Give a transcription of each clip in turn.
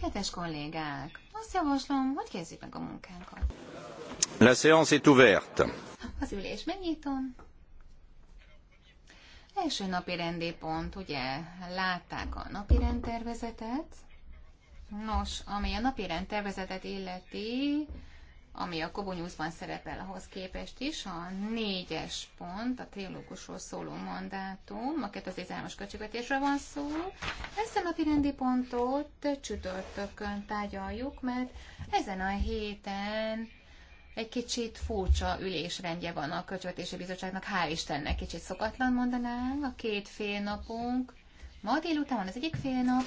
Kedves kollégák, azt javaslom, hogy kezdjük meg a munkánkat. La séance est ouverte. Az ülés megnyitom. Első napi rendi pont, ugye látták a napi rendtervezetet. Nos, ami a napi rendtervezetet illeti, ami a Kobonyuszban szerepel ahhoz képest is, a négyes pont, a trilógusról szóló mandátum, a 2013-as költségvetésre van szó. Ezt a napi rendi pontot csütörtökön tárgyaljuk, mert ezen a héten egy kicsit furcsa ülésrendje van a Költségvetési Bizottságnak, hál' Istennek kicsit szokatlan mondanánk, a két fél napunk. Ma délután van az egyik fél nap,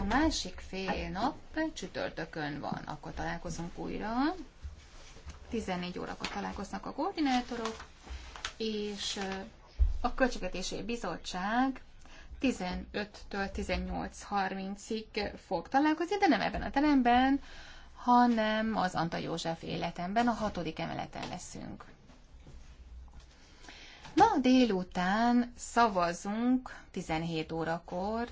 a másik fél nap csütörtökön van, akkor találkozunk újra. 14 órakor találkoznak a koordinátorok, és a Költségvetési Bizottság 15-től 18.30-ig fog találkozni, de nem ebben a teremben, hanem az Anta József életemben, a hatodik emeleten leszünk. Ma délután szavazunk 17 órakor,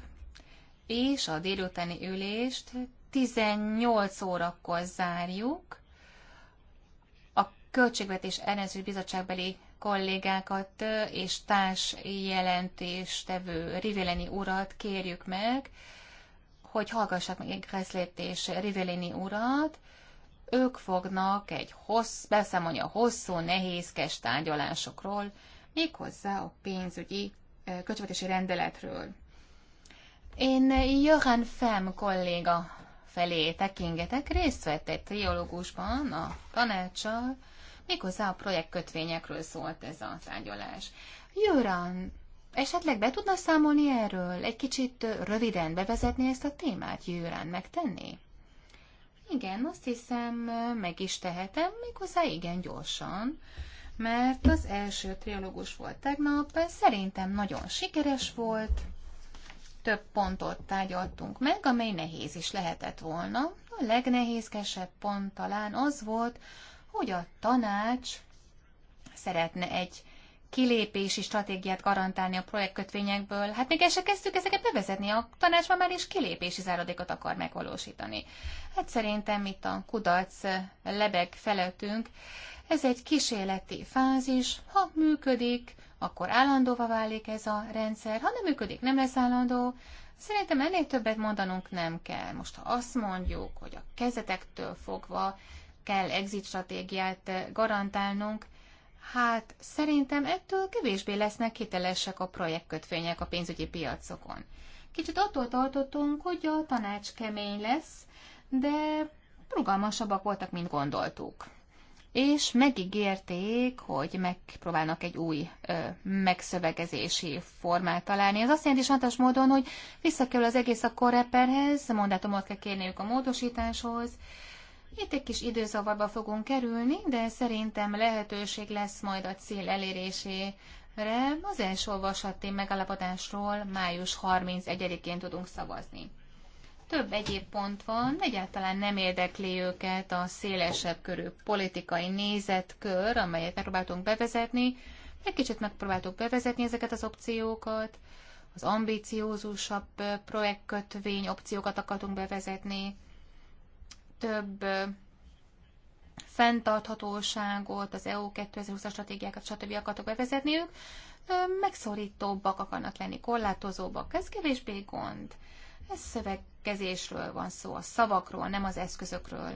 és a délutáni ülést 18 órakor zárjuk, költségvetés ellenőrző bizottságbeli kollégákat és társ jelentéstevő Riveleni urat kérjük meg, hogy hallgassák meg Greszlét és Rivelini urat. Ők fognak egy hossz, beszámolni a hosszú, nehézkes tárgyalásokról, méghozzá a pénzügyi költségvetési rendeletről. Én Johan Fem kolléga felé tekingetek, részt vett egy triológusban a tanácssal, Méghozzá a projektkötvényekről szólt ez a tárgyalás. Jöran, esetleg be tudna számolni erről? Egy kicsit röviden bevezetni ezt a témát, Jöran, megtenni? Igen, azt hiszem, meg is tehetem, méghozzá igen gyorsan mert az első trialógus volt tegnap, szerintem nagyon sikeres volt, több pontot tárgyaltunk meg, amely nehéz is lehetett volna. A legnehézkesebb pont talán az volt, hogy a tanács szeretne egy kilépési stratégiát garantálni a projektkötvényekből. Hát még el se kezdtük ezeket bevezetni, a tanács, már is kilépési záradékot akar megvalósítani. Hát szerintem itt a kudarc lebeg felettünk. Ez egy kísérleti fázis, ha működik, akkor állandóvá válik ez a rendszer, ha nem működik, nem lesz állandó. Szerintem ennél többet mondanunk nem kell. Most ha azt mondjuk, hogy a kezetektől fogva kell exit stratégiát eh, garantálnunk, hát szerintem ettől kevésbé lesznek hitelesek a projektkötvények a pénzügyi piacokon. Kicsit attól tartottunk, hogy a tanács kemény lesz, de rugalmasabbak voltak, mint gondoltuk. És megígérték, hogy megpróbálnak egy új ö, megszövegezési formát találni. Ez azt jelenti sántas módon, hogy visszakerül az egész a koreperhez, mandátumot kell kérniük a módosításhoz, itt egy kis időzavarba fogunk kerülni, de szerintem lehetőség lesz majd a cél elérésére. Az első olvasati megállapodásról május 31-én tudunk szavazni. Több egyéb pont van, egyáltalán nem érdekli őket a szélesebb körű politikai nézetkör, amelyet megpróbáltunk bevezetni. Egy kicsit megpróbáltuk bevezetni ezeket az opciókat, az ambiciózusabb projektkötvény opciókat akartunk bevezetni, több fenntarthatóságot, az EU 2020-as stratégiákat, stb. akartok bevezetniük, megszorítóbbak akarnak lenni, korlátozóbbak. Ez kevésbé gond. Ez szövegkezésről van szó, a szavakról, nem az eszközökről.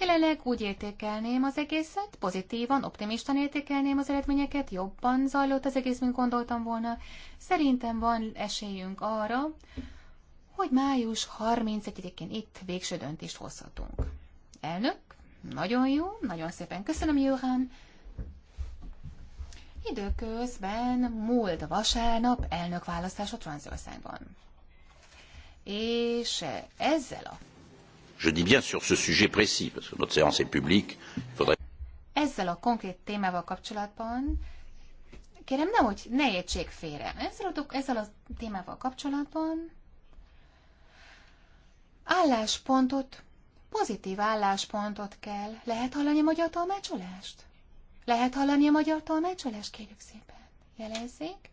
Jelenleg úgy értékelném az egészet, pozitívan, optimistan értékelném az eredményeket, jobban zajlott az egész, mint gondoltam volna. Szerintem van esélyünk arra, hogy május 31-én itt végső döntést hozhatunk. Elnök, nagyon jó, nagyon szépen köszönöm, Johan. Időközben múlt vasárnap elnök választás a Transzországban. És ezzel a... Je dis bien sur ce sujet précis, parce que notre séance est publique. Faudrait... Ezzel a konkrét témával kapcsolatban kérem, nehogy ne értsék félre. Ezzel a, ezzel a témával kapcsolatban Álláspontot, pozitív álláspontot kell. Lehet hallani a magyar tolmácsolást? Lehet hallani a magyar tolmácsolást? Kérjük szépen. Jelezzék.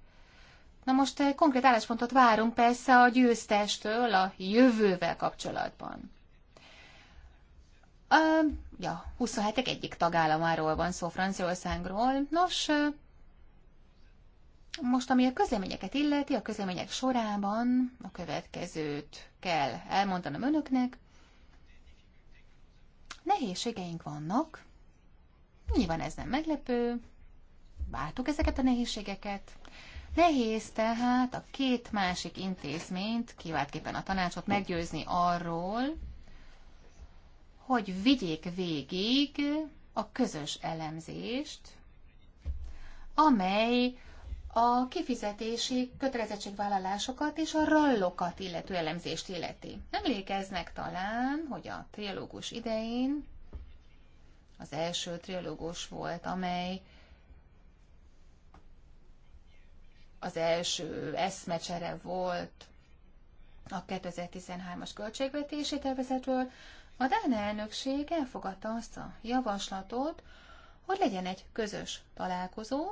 Na most eh, konkrét álláspontot várunk persze a győztestől a jövővel kapcsolatban. Uh, ja, 27 egyik tagállamáról van szó Franciaországról. Nos, eh, most, ami a közleményeket illeti, a közlemények sorában a következőt kell elmondanom önöknek. Nehézségeink vannak, nyilván ez nem meglepő, váltuk ezeket a nehézségeket. Nehéz tehát a két másik intézményt, kiváltképpen a tanácsot meggyőzni arról, hogy vigyék végig a közös elemzést, amely a kifizetési kötelezettségvállalásokat és a rallokat illető elemzést illeti. Emlékeznek talán, hogy a trialógus idején az első trialógus volt, amely az első eszmecsere volt a 2013-as költségvetési tervezetről, a Dán elnökség elfogadta azt a javaslatot, hogy legyen egy közös találkozó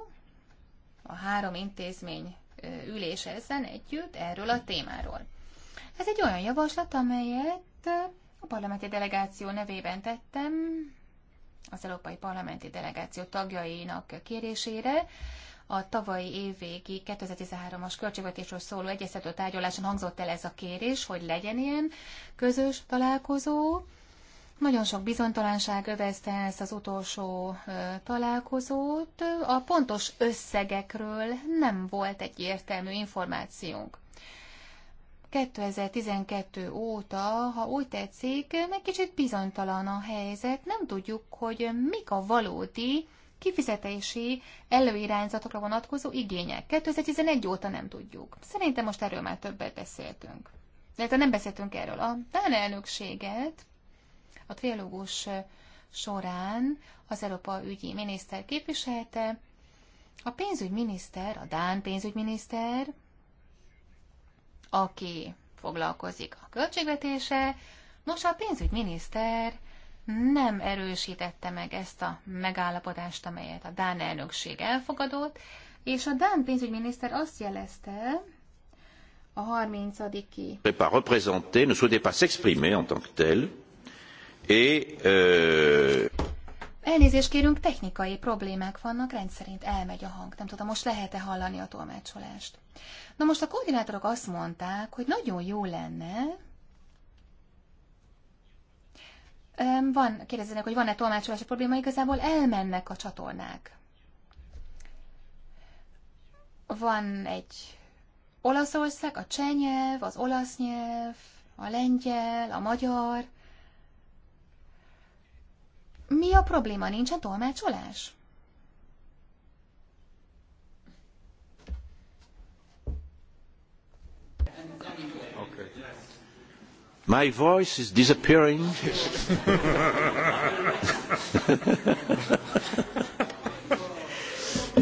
a három intézmény ülése ezen együtt erről a témáról. Ez egy olyan javaslat, amelyet a parlamenti delegáció nevében tettem, az Európai Parlamenti Delegáció tagjainak kérésére, a tavalyi évvégi 2013-as költségvetésről szóló egyeztető tárgyaláson hangzott el ez a kérés, hogy legyen ilyen közös találkozó nagyon sok bizonytalanság övezte ezt az utolsó találkozót. A pontos összegekről nem volt egyértelmű információnk. 2012 óta, ha úgy tetszik, egy kicsit bizonytalan a helyzet, nem tudjuk, hogy mik a valódi kifizetési előirányzatokra vonatkozó igények. 2011 óta nem tudjuk. Szerintem most erről már többet beszéltünk. De nem beszéltünk erről. A tán elnökséget a trialógus során az Európa ügyi miniszter képviselte, a pénzügyminiszter, a Dán pénzügyminiszter, aki foglalkozik a költségvetése, nos a pénzügyminiszter nem erősítette meg ezt a megállapodást, amelyet a Dán elnökség elfogadott, és a Dán pénzügyminiszter azt jelezte, a 30. Ne pas représenter, ne souhaitait pas s'exprimer en tant que tel, É, ö... Elnézést kérünk, technikai problémák vannak, rendszerint elmegy a hang. Nem tudom, most lehet-e hallani a tolmácsolást. Na most a koordinátorok azt mondták, hogy nagyon jó lenne... Van, kérdezzenek, hogy van-e tolmácsolási probléma, igazából elmennek a csatornák. Van egy Olaszország, a cseh nyelv, az olasz nyelv, a lengyel, a magyar, mi a probléma? Nincsen tolmácsolás? Okay. My voice is disappearing.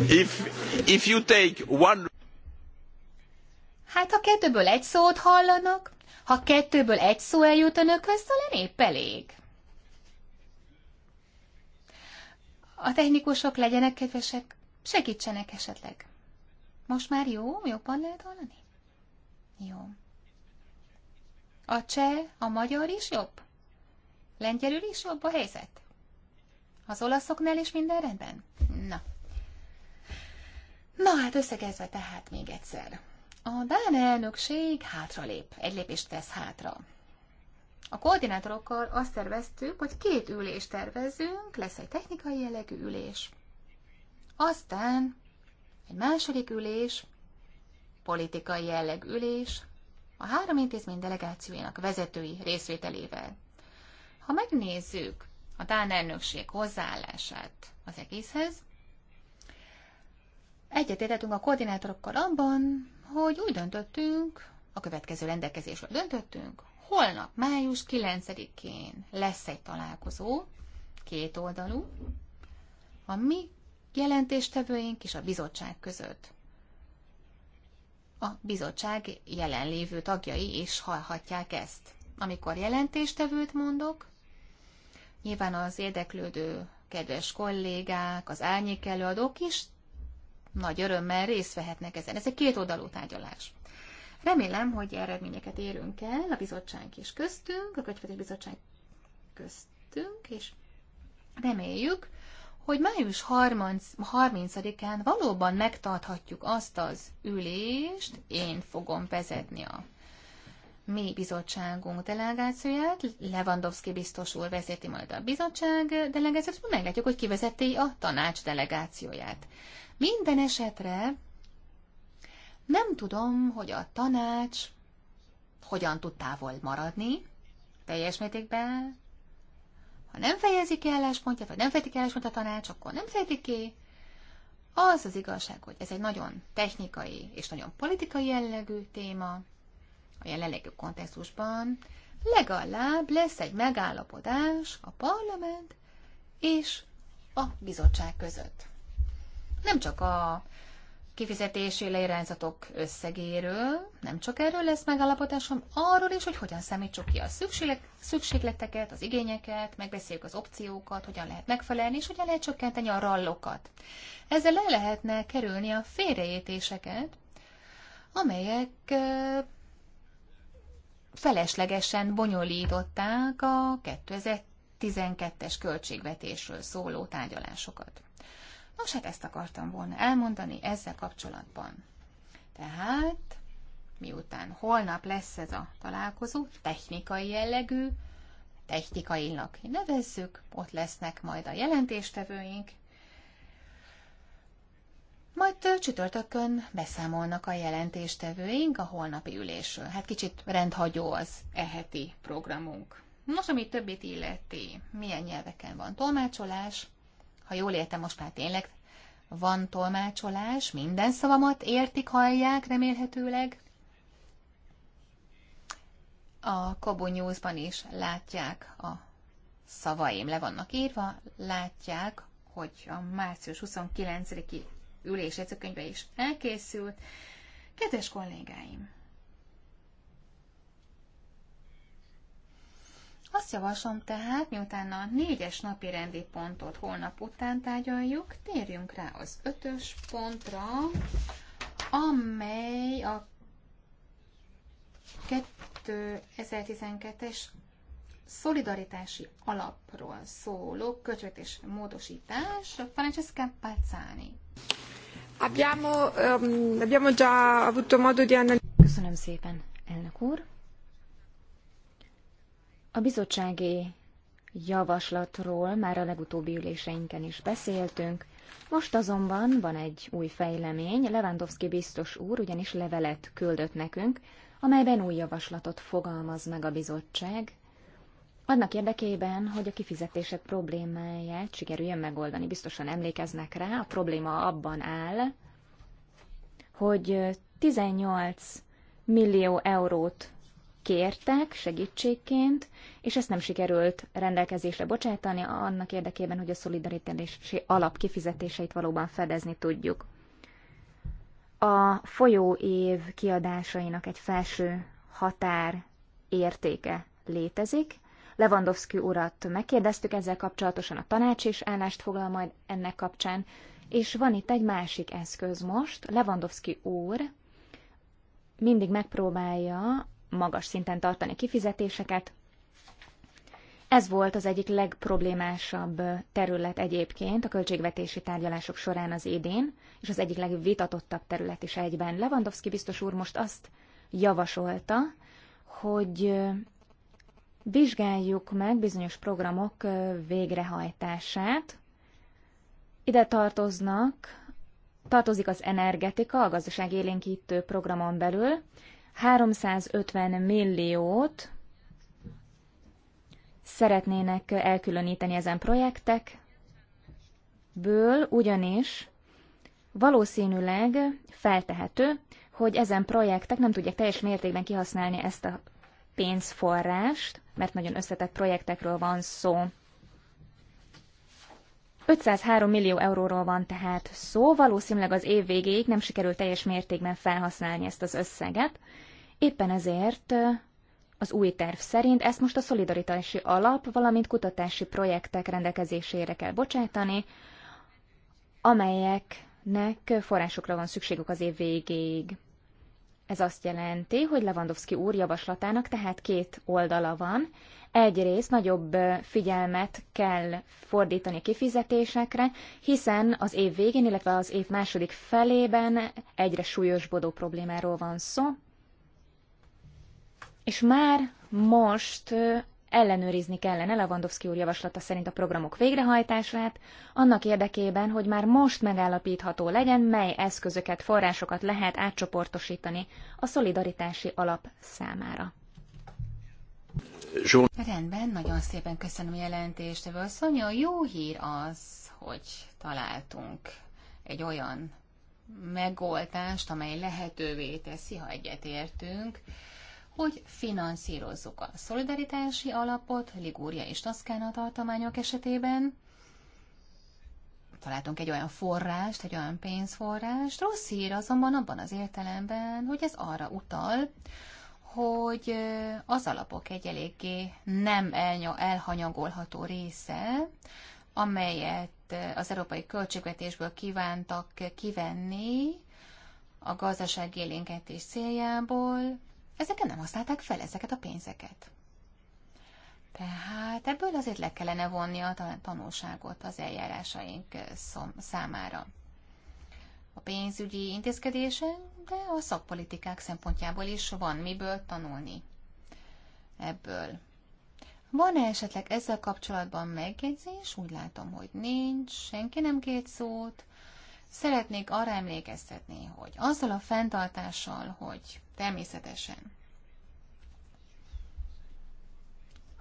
if, if you take one... Hát ha kettőből egy szót hallanak, ha kettőből egy szó eljut önökhöz, talán épp elég. A technikusok legyenek kedvesek, segítsenek esetleg. Most már jó? Jobban lehet hallani? Jó. A cseh, a magyar is jobb? Lengyelül is jobb a helyzet? Az olaszoknál is minden rendben? Na. Na hát összegezve tehát még egyszer. A Dán elnökség hátralép, egy lépést tesz hátra. A koordinátorokkal azt terveztük, hogy két ülést tervezünk, lesz egy technikai jellegű ülés, aztán egy második ülés, politikai jellegű ülés, a három intézmény delegációjának vezetői részvételével. Ha megnézzük a Dán elnökség hozzáállását az egészhez, egyetértettünk a koordinátorokkal abban, hogy úgy döntöttünk, a következő rendelkezésről döntöttünk, holnap, május 9-én lesz egy találkozó, két oldalú, a mi jelentéstevőink és a bizottság között. A bizottság jelenlévő tagjai is hallhatják ezt. Amikor jelentéstevőt mondok, nyilván az érdeklődő kedves kollégák, az árnyék előadók is nagy örömmel részt vehetnek ezen. Ez egy két oldalú tárgyalás. Remélem, hogy eredményeket érünk el a bizottság és köztünk, a Könyvetés Bizottság köztünk, és reméljük, hogy május 30, 30-án valóban megtarthatjuk azt az ülést, én fogom vezetni a mi bizottságunk delegációját, Lewandowski biztos úr vezeti majd a bizottság delegációt, meglátjuk, hogy kivezeti a tanács delegációját. Minden esetre nem tudom, hogy a tanács hogyan tud távol maradni teljes mértékben. Ha nem fejezik ki álláspontját, vagy nem fejezik ki álláspontját a tanács, akkor nem fejezik ki. Az az igazság, hogy ez egy nagyon technikai és nagyon politikai jellegű téma a jelenlegi kontextusban. Legalább lesz egy megállapodás a parlament és a bizottság között. Nem csak a kifizetési leirányzatok összegéről, nem csak erről lesz megállapotásom, arról is, hogy hogyan számítsuk ki a szükségleteket, az igényeket, megbeszéljük az opciókat, hogyan lehet megfelelni, és hogyan lehet csökkenteni a rallokat. Ezzel le lehetne kerülni a félreértéseket, amelyek feleslegesen bonyolították a 2012-es költségvetésről szóló tárgyalásokat. Nos, hát ezt akartam volna elmondani ezzel kapcsolatban. Tehát, miután holnap lesz ez a találkozó, technikai jellegű, technikailag nevezzük, ott lesznek majd a jelentéstevőink, majd csütörtökön beszámolnak a jelentéstevőink a holnapi ülésről. Hát kicsit rendhagyó az eheti programunk. Nos, ami többit illeti, milyen nyelveken van tolmácsolás, ha jól értem, most már tényleg van tolmácsolás, minden szavamat értik, hallják remélhetőleg. A Kobo News-ban is látják a szavaim, le vannak írva, látják, hogy a március 29-i ülés is elkészült. Kedves kollégáim! Azt javaslom tehát, miután a négyes napi rendi pontot holnap után tárgyaljuk, térjünk rá az ötös pontra, amely a 2012-es szolidaritási alapról szóló kötvetés módosítás, Francesca Pazzani. Abbiamo, um, abbiamo già avuto modo di Köszönöm szépen, elnök úr. A bizottsági javaslatról már a legutóbbi üléseinken is beszéltünk, most azonban van egy új fejlemény, Lewandowski biztos úr ugyanis levelet küldött nekünk, amelyben új javaslatot fogalmaz meg a bizottság, annak érdekében, hogy a kifizetések problémáját sikerüljön megoldani. Biztosan emlékeznek rá, a probléma abban áll, hogy 18 millió eurót kértek segítségként, és ezt nem sikerült rendelkezésre bocsátani annak érdekében, hogy a szolidaritási alap kifizetéseit valóban fedezni tudjuk. A folyó év kiadásainak egy felső határ értéke létezik. Lewandowski urat megkérdeztük ezzel kapcsolatosan, a tanács is állást foglal majd ennek kapcsán, és van itt egy másik eszköz most. Lewandowski úr mindig megpróbálja magas szinten tartani kifizetéseket. Ez volt az egyik legproblémásabb terület egyébként a költségvetési tárgyalások során az idén, és az egyik legvitatottabb terület is egyben. Lewandowski biztos úr most azt javasolta, hogy vizsgáljuk meg bizonyos programok végrehajtását. Ide tartoznak, tartozik az energetika, a gazdaság élénkítő programon belül, 350 milliót szeretnének elkülöníteni ezen projektek, ből ugyanis valószínűleg feltehető, hogy ezen projektek nem tudják teljes mértékben kihasználni ezt a pénzforrást, mert nagyon összetett projektekről van szó. 503 millió euróról van tehát szó, valószínűleg az év végéig nem sikerül teljes mértékben felhasználni ezt az összeget, éppen ezért az új terv szerint ezt most a szolidaritási alap, valamint kutatási projektek rendelkezésére kell bocsátani, amelyeknek forrásokra van szükségük az év végéig. Ez azt jelenti, hogy Lewandowski úr javaslatának tehát két oldala van, Egyrészt nagyobb figyelmet kell fordítani a kifizetésekre, hiszen az év végén, illetve az év második felében egyre súlyosbodó problémáról van szó, és már most ellenőrizni kellene Lewandowski úr javaslata szerint a programok végrehajtását, annak érdekében, hogy már most megállapítható legyen, mely eszközöket, forrásokat lehet átcsoportosítani a szolidaritási alap számára. Rendben, nagyon szépen köszönöm a jelentést. Ebből Szonya, jó hír az, hogy találtunk egy olyan megoldást, amely lehetővé teszi, ha egyetértünk, hogy finanszírozzuk a szolidaritási alapot Ligúria és Toszkána tartományok esetében. Találtunk egy olyan forrást, egy olyan pénzforrást. Rossz hír azonban abban az értelemben, hogy ez arra utal, hogy az alapok egy eléggé nem elhanyagolható része, amelyet az európai költségvetésből kívántak kivenni a gazdaság élénketés céljából, ezeket nem használták fel ezeket a pénzeket. Tehát ebből azért le kellene vonni a tanulságot az eljárásaink számára a pénzügyi intézkedése, de a szakpolitikák szempontjából is van miből tanulni ebből. Van-e esetleg ezzel kapcsolatban megjegyzés? Úgy látom, hogy nincs, senki nem két szót. Szeretnék arra emlékeztetni, hogy azzal a fenntartással, hogy természetesen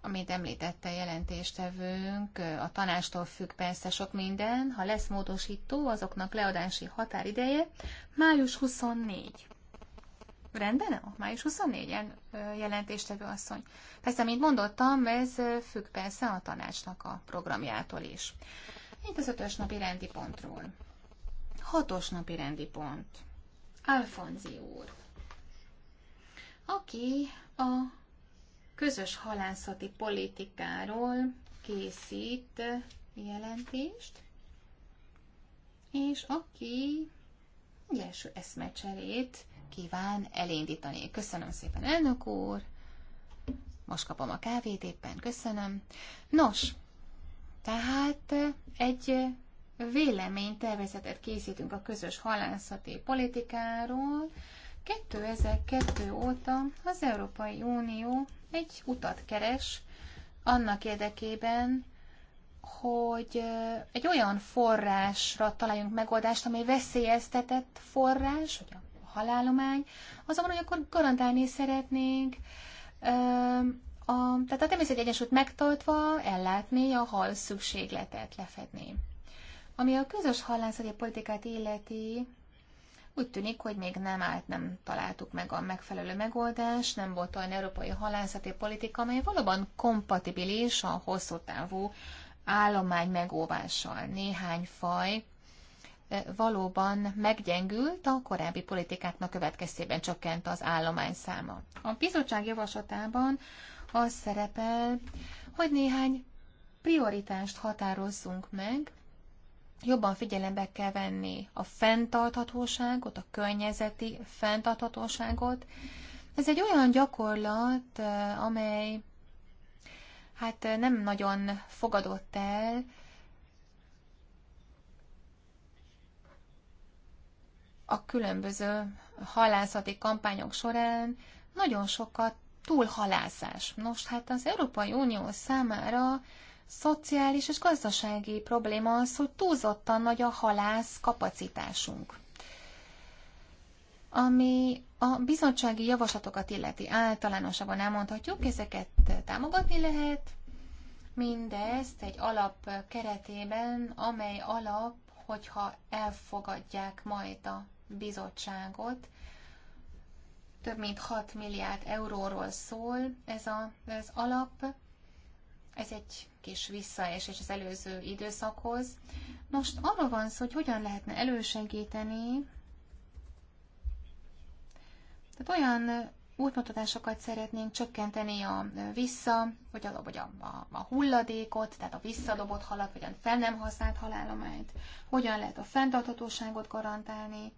amit említette a jelentéstevőnk, a tanástól függ persze sok minden, ha lesz módosító, azoknak leadási határideje május 24. Rendben? Május 24-en jelentéstevő asszony. Persze, mint mondottam, ez függ persze a tanácsnak a programjától is. Itt az ötös napi rendi pontról. Hatos napi rendi pont. Alfonzi úr, aki a közös halászati politikáról készít jelentést, és aki egy első eszmecserét kíván elindítani. Köszönöm szépen, elnök úr! Most kapom a kávét éppen, köszönöm. Nos, tehát egy véleménytervezetet készítünk a közös halászati politikáról, 2002 óta az Európai Unió egy utat keres annak érdekében, hogy egy olyan forrásra találjunk megoldást, amely veszélyeztetett forrás, vagy a halálomány, azonban, hogy akkor garantálni szeretnénk, a, tehát a természeti egyensúlyt megtartva ellátni a hal szükségletet, lefedni. Ami a közös hallászati politikát illeti, úgy tűnik, hogy még nem állt, nem találtuk meg a megfelelő megoldást, nem volt olyan európai halászati politika, amely valóban kompatibilis a hosszú távú állomány megóvással. Néhány faj e, valóban meggyengült, a korábbi politikáknak következtében csökkent az állomány száma. A bizottság javaslatában az szerepel, hogy néhány prioritást határozzunk meg, jobban figyelembe kell venni a fenntarthatóságot, a környezeti fenntarthatóságot. Ez egy olyan gyakorlat, eh, amely hát eh, nem nagyon fogadott el, a különböző halászati kampányok során nagyon sokat túlhalászás. Nos, hát az Európai Unió számára szociális és gazdasági probléma az, hogy túlzottan nagy a halász kapacitásunk. Ami a bizottsági javaslatokat illeti általánosabban elmondhatjuk, ezeket támogatni lehet, mindezt egy alap keretében, amely alap, hogyha elfogadják majd a bizottságot, több mint 6 milliárd euróról szól ez a, az alap, ez egy kis visszaesés az előző időszakhoz. Most arra van szó, hogy hogyan lehetne elősegíteni tehát olyan útmutatásokat szeretnénk csökkenteni a vissza, vagy a, vagy a, a, a hulladékot, tehát a visszadobott halat, vagy a fel nem használt halállományt, hogyan lehet a fenntarthatóságot garantálni.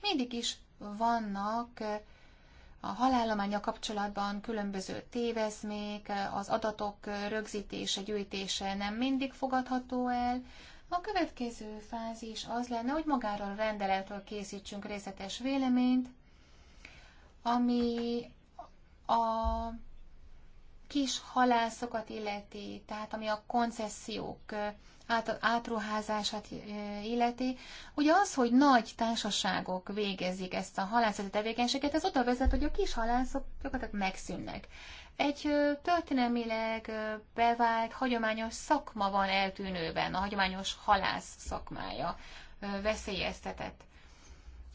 Mindig is vannak a halállománya kapcsolatban különböző tévezmék, az adatok rögzítése, gyűjtése nem mindig fogadható el. A következő fázis az lenne, hogy magáról a rendeletről készítsünk részletes véleményt, ami a kis halászokat illeti, tehát ami a koncesziók át, átruházását illeti. Ugye az, hogy nagy társaságok végezik ezt a halászati tevékenységet, ez oda vezet, hogy a kis halászok gyakorlatilag megszűnnek. Egy történelmileg bevált, hagyományos szakma van eltűnőben, a hagyományos halász szakmája veszélyeztetett.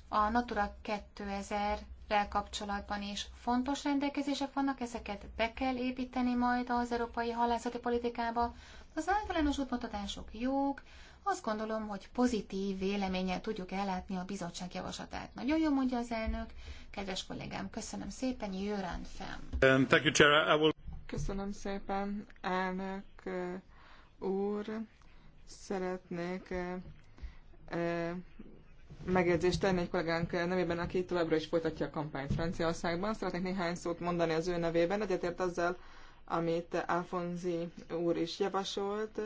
A Natura 2000 rel kapcsolatban is fontos rendelkezések vannak, ezeket be kell építeni majd az európai halászati politikába, az általános útmutatások jók, azt gondolom, hogy pozitív véleménnyel tudjuk ellátni a bizottság javaslatát. Nagyon jó mondja az elnök. Kedves kollégám, köszönöm szépen, jöjjön fel! Um, köszönöm szépen, elnök uh, úr. Szeretnék uh, uh, megjegyzést tenni egy kollégánk nevében, aki továbbra is folytatja a kampányt Franciaországban. Szeretnék néhány szót mondani az ő nevében. Egyetért azzal, amit Alfonzi úr is javasolt.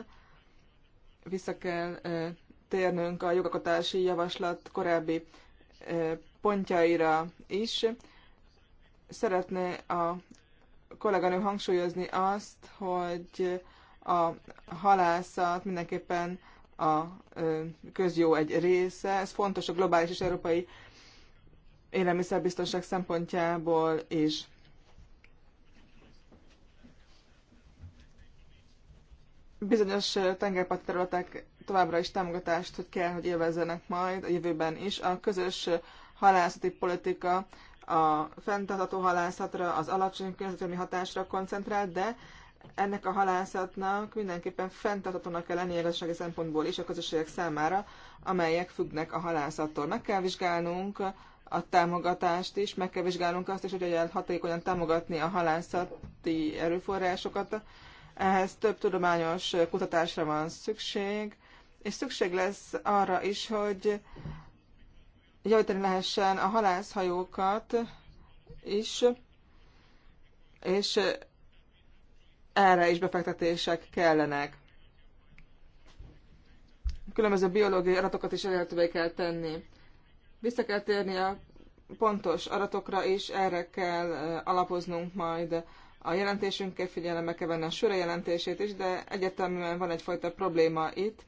Vissza kell térnünk a jogakotási javaslat korábbi pontjaira is. Szeretné a kolléganő hangsúlyozni azt, hogy a halászat mindenképpen a közjó egy része. Ez fontos a globális és európai élelmiszerbiztonság szempontjából is. bizonyos tengerparti területek továbbra is támogatást hogy kell, hogy élvezzenek majd a jövőben is. A közös halászati politika a fenntartható halászatra, az alacsony környezetvédelmi hatásra koncentrál, de ennek a halászatnak mindenképpen fenntartatónak kell lennie gazdasági szempontból is a közösségek számára, amelyek függnek a halászattól. Meg kell vizsgálnunk a támogatást is, meg kell vizsgálnunk azt is, hogy hogyan hatékonyan támogatni a halászati erőforrásokat, ehhez több tudományos kutatásra van szükség, és szükség lesz arra is, hogy javítani lehessen a halászhajókat is, és erre is befektetések kellenek. Különböző biológiai adatokat is elérhetővé kell tenni. Vissza kell térni a pontos adatokra is, erre kell eh, alapoznunk majd a jelentésünket figyelembe kell venni a Sure jelentését is, de egyértelműen van egyfajta probléma itt.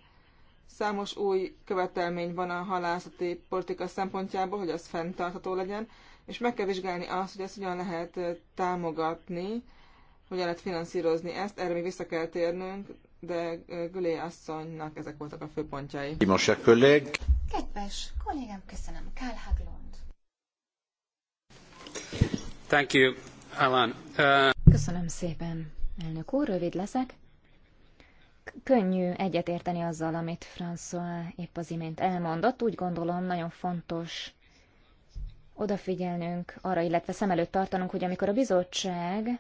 Számos új követelmény van a halászati politika szempontjából, hogy az fenntartható legyen, és meg kell vizsgálni azt, hogy ezt hogyan lehet támogatni, hogyan lehet finanszírozni ezt, erre még vissza kell térnünk, de Gülé asszonynak ezek voltak a főpontjai. Kedves kollégám, köszönöm. Kál Haglund. Thank you, Alan. Uh... Köszönöm szépen, elnök úr, rövid leszek. Könnyű egyetérteni azzal, amit François épp az imént elmondott. Úgy gondolom, nagyon fontos odafigyelnünk arra, illetve szem előtt tartanunk, hogy amikor a bizottság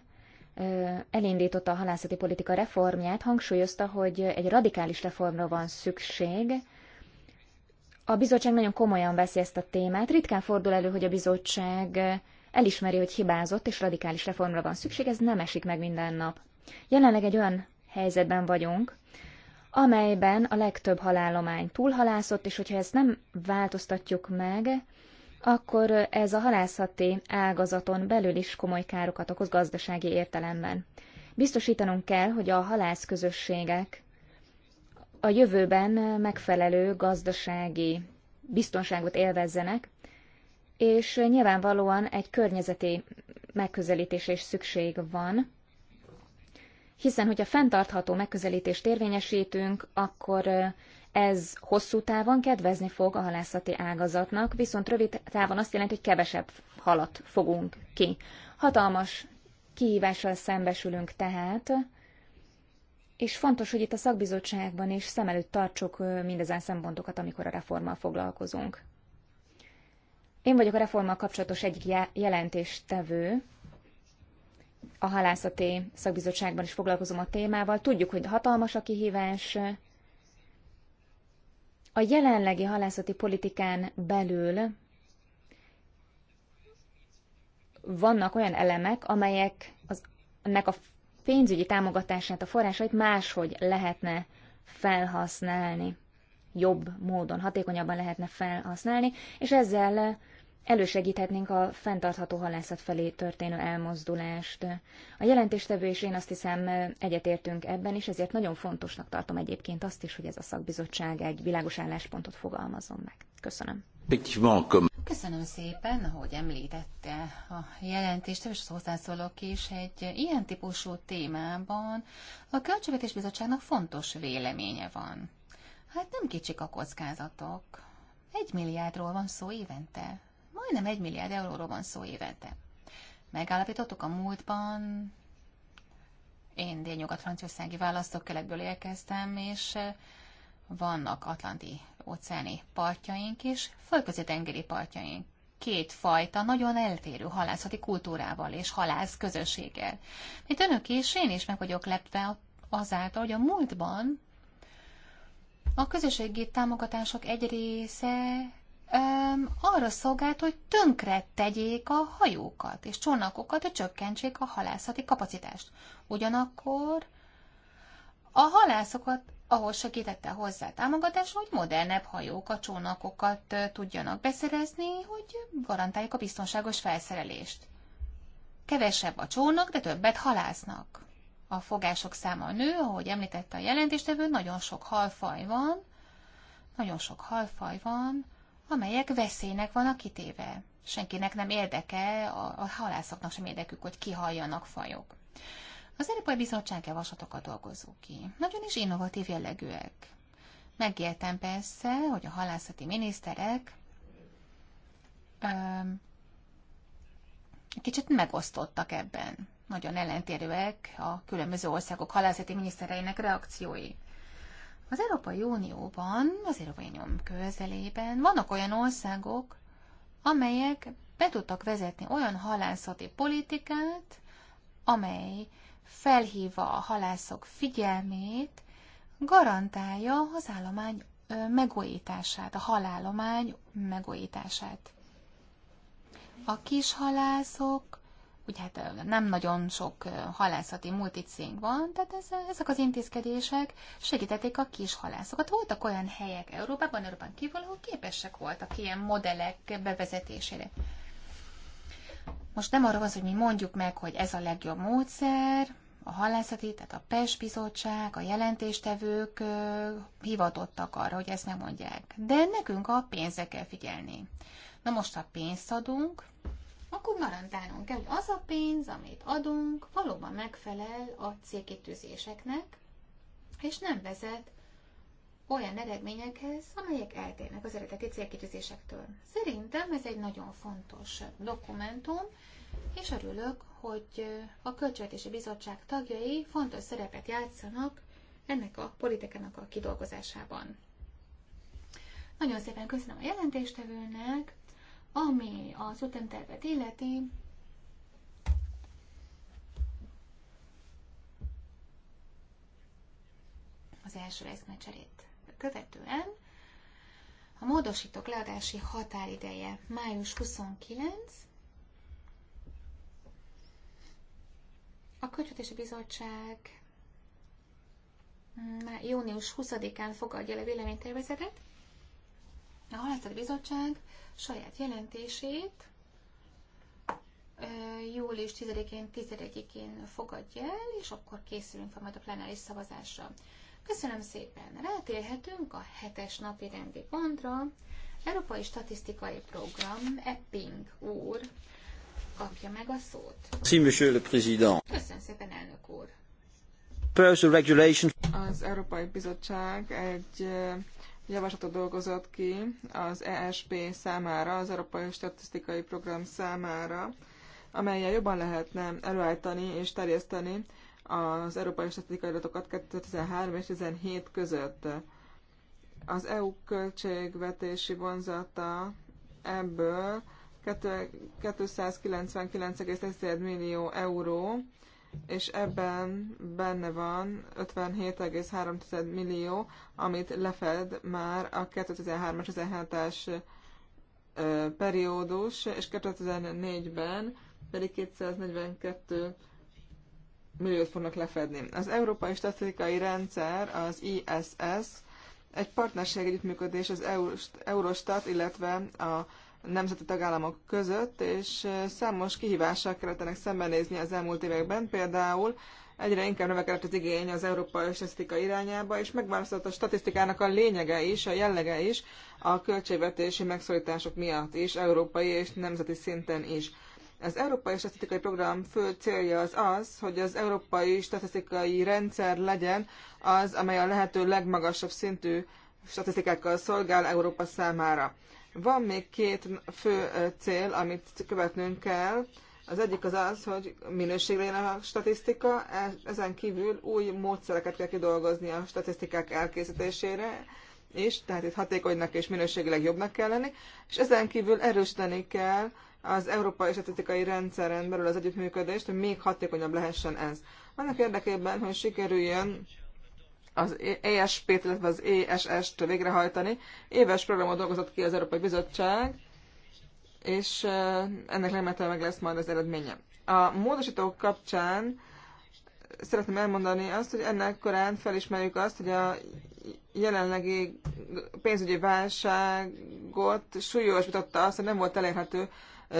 elindította a halászati politika reformját, hangsúlyozta, hogy egy radikális reformra van szükség. A bizottság nagyon komolyan veszi ezt a témát. Ritkán fordul elő, hogy a bizottság elismeri, hogy hibázott, és radikális reformra van szükség, ez nem esik meg minden nap. Jelenleg egy olyan helyzetben vagyunk, amelyben a legtöbb halálomány túlhalászott, és hogyha ezt nem változtatjuk meg, akkor ez a halászati ágazaton belül is komoly károkat okoz gazdasági értelemben. Biztosítanunk kell, hogy a közösségek a jövőben megfelelő gazdasági biztonságot élvezzenek, és nyilvánvalóan egy környezeti megközelítés is szükség van, hiszen hogyha fenntartható megközelítést érvényesítünk, akkor ez hosszú távon kedvezni fog a halászati ágazatnak, viszont rövid távon azt jelenti, hogy kevesebb halat fogunk ki. Hatalmas kihívással szembesülünk tehát, és fontos, hogy itt a szakbizottságban is szem előtt tartsuk mindezen szempontokat, amikor a reformmal foglalkozunk. Én vagyok a reformmal kapcsolatos egyik jelentéstevő, a halászati szakbizottságban is foglalkozom a témával. Tudjuk, hogy hatalmas a kihívás. A jelenlegi halászati politikán belül vannak olyan elemek, amelyek az, ennek a pénzügyi támogatását, a forrásait máshogy lehetne felhasználni. Jobb módon, hatékonyabban lehetne felhasználni, és ezzel elősegíthetnénk a fenntartható halászat felé történő elmozdulást. A jelentéstevő és én azt hiszem egyetértünk ebben, és ezért nagyon fontosnak tartom egyébként azt is, hogy ez a szakbizottság egy világos álláspontot fogalmazom meg. Köszönöm. Köszönöm szépen, ahogy említette a jelentést, és az hozzászólók is egy ilyen típusú témában a Költségvetés Bizottságnak fontos véleménye van. Hát nem kicsik a kockázatok. Egy milliárdról van szó évente majdnem egy milliárd euróról van szó évente. Megállapítottuk a múltban, én délnyugat-franciaországi választókeletből érkeztem, és eh, vannak atlanti óceáni partjaink is, földközi tengeri partjaink. Két fajta nagyon eltérő halászati kultúrával és halász közösséggel. Mint önök is, én is meg vagyok lepve azáltal, hogy a múltban a közösségi támogatások egy része öm, arra szolgált, hogy tönkre tegyék a hajókat és csónakokat, hogy csökkentsék a halászati kapacitást. Ugyanakkor a halászokat ahol segítette hozzá támogatás, hogy modernebb hajókat, csónakokat tudjanak beszerezni, hogy garantálják a biztonságos felszerelést. Kevesebb a csónak, de többet halásznak. A fogások száma nő, ahogy említette a jelentéstevő, nagyon sok halfaj van, nagyon sok halfaj van, amelyek veszélynek vannak kitéve. Senkinek nem érdeke, a, a halászoknak sem érdekük, hogy kihaljanak fajok. Az Európai Bizottság javaslatokat dolgozó ki. Nagyon is innovatív jellegűek. Megértem persze, hogy a halászati miniszterek öm, kicsit megosztottak ebben. Nagyon ellentérőek a különböző országok halászati minisztereinek reakciói. Az Európai Unióban, az Európai Unió közelében vannak olyan országok, amelyek be tudtak vezetni olyan halászati politikát, amely felhívva a halászok figyelmét, garantálja az állomány megújítását, a halállomány megújítását. A kis halászok ugye hát nem nagyon sok halászati multicég van, tehát ez, ezek az intézkedések segítették a kis halászokat. Voltak olyan helyek Európában, Európán kívül, ahol képesek voltak ilyen modellek bevezetésére. Most nem arról van, hogy mi mondjuk meg, hogy ez a legjobb módszer, a halászati, tehát a PES bizottság, a jelentéstevők hivatottak arra, hogy ezt nem mondják. De nekünk a pénzre kell figyelni. Na most, ha pénzt adunk, akkor garantálnunk kell, hogy az a pénz, amit adunk, valóban megfelel a célkitűzéseknek, és nem vezet olyan eredményekhez, amelyek eltérnek az eredeti célkitűzésektől. Szerintem ez egy nagyon fontos dokumentum, és örülök, hogy a Költségvetési Bizottság tagjai fontos szerepet játszanak ennek a politikának a kidolgozásában. Nagyon szépen köszönöm a jelentéstevőnek, ami az tervet illeti, az első eszmecserét követően a módosítók leadási határideje május 29, a Költségvetési Bizottság június 20-án fogadja le véleménytervezetet, a Halászati Bizottság saját jelentését július 10-én, 11-én fogadja el, és akkor készülünk fel majd a plenáris szavazásra. Köszönöm szépen! Rátérhetünk a hetes napi rendi pontra. Európai Statisztikai Program, Epping úr, kapja meg a szót. Sí, monsieur le président. Köszönöm szépen, elnök úr! Az Európai Bizottság egy javaslatot dolgozott ki az ESP számára, az Európai Statisztikai Program számára, amelyel jobban lehetne előállítani és terjeszteni az európai statisztikai adatokat 2013 és 2017 között. Az EU költségvetési vonzata ebből 299,1 millió euró, és ebben benne van 57,3 millió, amit lefed már a 2013-as periódus, és 2014-ben pedig 242 milliót fognak lefedni. Az Európai Statisztikai Rendszer, az ISS, egy partnerség együttműködés az Eurostat, illetve a nemzeti tagállamok között, és számos kihívással kellett szembenézni az elmúlt években, például egyre inkább növekedett az igény az európai statisztika irányába, és megváltozott a statisztikának a lényege is, a jellege is, a költségvetési megszorítások miatt is, európai és nemzeti szinten is. Az Európai Statisztikai Program fő célja az az, hogy az európai statisztikai rendszer legyen az, amely a lehető legmagasabb szintű statisztikákkal szolgál Európa számára. Van még két fő cél, amit követnünk kell. Az egyik az az, hogy minőségre jön a statisztika, e, ezen kívül új módszereket kell kidolgozni a statisztikák elkészítésére, és tehát itt hatékonynak és minőségileg jobbnak kell lenni, és ezen kívül erősíteni kell az európai statisztikai rendszeren belül az együttműködést, hogy még hatékonyabb lehessen ez. Annak érdekében, hogy sikerüljön az ESP-t, illetve az ESS-t végrehajtani. Éves programot dolgozott ki az Európai Bizottság, és ennek remélhetően meg lesz majd az eredménye. A módosítók kapcsán szeretném elmondani azt, hogy ennek korán felismerjük azt, hogy a jelenlegi pénzügyi válságot súlyosbította azt, hogy nem volt elérhető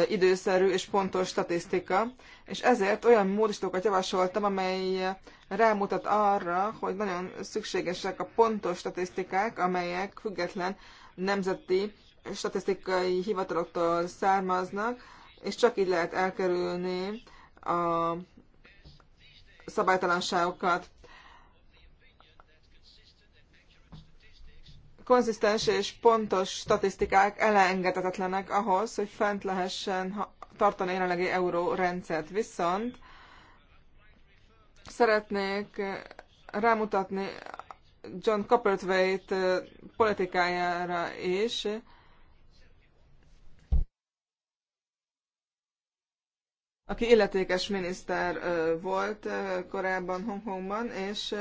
időszerű és pontos statisztika, és ezért olyan módosítókat javasoltam, amely rámutat arra, hogy nagyon szükségesek a pontos statisztikák, amelyek független nemzeti statisztikai hivataloktól származnak, és csak így lehet elkerülni a szabálytalanságokat. konzisztens és pontos statisztikák elengedhetetlenek ahhoz, hogy fent lehessen tartani a jelenlegi eurórendszert. Viszont szeretnék eh, rámutatni John Copperthwaite eh, politikájára is, aki illetékes miniszter eh, volt korábban Hongkongban, és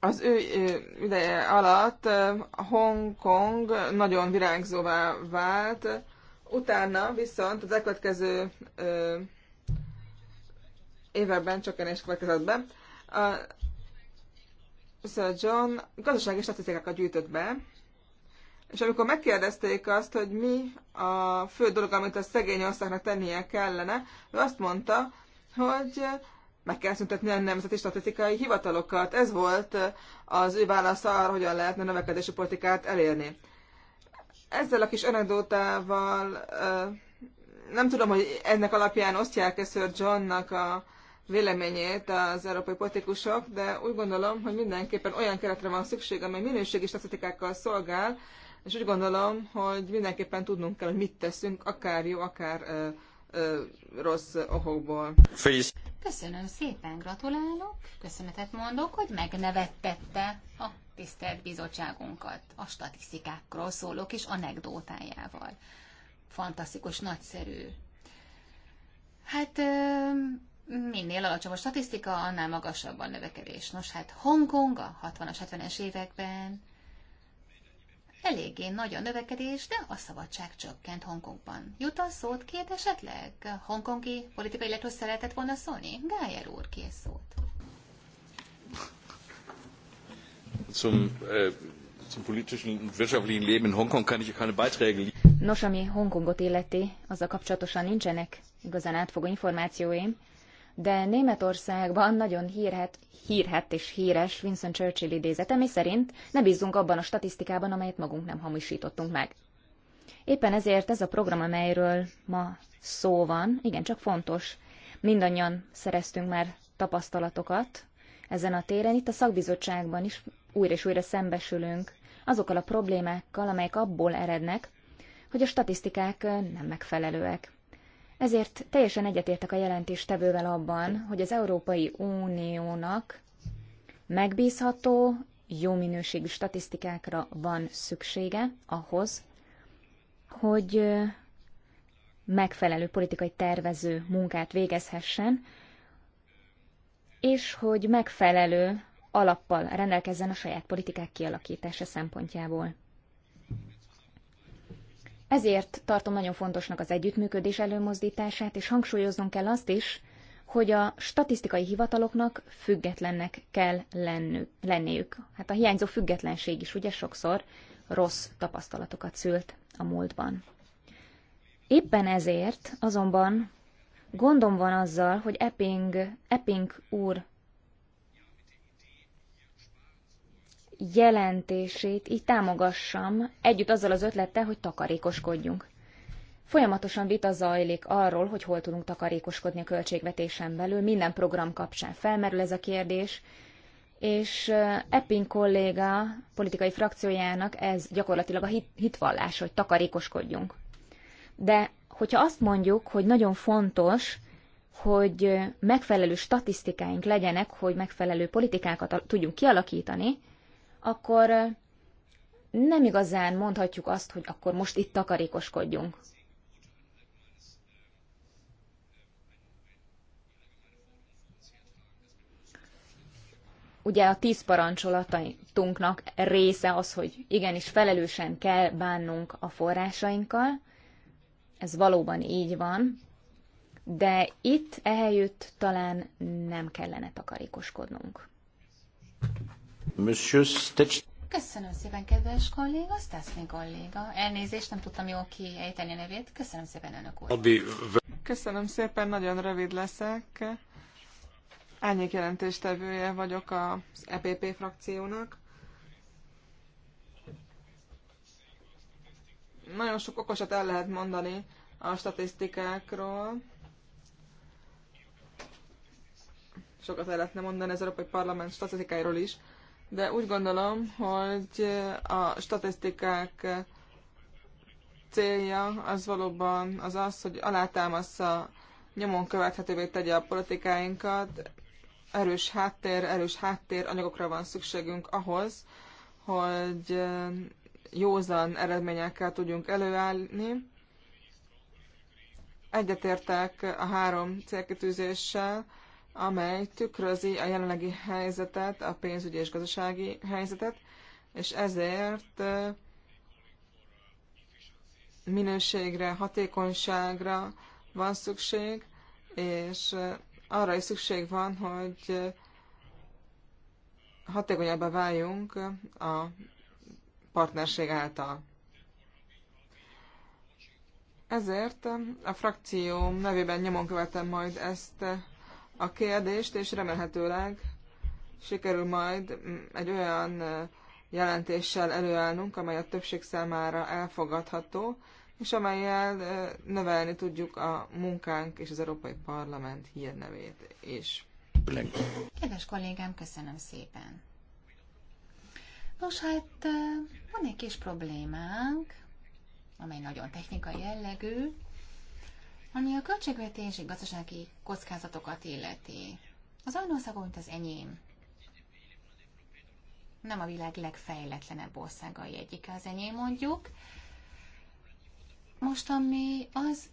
az ő ideje alatt Hongkong nagyon virágzóvá vált, utána viszont az elkövetkező években csökkenés következett be. A Sir John gazdasági statisztikákat gyűjtött be, és amikor megkérdezték azt, hogy mi a fő dolog, amit a szegény országnak tennie kellene, ő azt mondta, hogy meg kell szüntetni a nemzeti statisztikai hivatalokat. Ez volt az ő válasz arra, hogyan lehetne növekedési politikát elérni. Ezzel a kis anekdótával nem tudom, hogy ennek alapján osztják-e Sir Johnnak a véleményét az európai politikusok, de úgy gondolom, hogy mindenképpen olyan keretre van szükség, amely minőségi statisztikákkal szolgál, és úgy gondolom, hogy mindenképpen tudnunk kell, hogy mit teszünk, akár jó, akár ö, ö, rossz okokból. Köszönöm szépen, gratulálok, köszönetet mondok, hogy megnevettette a tisztelt bizottságunkat a statisztikákról szóló kis anekdótájával. Fantasztikus, nagyszerű. Hát minél alacsonyabb a statisztika, annál magasabb a növekedés. Nos, hát Hongkong a 60-as, 70-es években eléggé nagy a növekedés, de a szabadság csökkent Hongkongban. Jut a szót két esetleg? Hongkongi politikai életről szeretett volna szólni? Gájer úr kész szót. Zum, äh, zum politischen und wirtschaftlichen Leben in Hongkong kann ich keine Beiträge liefern. Nos, ami Hongkongot illeti, a kapcsolatosan nincsenek igazán átfogó információim, de Németországban nagyon hírhet, hírhet és híres Winston Churchill idézete, mi szerint ne bízzunk abban a statisztikában, amelyet magunk nem hamisítottunk meg. Éppen ezért ez a program, amelyről ma szó van, igen, csak fontos. Mindannyian szereztünk már tapasztalatokat ezen a téren, itt a szakbizottságban is újra és újra szembesülünk azokkal a problémákkal, amelyek abból erednek, hogy a statisztikák nem megfelelőek. Ezért teljesen egyetértek a jelentéstevővel abban, hogy az Európai Uniónak megbízható, jó minőségű statisztikákra van szüksége ahhoz, hogy megfelelő politikai tervező munkát végezhessen, és hogy megfelelő alappal rendelkezzen a saját politikák kialakítása szempontjából. Ezért tartom nagyon fontosnak az együttműködés előmozdítását, és hangsúlyoznom kell azt is, hogy a statisztikai hivataloknak függetlennek kell lenniük. Hát a hiányzó függetlenség is ugye sokszor rossz tapasztalatokat szült a múltban. Éppen ezért azonban gondom van azzal, hogy Epping, Epping úr jelentését így támogassam, együtt azzal az ötlettel, hogy takarékoskodjunk. Folyamatosan vita zajlik arról, hogy hol tudunk takarékoskodni a költségvetésen belül, minden program kapcsán felmerül ez a kérdés, és eh, Epping kolléga politikai frakciójának ez gyakorlatilag a hit, hitvallás, hogy takarékoskodjunk. De hogyha azt mondjuk, hogy nagyon fontos, hogy eh, megfelelő statisztikáink legyenek, hogy megfelelő politikákat tudjunk kialakítani, akkor nem igazán mondhatjuk azt, hogy akkor most itt takarékoskodjunk. Ugye a tíz parancsolatunknak része az, hogy igenis felelősen kell bánnunk a forrásainkkal, ez valóban így van, de itt ehelyütt talán nem kellene takarékoskodnunk. Monsieur Stech... Köszönöm szépen, kedves kolléga, Stasny kolléga. Elnézést, nem tudtam jól kiejteni a nevét. Köszönöm szépen, önök úr. Köszönöm szépen, nagyon rövid leszek. Árnyék jelentéstevője vagyok az EPP frakciónak. Nagyon sok okosat el lehet mondani a statisztikákról. Sokat el lehetne mondani az Európai Parlament statisztikáiról is de úgy gondolom, hogy a statisztikák célja az valóban az az, hogy alátámasza nyomon követhetővé tegye a politikáinkat, erős háttér, erős háttér anyagokra van szükségünk ahhoz, hogy józan eredményekkel tudjunk előállni. Egyetértek a három célkitűzéssel, amely tükrözi a jelenlegi helyzetet, a pénzügyi és gazdasági helyzetet, és ezért minőségre, hatékonyságra van szükség, és arra is szükség van, hogy hatékonyabbá váljunk a partnerség által. Ezért a frakció nevében nyomon követem majd ezt a kérdést, és remélhetőleg sikerül majd egy olyan jelentéssel előállnunk, amely a többség számára elfogadható, és amelyel növelni tudjuk a munkánk és az Európai Parlament hírnevét is. Kedves kollégám, köszönöm szépen! Nos, hát van egy kis problémánk, amely nagyon technikai jellegű. Ami a költségvetési gazdasági kockázatokat illeti, az olyan országok, mint az enyém, nem a világ legfejletlenebb országai egyik az enyém, mondjuk. Most, ami az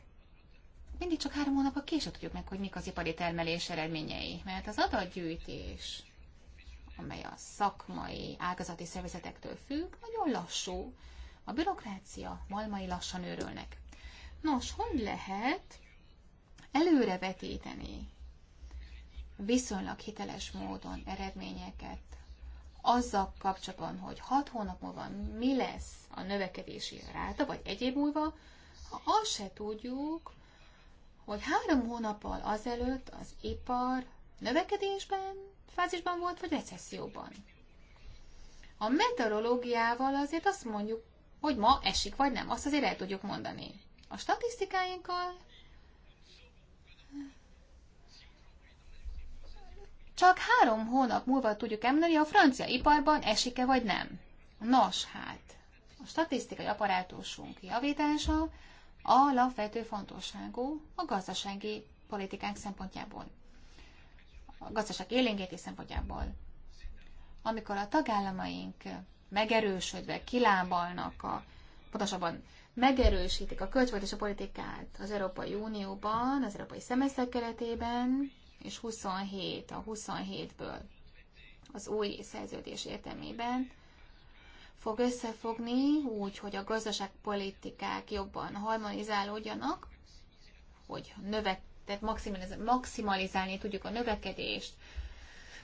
mindig csak három hónap a később tudjuk meg, hogy mik az ipari termelés eredményei, mert az adatgyűjtés, amely a szakmai, ágazati szervezetektől függ, nagyon lassú. A bürokrácia malmai lassan őrölnek. Nos, hogy lehet előrevetíteni viszonylag hiteles módon eredményeket azzal kapcsolatban, hogy hat hónap múlva mi lesz a növekedési ráta, vagy egy év múlva, ha azt se tudjuk, hogy három hónappal azelőtt az ipar növekedésben, fázisban volt, vagy recesszióban. A meteorológiával azért azt mondjuk, hogy ma esik vagy nem, azt azért el tudjuk mondani a statisztikáinkkal csak három hónap múlva tudjuk emelni a francia iparban esik-e vagy nem. Nos, hát, a statisztikai aparátusunk javítása alapvető fontosságú a gazdasági politikánk szempontjából, a gazdaság élénkéti szempontjából. Amikor a tagállamaink megerősödve kilábalnak a, pontosabban megerősítik a költségvetési politikát az Európai Unióban, az Európai Szemeszter keretében, és 27 a 27-ből az új szerződés értelmében fog összefogni úgy, hogy a gazdaságpolitikák jobban harmonizálódjanak, hogy növek, tehát maximalizálni, maximalizálni tudjuk a növekedést,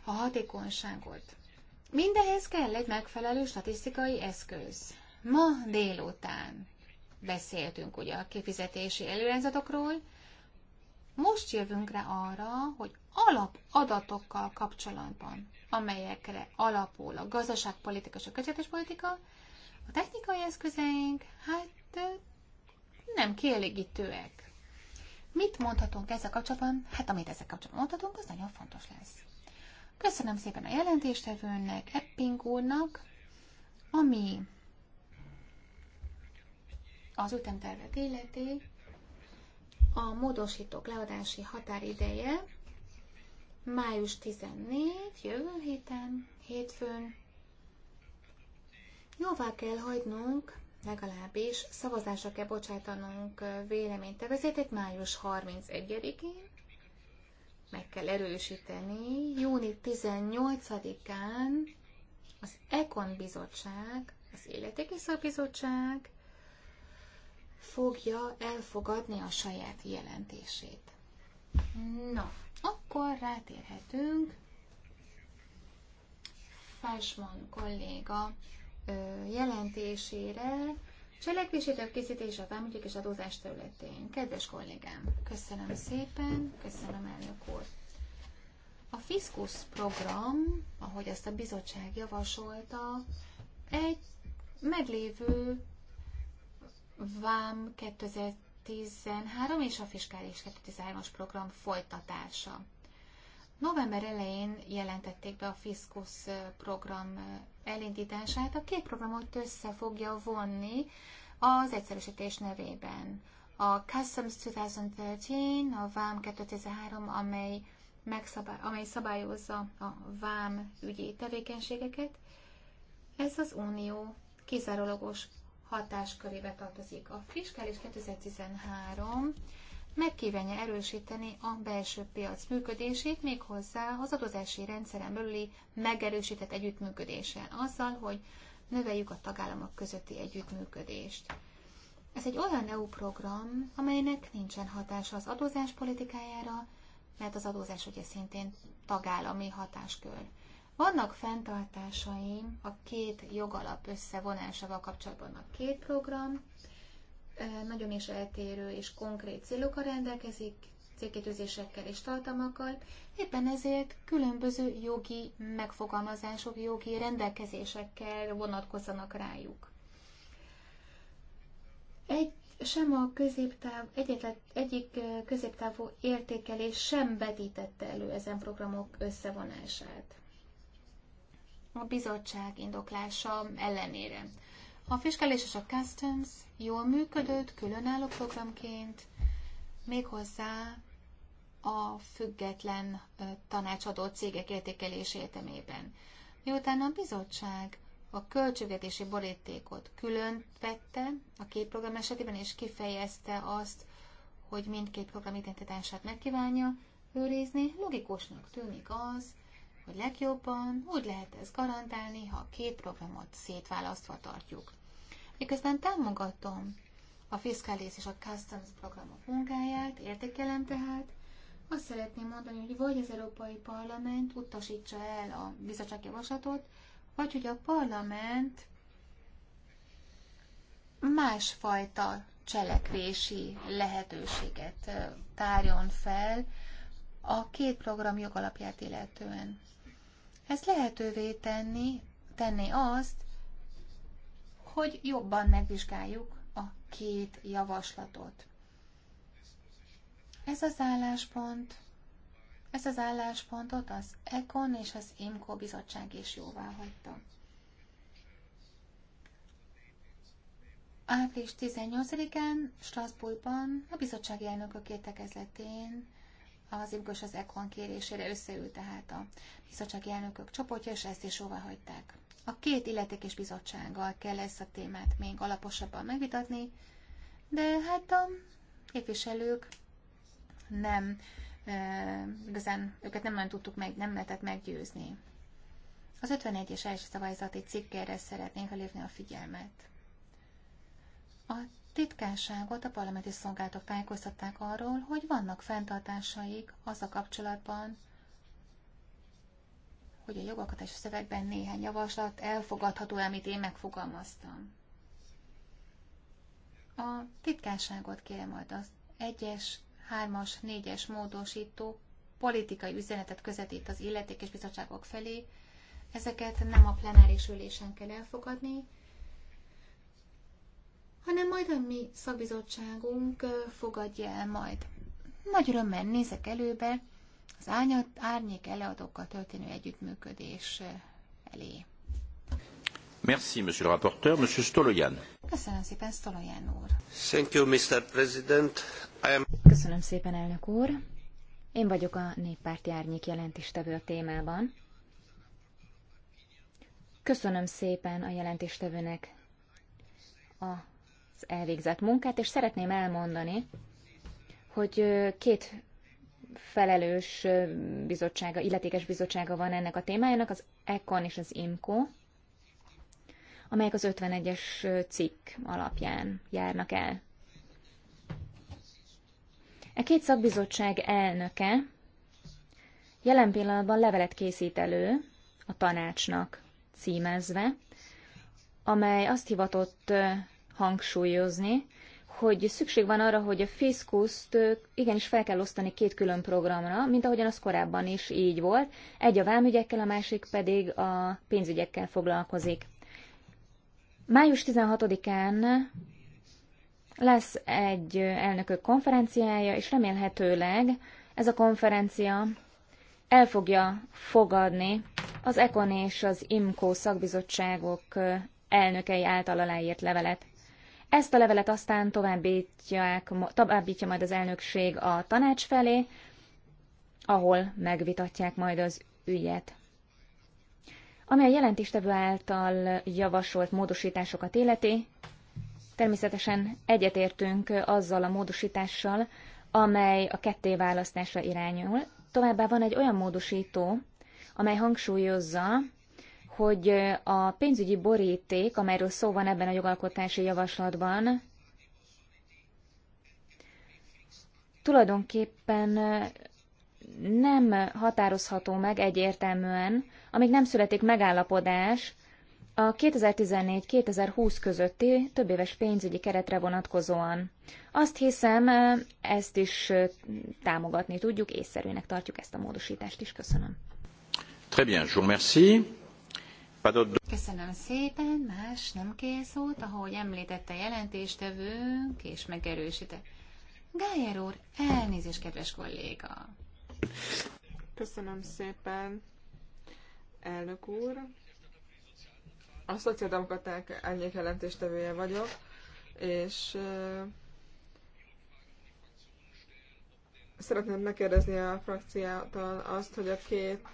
a hatékonyságot. Mindehez kell egy megfelelő statisztikai eszköz. Ma délután beszéltünk ugye a kifizetési előrendzatokról, most jövünk rá arra, hogy alapadatokkal kapcsolatban, amelyekre alapul a gazdaságpolitika és a politika, a technikai eszközeink, hát nem kielégítőek. Mit mondhatunk ezzel kapcsolatban? Hát amit ezzel kapcsolatban mondhatunk, az nagyon fontos lesz. Köszönöm szépen a jelentéstevőnek, Epping úrnak, ami az ütemtervet illeti, a módosítók leadási határideje május 14, jövő héten, hétfőn. Jóvá kell hagynunk, legalábbis szavazásra kell bocsátanunk véleménytevezetét május 31-én, meg kell erősíteni, júni 18-án az Ekon Bizottság, az Életéki bizottság fogja elfogadni a saját jelentését. Na, akkor rátérhetünk. Fásman kolléga jelentésére, cselekvésétől készítése a vámügyek és adózás területén. Kedves kollégám, köszönöm szépen, köszönöm elnök úr. A Fiskus program, ahogy ezt a bizottság javasolta, egy meglévő VAM 2013 és a Fiskális 2013-as program folytatása. November elején jelentették be a Fiskus program elindítását. A két programot össze fogja vonni az egyszerűsítés nevében. A Customs 2013, a VAM 2013, amely, megszabály, amely szabályozza a VAM ügyi tevékenységeket, ez az Unió kizárólagos hatáskörébe tartozik. A fiskális 2013 megkívánja erősíteni a belső piac működését, méghozzá az adózási rendszeren belüli megerősített együttműködéssel, azzal, hogy növeljük a tagállamok közötti együttműködést. Ez egy olyan EU program, amelynek nincsen hatása az adózás politikájára, mert az adózás ugye szintén tagállami hatáskör. Vannak fenntartásaim a két jogalap összevonásával kapcsolatban a két program, nagyon is eltérő és konkrét célokkal rendelkezik, célkétőzésekkel és tartalmakkal, éppen ezért különböző jogi megfogalmazások, jogi rendelkezésekkel vonatkozzanak rájuk. Egy sem a középtáv, egyetlen, egyik középtávú értékelés sem vetítette elő ezen programok összevonását a bizottság indoklása ellenére. A fiskális és a customs jól működött, különálló programként, méghozzá a független tanácsadó cégek értékelési értemében. Miután a bizottság a költségvetési borítékot külön vette a két program esetében, és kifejezte azt, hogy mindkét program identitását megkívánja őrizni, logikusnak tűnik az, hogy legjobban úgy lehet ez garantálni, ha a két programot szétválasztva tartjuk. Miközben támogatom a Fiscalis és a Customs programok munkáját, értékelem tehát, azt szeretném mondani, hogy vagy az Európai Parlament utasítsa el a bizottság javaslatot, vagy hogy a parlament másfajta cselekvési lehetőséget tárjon fel a két program jogalapját illetően. Ez lehetővé tenni, tenni azt, hogy jobban megvizsgáljuk a két javaslatot. Ez az álláspont, ez az álláspontot az ECON és az IMCO bizottság is jóvá hagyta. Április 18-án Strasbourgban a bizottsági elnökök értekezletén az Imkos az Ekon kérésére összeült tehát a bizottsági elnökök csoportja, és ezt is jóvá hagyták. A két illetékes bizottsággal kell ezt a témát még alaposabban megvitatni, de hát a képviselők nem e, igazán őket nem nagyon tudtuk meg, nem lehetett meggyőzni. Az 51-es első szabályzati cikkerre szeretnénk felhívni a figyelmet. A titkárságot a parlamenti szolgálatok tájékoztatták arról, hogy vannak fenntartásaik az a kapcsolatban, hogy a jogalkotás szövegben néhány javaslat elfogadható, amit én megfogalmaztam. A titkárságot kérem majd az egyes, hármas, négyes módosító politikai üzenetet közvetít az illetékes bizottságok felé. Ezeket nem a plenáris ülésen kell elfogadni, hanem majd a mi szakbizottságunk fogadja el majd. Nagy örömmel nézek előbe az árnyat, árnyék eleadókkal történő együttműködés elé. Merci, monsieur le rapporteur. Monsieur Stolojan. Köszönöm szépen, Stolojan úr. Thank you, Mr. President. I am... Köszönöm szépen, elnök úr. Én vagyok a néppárti árnyék jelentéstevő a témában. Köszönöm szépen a jelentéstevőnek a elvégzett munkát, és szeretném elmondani, hogy két felelős bizottsága, illetékes bizottsága van ennek a témájának, az ECON és az IMCO, amelyek az 51-es cikk alapján járnak el. E két szakbizottság elnöke jelen pillanatban levelet készít elő a tanácsnak címezve, amely azt hivatott hangsúlyozni, hogy szükség van arra, hogy a fiszkuszt igenis fel kell osztani két külön programra, mint ahogyan az korábban is így volt. Egy a vámügyekkel, a másik pedig a pénzügyekkel foglalkozik. Május 16-án lesz egy elnökök konferenciája, és remélhetőleg ez a konferencia el fogja fogadni az ECON és az IMCO szakbizottságok elnökei által aláírt levelet. Ezt a levelet aztán továbbítják, továbbítja majd az elnökség a tanács felé, ahol megvitatják majd az ügyet. Ami a jelentéstevő által javasolt módosításokat életé, természetesen egyetértünk azzal a módosítással, amely a választásra irányul. Továbbá van egy olyan módosító, amely hangsúlyozza, hogy a pénzügyi boríték, amelyről szó van ebben a jogalkotási javaslatban, tulajdonképpen nem határozható meg egyértelműen, amíg nem születik megállapodás a 2014-2020 közötti többéves pénzügyi keretre vonatkozóan. Azt hiszem, ezt is támogatni tudjuk, észszerűnek tartjuk ezt a módosítást is. Köszönöm. Très bien, je vous remercie. Köszönöm szépen, más nem kér szót, ahogy említette jelentéstevőnk, és megerősíte. Gájer úr, elnézést, kedves kolléga! Köszönöm szépen, elnök úr. A szociáldemokraták elnyék jelentéstevője vagyok, és szeretném megkérdezni a frakciától azt, hogy a két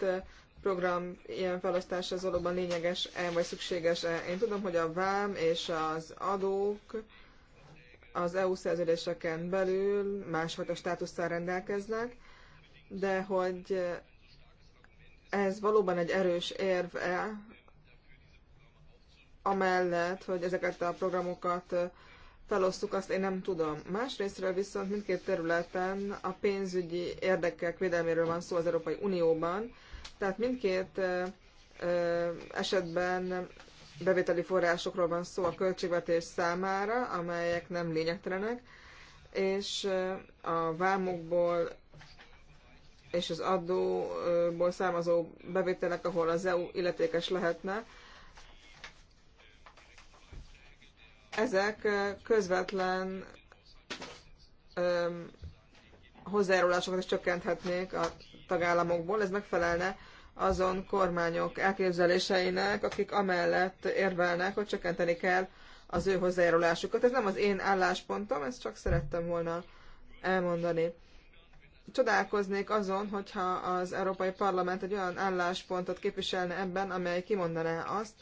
program ilyen felosztása az valóban lényeges-e, vagy szükséges-e. Én tudom, hogy a vám és az adók az EU szerződéseken belül másfajta státusszal rendelkeznek, de hogy ez valóban egy erős -e, amellett, hogy ezeket a programokat felosztuk, azt én nem tudom. Másrésztről viszont mindkét területen a pénzügyi érdekek védelméről van szó az Európai Unióban, tehát mindkét esetben bevételi forrásokról van szó a költségvetés számára, amelyek nem lényegtelenek, és a vámokból és az adóból származó bevételek, ahol az EU illetékes lehetne, ezek közvetlen hozzájárulásokat is csökkenthetnék a tagállamokból, ez megfelelne azon kormányok elképzeléseinek, akik amellett érvelnek, hogy csökkenteni kell az ő hozzájárulásukat. Ez nem az én álláspontom, ezt csak szerettem volna elmondani. Csodálkoznék azon, hogyha az Európai Parlament egy olyan álláspontot képviselne ebben, amely kimondaná azt,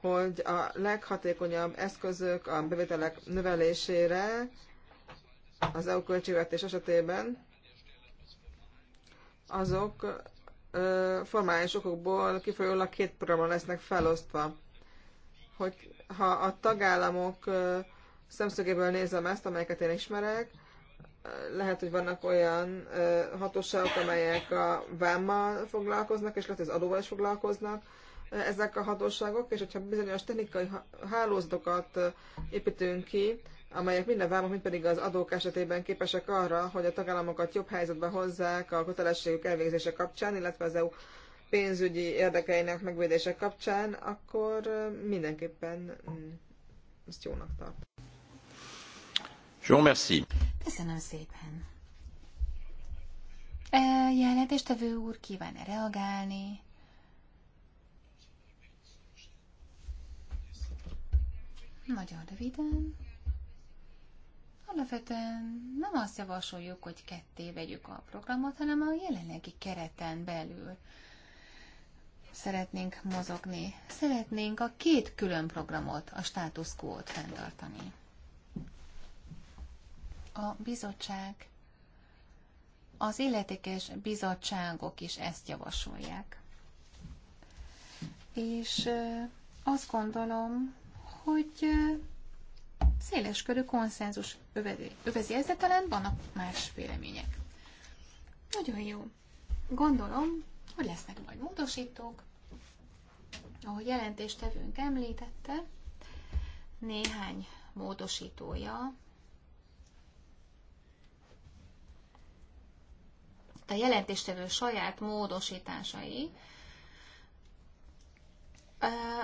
hogy a leghatékonyabb eszközök a bevételek növelésére az EU költségvetés esetében azok formális okokból kifolyólag két programra lesznek felosztva. Hogy ha a tagállamok szemszögéből nézem ezt, amelyeket én ismerek, lehet, hogy vannak olyan hatóságok, amelyek a vámmal foglalkoznak, és lehet, hogy az adóval is foglalkoznak ezek a hatóságok, és hogyha bizonyos technikai hálózatokat építünk ki, amelyek mind a vámok, mind pedig az adók esetében képesek arra, hogy a tagállamokat jobb helyzetbe hozzák a kötelességük elvégzése kapcsán, illetve az EU pénzügyi érdekeinek megvédése kapcsán, akkor mindenképpen mm, ezt jónak tart. Jó, merci. Köszönöm szépen. E, jelentéstevő úr kíván-e reagálni? Nagyon röviden. Alapvetően nem azt javasoljuk, hogy ketté vegyük a programot, hanem a jelenlegi kereten belül szeretnénk mozogni. Szeretnénk a két külön programot, a status quo-t fenntartani. A bizottság, az illetékes bizottságok is ezt javasolják. És azt gondolom, hogy széleskörű konszenzus övezi, övezi ezt, de talán vannak más vélemények. Nagyon jó. Gondolom, hogy lesznek majd módosítók. Ahogy jelentéstevőnk említette, néhány módosítója a jelentéstevő saját módosításai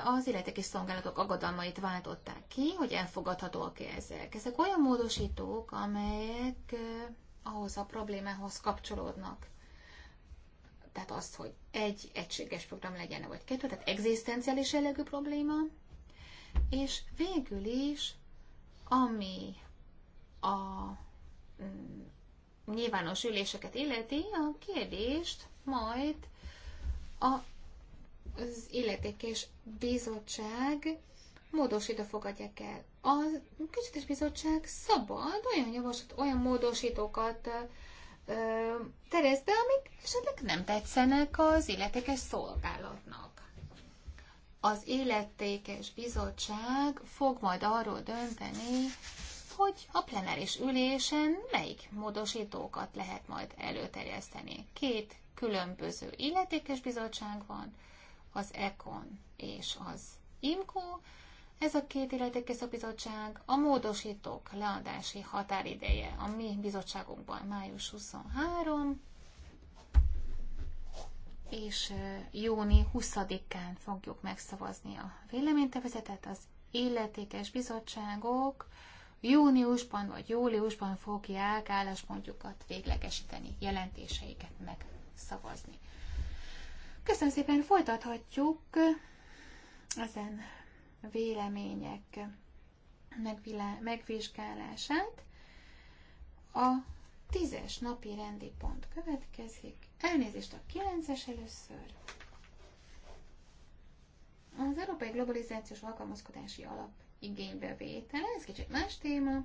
az és szolgálatok aggodalmait váltották ki, hogy elfogadhatóak -e ezek. Ezek olyan módosítók, amelyek ahhoz a problémához kapcsolódnak. Tehát azt, hogy egy egységes program legyen, vagy kettő, tehát egzisztenciális jellegű probléma, és végül is, ami a mm, nyilvános üléseket illeti, a kérdést majd a az illetékes bizottság módosító fogadják el. A kicsites bizottság szabad olyan javaslat, olyan módosítókat ö, terez be, amik esetleg nem tetszenek az illetékes szolgálatnak. Az illetékes bizottság fog majd arról dönteni, hogy a plenáris ülésen melyik módosítókat lehet majd előterjeszteni. Két különböző illetékes bizottság van, az ECON és az IMCO, ez a két illetékes bizottság a módosítók leadási határideje a mi bizottságunkban május 23, és júni 20-án fogjuk megszavazni a véleménytevezetet. Az illetékes bizottságok júniusban vagy júliusban fogják álláspontjukat véglegesíteni, jelentéseiket megszavazni. Köszönöm szépen, folytathatjuk ezen vélemények megvizsgálását. A tízes napi rendi pont következik. Elnézést a kilences először. Az Európai Globalizációs Alkalmazkodási Alap igénybevétele, ez kicsit más téma.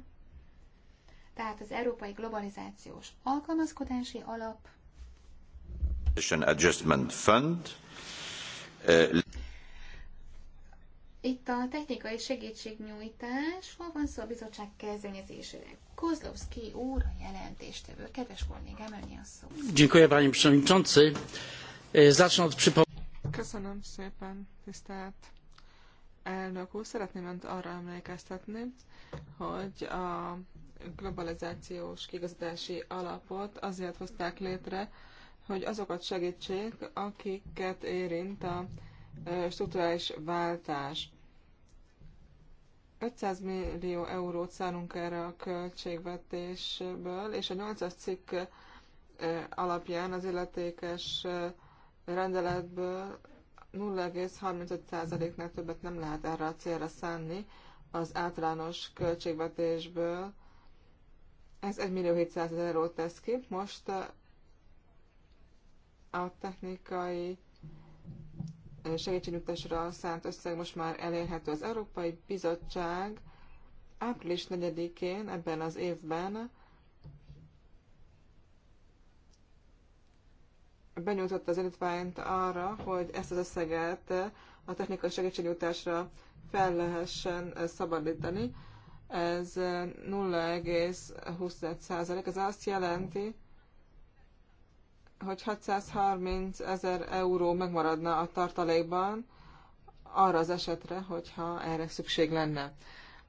Tehát az Európai Globalizációs Alkalmazkodási Alap Eh, itt a technikai segítségnyújtás, hol van szó a bizottság kezdeményezésére? Kozlowski úr a jelentéstevő. Kedves kollégám, önni a szó. Eh, Köszönöm szépen, tisztelt elnök úr. Szeretném önt arra emlékeztetni, hogy a globalizációs kigazdási alapot azért hozták létre, hogy azokat segítsék, akiket érint a strukturális váltás. 500 millió eurót szánunk erre a költségvetésből, és a 8-as cikk alapján az illetékes rendeletből 0,35%-nál többet nem lehet erre a célra szánni az általános költségvetésből. Ez 1 millió 700 eurót tesz ki. Most a technikai segítségnyújtásra szánt összeg most már elérhető. Az Európai Bizottság április 4-én ebben az évben benyújtotta az indítványt arra, hogy ezt az összeget a technikai segítségnyújtásra fel lehessen szabadítani. Ez 0,25 ez azt jelenti, hogy 630 ezer euró megmaradna a tartalékban arra az esetre, hogyha erre szükség lenne.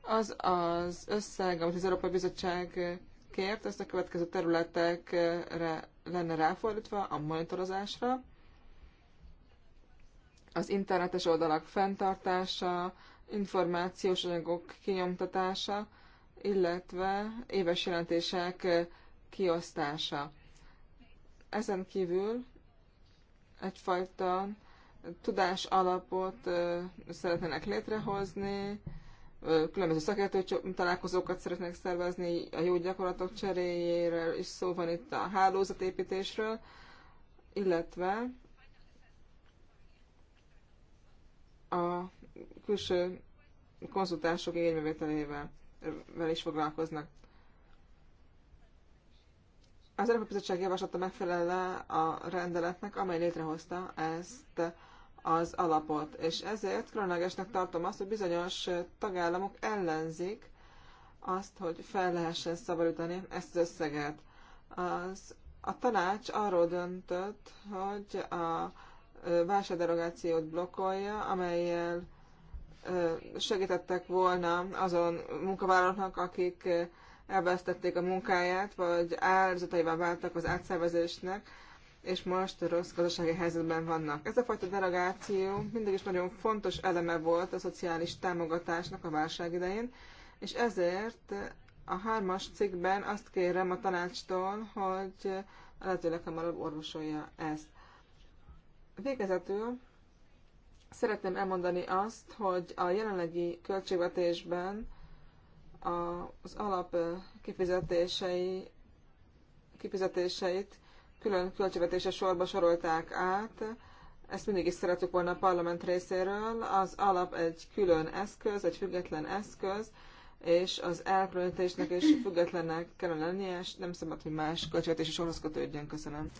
Az az összeg, amit az Európai Bizottság kért, ezt a következő területekre lenne ráfordítva, a monitorozásra, az internetes oldalak fenntartása, információs anyagok kinyomtatása, illetve éves jelentések kiosztása. Ezen kívül egyfajta tudás alapot szeretnének létrehozni, különböző szakértő találkozókat szeretnék szervezni, a jó gyakorlatok cseréjéről is szó van itt a hálózatépítésről, illetve a külső konzultások érvényvételével is foglalkoznak. Az Európai Bizottság javaslata megfelele a rendeletnek, amely létrehozta ezt az alapot. És ezért különlegesnek tartom azt, hogy bizonyos tagállamok ellenzik azt, hogy fel lehessen szabadítani ezt az összeget. Az, a tanács arról döntött, hogy a válságderogációt blokkolja, amelyel segítettek volna azon munkavállalóknak, akik elvesztették a munkáját, vagy áldozataival váltak az átszervezésnek, és most rossz gazdasági helyzetben vannak. Ez a fajta delegáció mindig is nagyon fontos eleme volt a szociális támogatásnak a válság idején, és ezért a hármas cikkben azt kérem a tanácstól, hogy a lehető hamarabb orvosolja ezt. Végezetül szeretném elmondani azt, hogy a jelenlegi költségvetésben az alap kifizetései, kifizetéseit külön költségvetése sorba sorolták át. Ezt mindig is szeretük volna a parlament részéről. Az alap egy külön eszköz, egy független eszköz, és az elkülönítésnek is függetlennek kell lennie, és nem szabad, hogy más költségvetési sorhoz kötődjön. Köszönöm.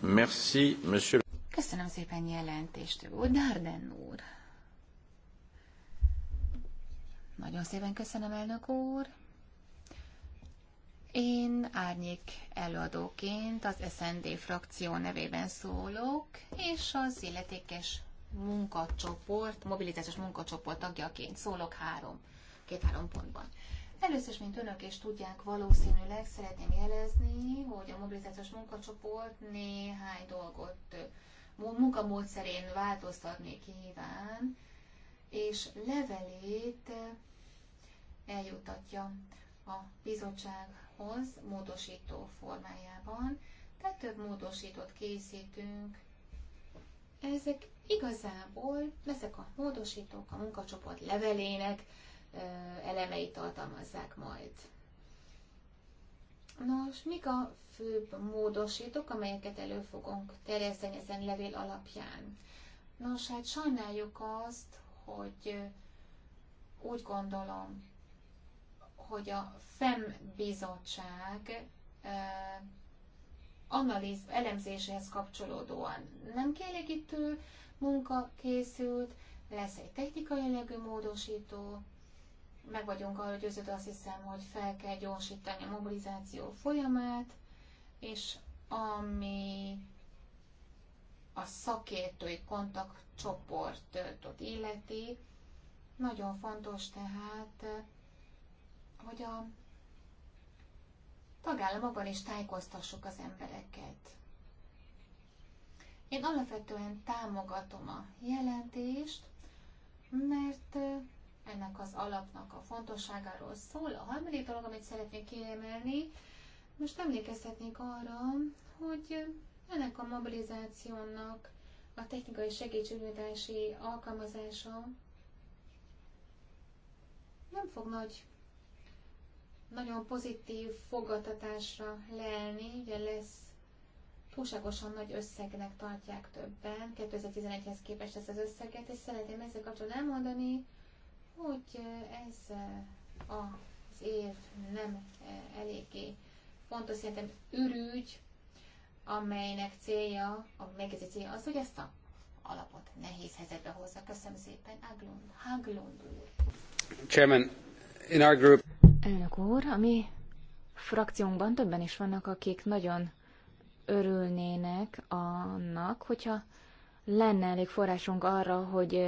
Merci, monsieur. Köszönöm szépen jelentést, Darden úr. Nagyon szépen köszönöm, elnök úr. Én árnyék előadóként az SND frakció nevében szólok, és az illetékes munkacsoport, mobilizációs munkacsoport tagjaként szólok három, két-három pontban. Először is, mint önök is tudják, valószínűleg szeretném jelezni, hogy a mobilizációs munkacsoport néhány dolgot munkamódszerén változtatni kíván, és levelét eh, eljutatja a bizottsághoz módosító formájában, tehát több módosítót készítünk. Ezek igazából, ezek a módosítók a munkacsoport levelének eh, elemei tartalmazzák majd. Nos, mik a főbb módosítók, amelyeket elő fogunk terjeszteni ezen levél alapján? Nos, hát sajnáljuk azt, hogy úgy gondolom, hogy a FEM bizottság analíz elemzéséhez kapcsolódóan nem kielégítő munka készült, lesz egy technikai jellegű módosító, meg vagyunk arra győződve, azt hiszem, hogy fel kell gyorsítani a mobilizáció folyamát, és ami a szakértői kontaktcsoportot illeti. Nagyon fontos tehát, hogy a tagállamokban is tájékoztassuk az embereket. Én alapvetően támogatom a jelentést, mert ennek az alapnak a fontosságáról szól. A harmadik dolog, amit szeretnék kiemelni, most emlékeztetnék arra, hogy ennek a mobilizációnak a technikai segítségnyújtási alkalmazása nem fog nagy, nagyon pozitív fogadtatásra lelni, ugye lesz túlságosan nagy összegnek tartják többen, 2011-hez képest ezt az összeget, és szeretném ezzel kapcsolatban elmondani, hogy ez az év nem eléggé fontos, szerintem ürügy, amelynek célja, a megjegyző célja az, hogy ezt a alapot nehéz helyzetbe hozza. Köszönöm szépen, Aglund, Haglund úr. Chairman, in our group... Elnök úr, a mi frakciónkban többen is vannak, akik nagyon örülnének annak, hogyha lenne elég forrásunk arra, hogy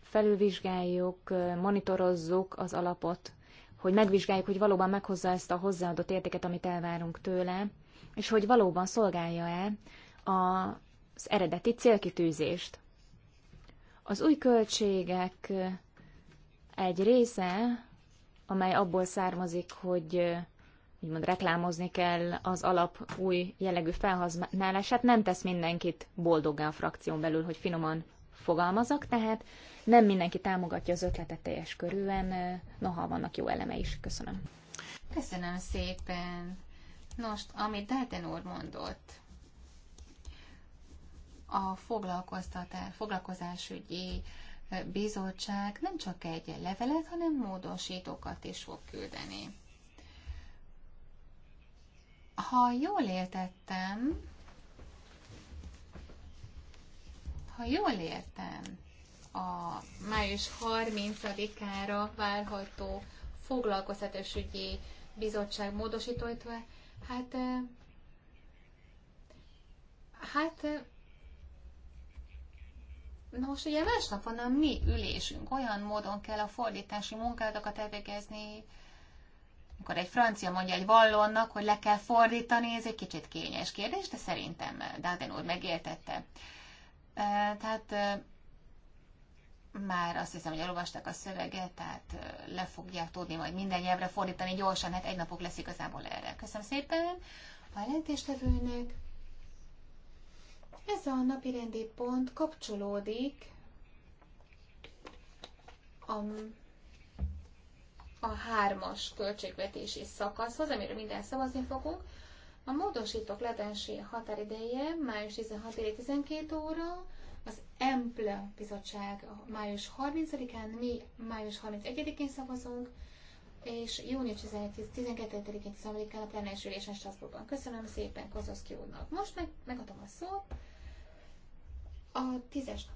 felülvizsgáljuk, monitorozzuk az alapot, hogy megvizsgáljuk, hogy valóban meghozza ezt a hozzáadott értéket, amit elvárunk tőle, és hogy valóban szolgálja-e az eredeti célkitűzést. Az új költségek egy része, amely abból származik, hogy úgymond reklámozni kell az alap új jellegű felhasználását, nem tesz mindenkit boldoggá a frakción belül, hogy finoman fogalmazak, tehát nem mindenki támogatja az ötletet teljes körülön, noha vannak jó eleme is. Köszönöm. Köszönöm szépen. Nos, amit Dáten úr mondott, a foglalkoztatás, foglalkozásügyi bizottság nem csak egy levelet, hanem módosítókat is fog küldeni. Ha jól értettem, ha jól értem, a május 30-ára várható foglalkoztatásügyi bizottság módosítóitól Hát, hát, na most ugye másnap van a mi ülésünk, olyan módon kell a fordítási munkádokat elvégezni, amikor egy francia mondja egy vallónak, hogy le kell fordítani, ez egy kicsit kényes kérdés, de szerintem Dáden úr megértette. Tehát már azt hiszem, hogy elolvasták a szöveget, tehát le fogják tudni majd minden nyelvre fordítani gyorsan, hát egy napok lesz igazából erre. Köszönöm szépen a jelentéstevőnek. Ez a napi rendi pont kapcsolódik a, a hármas költségvetési szakaszhoz, amiről minden szavazni fogunk. A módosítók letensi határideje május 16 12 óra, az EMPLE bizottság május 30-án, mi május 31-én szavazunk, és június 12-én, 13-án a plenáris ülésen Strasbourgban. Köszönöm szépen Kozoszki úrnak. Most meg, megadom a szót. A tízes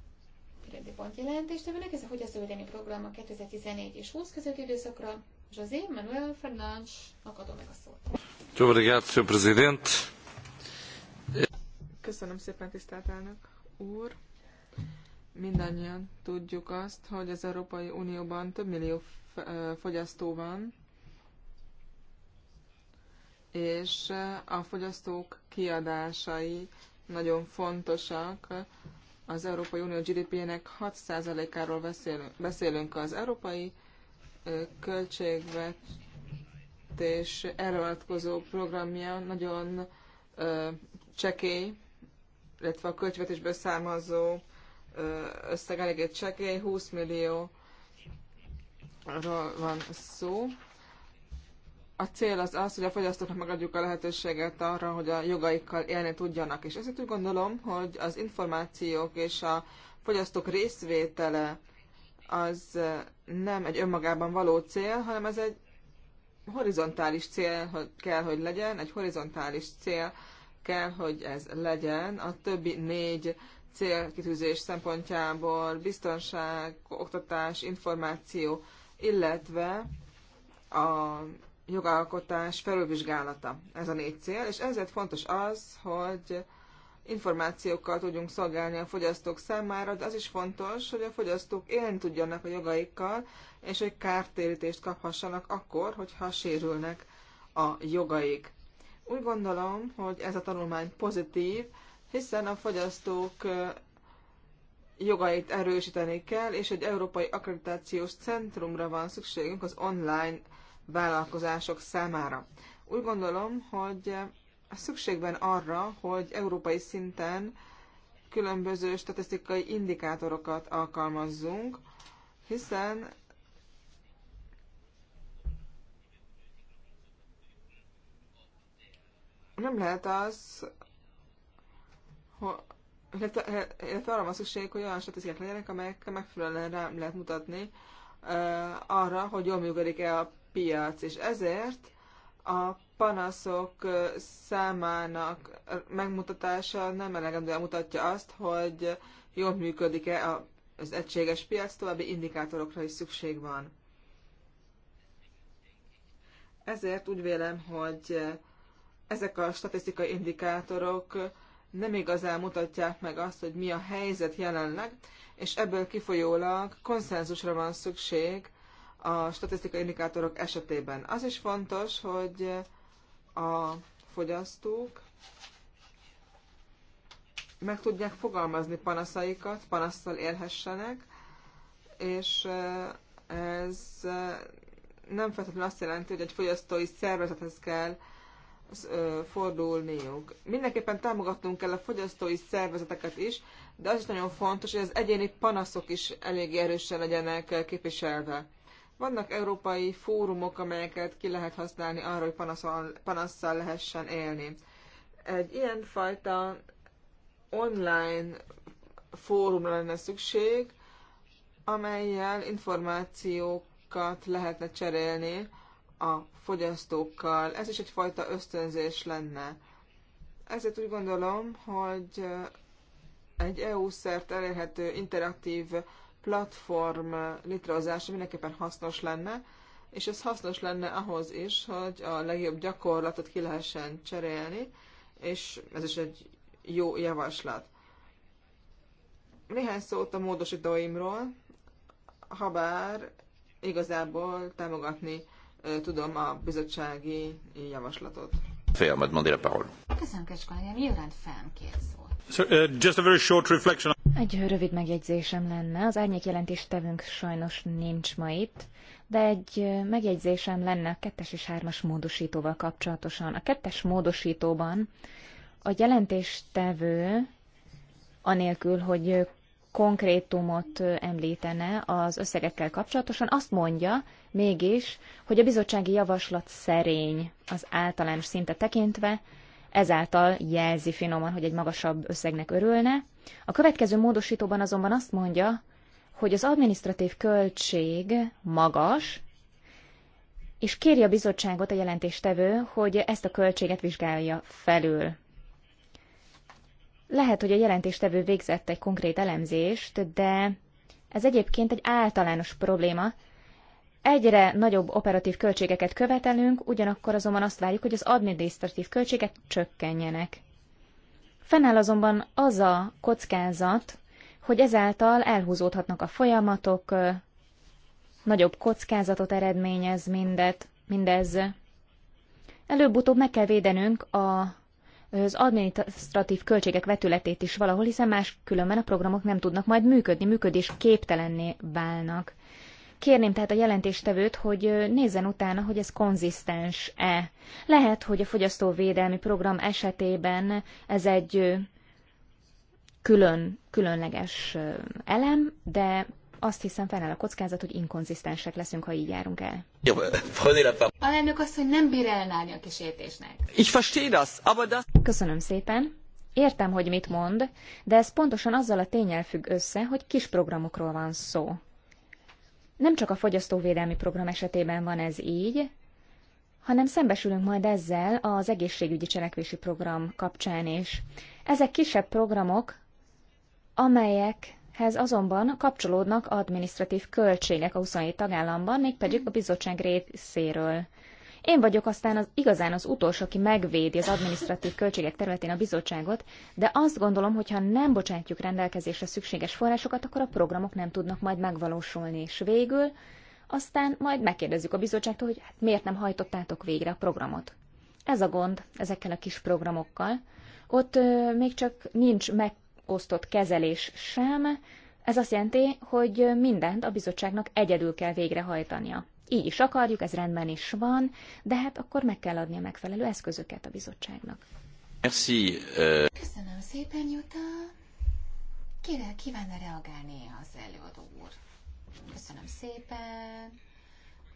rendi pont jelentést, de ez a fogyasztóvédelmi program a 2014 és 20 között időszakra. José Manuel fernández akadom meg a szót. Köszönöm szépen, tisztelt elnök úr. Mindannyian tudjuk azt, hogy az Európai Unióban több millió fogyasztó van, és a fogyasztók kiadásai nagyon fontosak. Az Európai Unió GDP-nek 6%-áról beszélünk. Az európai költségvetés erre vonatkozó programja nagyon csekély, illetve a költségvetésből származó összeg eléggé egy csekély, 20 millió ról van szó. A cél az az, hogy a fogyasztóknak megadjuk a lehetőséget arra, hogy a jogaikkal élni tudjanak. És ezért úgy gondolom, hogy az információk és a fogyasztók részvétele az nem egy önmagában való cél, hanem ez egy horizontális cél hogy kell, hogy legyen, egy horizontális cél kell, hogy ez legyen a többi négy célkitűzés szempontjából biztonság, oktatás, információ, illetve a jogalkotás felülvizsgálata. Ez a négy cél, és ezért fontos az, hogy információkkal tudjunk szolgálni a fogyasztók számára, de az is fontos, hogy a fogyasztók élni tudjanak a jogaikkal, és hogy kártérítést kaphassanak akkor, hogyha sérülnek a jogaik. Úgy gondolom, hogy ez a tanulmány pozitív, hiszen a fogyasztók jogait erősíteni kell, és egy európai akkreditációs centrumra van szükségünk az online vállalkozások számára. Úgy gondolom, hogy szükségben arra, hogy európai szinten különböző statisztikai indikátorokat alkalmazzunk, hiszen nem lehet az, illetve, eh, illetve arra van szükség, hogy olyan statisztikák legyenek, amelyek megfelelően rám lehet mutatni eh, arra, hogy jól működik-e a piac. És ezért a panaszok eh, számának megmutatása nem elegendően mutatja azt, hogy jól működik-e az egységes piac, további indikátorokra is szükség van. Ezért úgy vélem, hogy ezek a statisztikai indikátorok nem igazán mutatják meg azt, hogy mi a helyzet jelenleg, és ebből kifolyólag konszenzusra van szükség a statisztikai indikátorok esetében. Az is fontos, hogy a fogyasztók meg tudják fogalmazni panaszaikat, panasztal élhessenek, és ez nem feltétlenül azt jelenti, hogy egy fogyasztói szervezethez kell fordulniuk. Mindenképpen támogatnunk kell a fogyasztói szervezeteket is, de az is nagyon fontos, hogy az egyéni panaszok is elég erősen legyenek képviselve. Vannak európai fórumok, amelyeket ki lehet használni arra, hogy panasszal lehessen élni. Egy ilyenfajta online fórumra lenne szükség, amelyel információkat lehetne cserélni a fogyasztókkal. Ez is egyfajta ösztönzés lenne. Ezért úgy gondolom, hogy egy EU-szert elérhető interaktív platform létrehozása mindenképpen hasznos lenne, és ez hasznos lenne ahhoz is, hogy a legjobb gyakorlatot ki lehessen cserélni, és ez is egy jó javaslat. Néhány szót a módosítóimról, habár igazából támogatni tudom a bizottsági javaslatot. Fél, majd mondja a parol. Köszönöm, Kecskolány, Jürgen két just a very short reflection. Egy rövid megjegyzésem lenne. Az árnyék tevünk sajnos nincs ma itt, de egy megjegyzésem lenne a kettes és hármas módosítóval kapcsolatosan. A kettes módosítóban a jelentéstevő anélkül, hogy konkrétumot említene az összegekkel kapcsolatosan, azt mondja mégis, hogy a bizottsági javaslat szerény az általános szinte tekintve, ezáltal jelzi finoman, hogy egy magasabb összegnek örülne. A következő módosítóban azonban azt mondja, hogy az administratív költség magas, és kéri a bizottságot a jelentéstevő, hogy ezt a költséget vizsgálja felül. Lehet, hogy a jelentéstevő végzett egy konkrét elemzést, de ez egyébként egy általános probléma. Egyre nagyobb operatív költségeket követelünk, ugyanakkor azonban azt várjuk, hogy az adminisztratív költségek csökkenjenek. Fennáll azonban az a kockázat, hogy ezáltal elhúzódhatnak a folyamatok, nagyobb kockázatot eredményez mindet, mindez. Előbb-utóbb meg kell védenünk a az adminisztratív költségek vetületét is valahol, hiszen más különben a programok nem tudnak majd működni, működés képtelenné válnak. Kérném tehát a jelentéstevőt, hogy nézzen utána, hogy ez konzisztens-e. Lehet, hogy a fogyasztóvédelmi program esetében ez egy külön, különleges elem, de azt hiszem fennáll a kockázat, hogy inkonzisztensek leszünk, ha így járunk el. a Alelnök azt, hogy nem bír ellenállni a kísértésnek. Ich verstehe das, aber das... Köszönöm szépen. Értem, hogy mit mond, de ez pontosan azzal a tényel függ össze, hogy kis programokról van szó. Nem csak a fogyasztóvédelmi program esetében van ez így, hanem szembesülünk majd ezzel az egészségügyi cselekvési program kapcsán is. Ezek kisebb programok, amelyek ehhez azonban kapcsolódnak administratív költségek a 27 tagállamban, mégpedig a bizottság részéről. Én vagyok aztán az, igazán az utolsó, aki megvédi az administratív költségek területén a bizottságot, de azt gondolom, hogy ha nem bocsátjuk rendelkezésre szükséges forrásokat, akkor a programok nem tudnak majd megvalósulni. És végül aztán majd megkérdezzük a bizottságtól, hogy hát miért nem hajtottátok végre a programot. Ez a gond ezekkel a kis programokkal. Ott ö, még csak nincs meg osztott kezelés sem. Ez azt jelenti, hogy mindent a bizottságnak egyedül kell végrehajtania. Így is akarjuk, ez rendben is van, de hát akkor meg kell adni a megfelelő eszközöket a bizottságnak. Merci. Köszönöm szépen, Juta. Kire kívánna reagálni az előadó úr? Köszönöm szépen.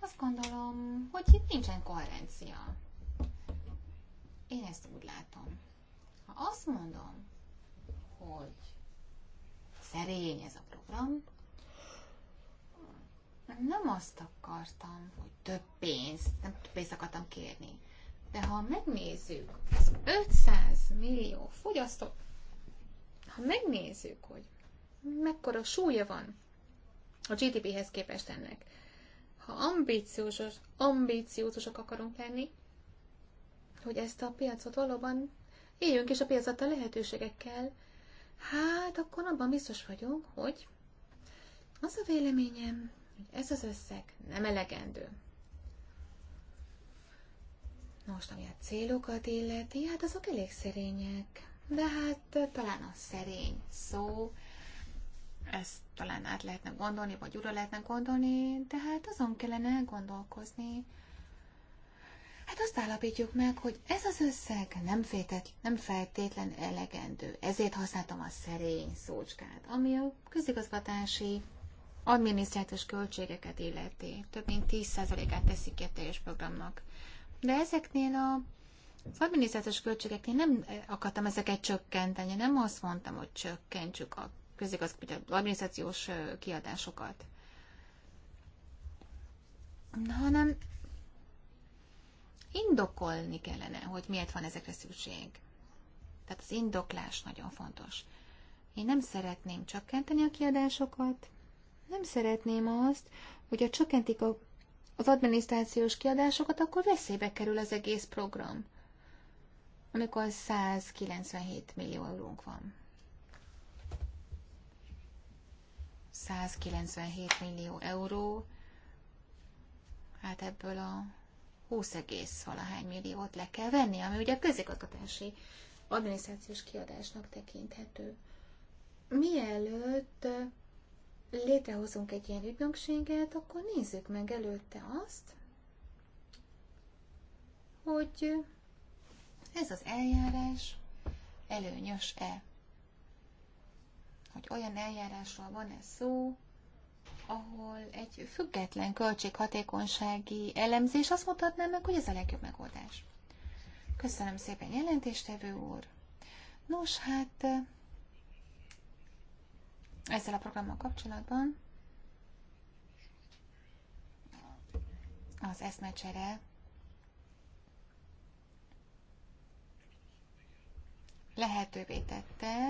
Azt gondolom, hogy itt nincsen koherencia. Én ezt úgy látom. Ha azt mondom, hogy szerény ez a program. Nem azt akartam, hogy több pénzt, nem több pénzt akartam kérni. De ha megnézzük, az 500 millió fogyasztó, ha megnézzük, hogy mekkora súlya van a GDP-hez képest ennek, ha ambíciósos, ambíciózusak akarunk lenni, hogy ezt a piacot valóban éljünk és a piacot a lehetőségekkel, Hát akkor abban biztos vagyok, hogy az a véleményem, hogy ez az összeg nem elegendő. Most, ami a célokat illeti, hát azok elég szerények. De hát eh, talán a szerény szó, ezt talán át lehetne gondolni, vagy ura lehetne gondolni, de hát azon kellene gondolkozni, Hát azt állapítjuk meg, hogy ez az összeg nem, fétet, nem feltétlen elegendő. Ezért használtam a szerény szócskát, ami a közigazgatási adminisztrációs költségeket illeti. Több mint 10%-át teszik ki a teljes programnak. De ezeknél a az adminisztrációs költségeknél nem eh, akartam ezeket csökkenteni, nem azt mondtam, hogy csökkentsük a közigazgatási adminisztrációs eh, kiadásokat, hanem indokolni kellene, hogy miért van ezekre szükség. Tehát az indoklás nagyon fontos. Én nem szeretném csökkenteni a kiadásokat, nem szeretném azt, hogyha csökkentik a, az adminisztrációs kiadásokat, akkor veszélybe kerül az egész program, amikor 197 millió eurónk van. 197 millió euró, hát ebből a 20, valahány milliót le kell venni, ami ugye közigazgatási adminisztrációs kiadásnak tekinthető. Mielőtt létrehozunk egy ilyen ügynökséget, akkor nézzük meg előtte azt, hogy ez az eljárás előnyös-e. Hogy olyan eljárásról van-e szó, ahol egy független költséghatékonysági elemzés azt mutatná meg, hogy ez a legjobb megoldás. Köszönöm szépen, jelentéstevő úr. Nos, hát eh, ezzel a programmal kapcsolatban az eszmecsere lehetővé tette,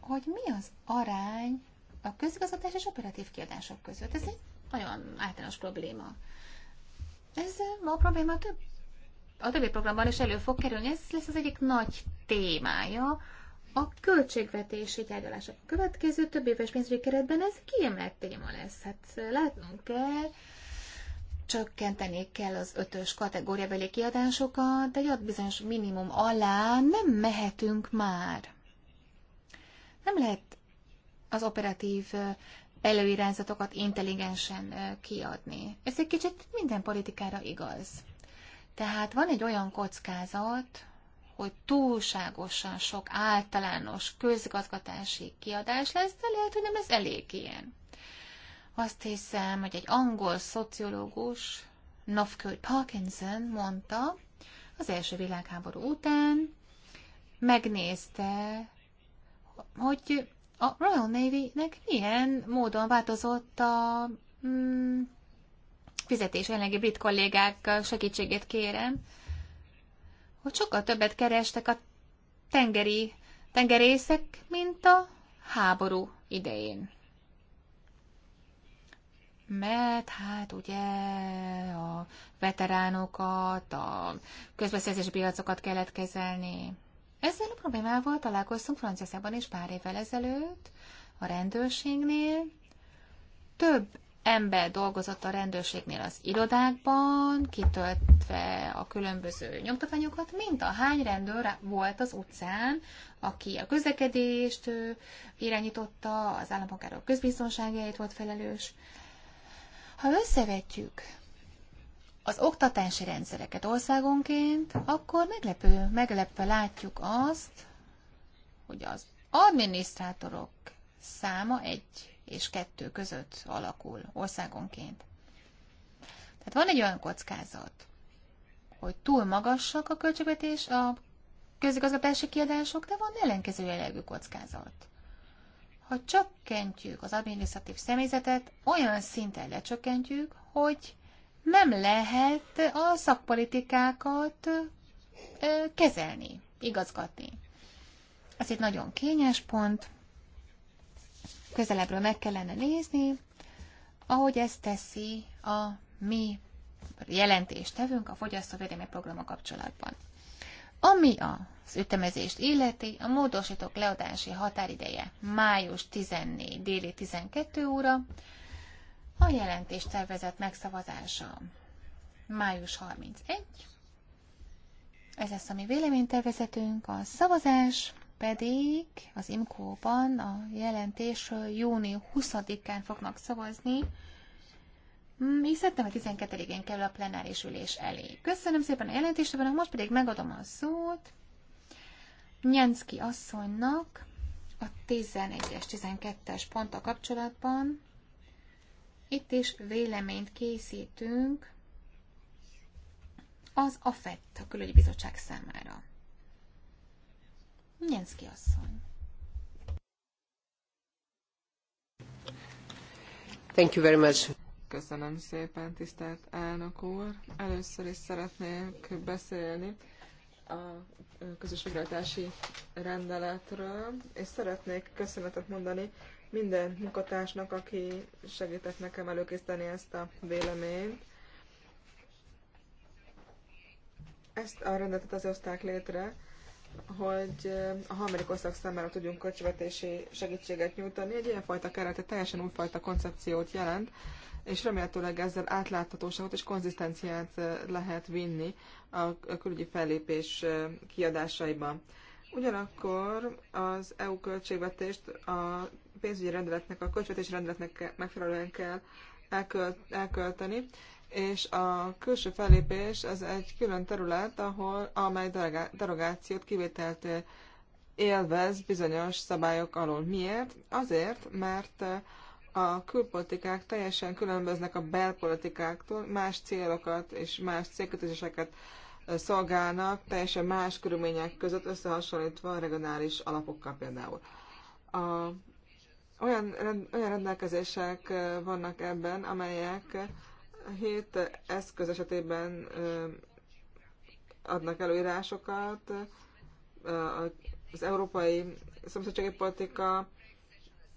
hogy mi az arány a közigazgatás és operatív kiadások között. Ez egy nagyon általános probléma. Ez a probléma több, a többi programban is elő fog kerülni. Ez lesz az egyik nagy témája a költségvetési tárgyalás. A következő több éves pénzügyi keretben ez kiemelt téma lesz. Hát látnunk kell, csökkenteni kell az ötös kategóriabeli kiadásokat, de egy bizonyos minimum alá nem mehetünk már. Nem lehet az operatív előirányzatokat intelligensen kiadni. Ez egy kicsit minden politikára igaz. Tehát van egy olyan kockázat, hogy túlságosan sok általános közgazgatási kiadás lesz, de lehet, hogy nem ez elég ilyen. Azt hiszem, hogy egy angol szociológus, Novkőd Parkinson mondta, az első világháború után megnézte, hogy a Royal Navy-nek milyen módon változott a mm, fizetés. Jelenlegi brit kollégák segítségét kérem, hogy sokkal többet kerestek a tengeri tengerészek, mint a háború idején. Mert hát ugye a veteránokat, a közbeszerzés piacokat kellett kezelni. Ezzel a problémával találkoztunk Franciaországban is pár évvel ezelőtt, a rendőrségnél. Több ember dolgozott a rendőrségnél az irodákban, kitöltve a különböző nyomtatványokat, mint a hány rendőr volt az utcán, aki a közlekedést irányította, az állampolgárok közbiztonságáért volt felelős. Ha összevetjük az oktatási rendszereket országonként, akkor meglepő, meglepve látjuk azt, hogy az adminisztrátorok száma egy és kettő között alakul országonként. Tehát van egy olyan kockázat, hogy túl magasak a költségvetés, a közigazgatási kiadások, de van ellenkező jellegű kockázat. Ha csökkentjük az adminisztratív személyzetet, olyan szinten lecsökkentjük, hogy nem lehet a szakpolitikákat kezelni, igazgatni. Ez egy nagyon kényes pont, közelebbről meg kellene nézni, ahogy ezt teszi a mi tevünk a fogyasztóvédelmi programa kapcsolatban. Ami az ütemezést illeti, a módosítók leadási határideje május 14 déli 12 óra, a jelentés tervezett megszavazása május 31. Ez lesz a mi véleménytervezetünk, a szavazás pedig az IMKO-ban a jelentés júni 20-án fognak szavazni, mm, így szeptember 12-én kerül a plenáris ülés elé. Köszönöm szépen a jelentéstevőnek, most pedig megadom a szót Nyenszki asszonynak a 11-es, 12-es ponttal kapcsolatban. Itt is véleményt készítünk az AFET, a Külügyi Bizottság számára. Nyenszki asszony. Thank you very much. Köszönöm szépen, tisztelt elnök úr. Először is szeretnék beszélni a közös rendeletről, és szeretnék köszönetet mondani minden munkatársnak, aki segített nekem előkészíteni ezt a véleményt. Ezt a rendetet az oszták létre, hogy eh, a harmadik ország számára tudjunk költségvetési segítséget nyújtani. Egy ilyenfajta keret egy teljesen újfajta koncepciót jelent, és remélhetőleg ezzel átláthatóságot és konzisztenciát eh, lehet vinni a külügyi fellépés eh, kiadásaiban. Ugyanakkor az EU költségvetést a pénzügyi rendeletnek, a költségvetési rendeletnek megfelelően kell elkölteni, és a külső fellépés az egy külön terület, ahol, amely derogációt, kivételt élvez bizonyos szabályok alól. Miért? Azért, mert a külpolitikák teljesen különböznek a belpolitikáktól, más célokat és más célkötéseket szolgálnak teljesen más körülmények között összehasonlítva a regionális alapokkal például. A, olyan, olyan rendelkezések vannak ebben, amelyek hét eszköz esetében adnak előírásokat, az európai szomszédsági politika,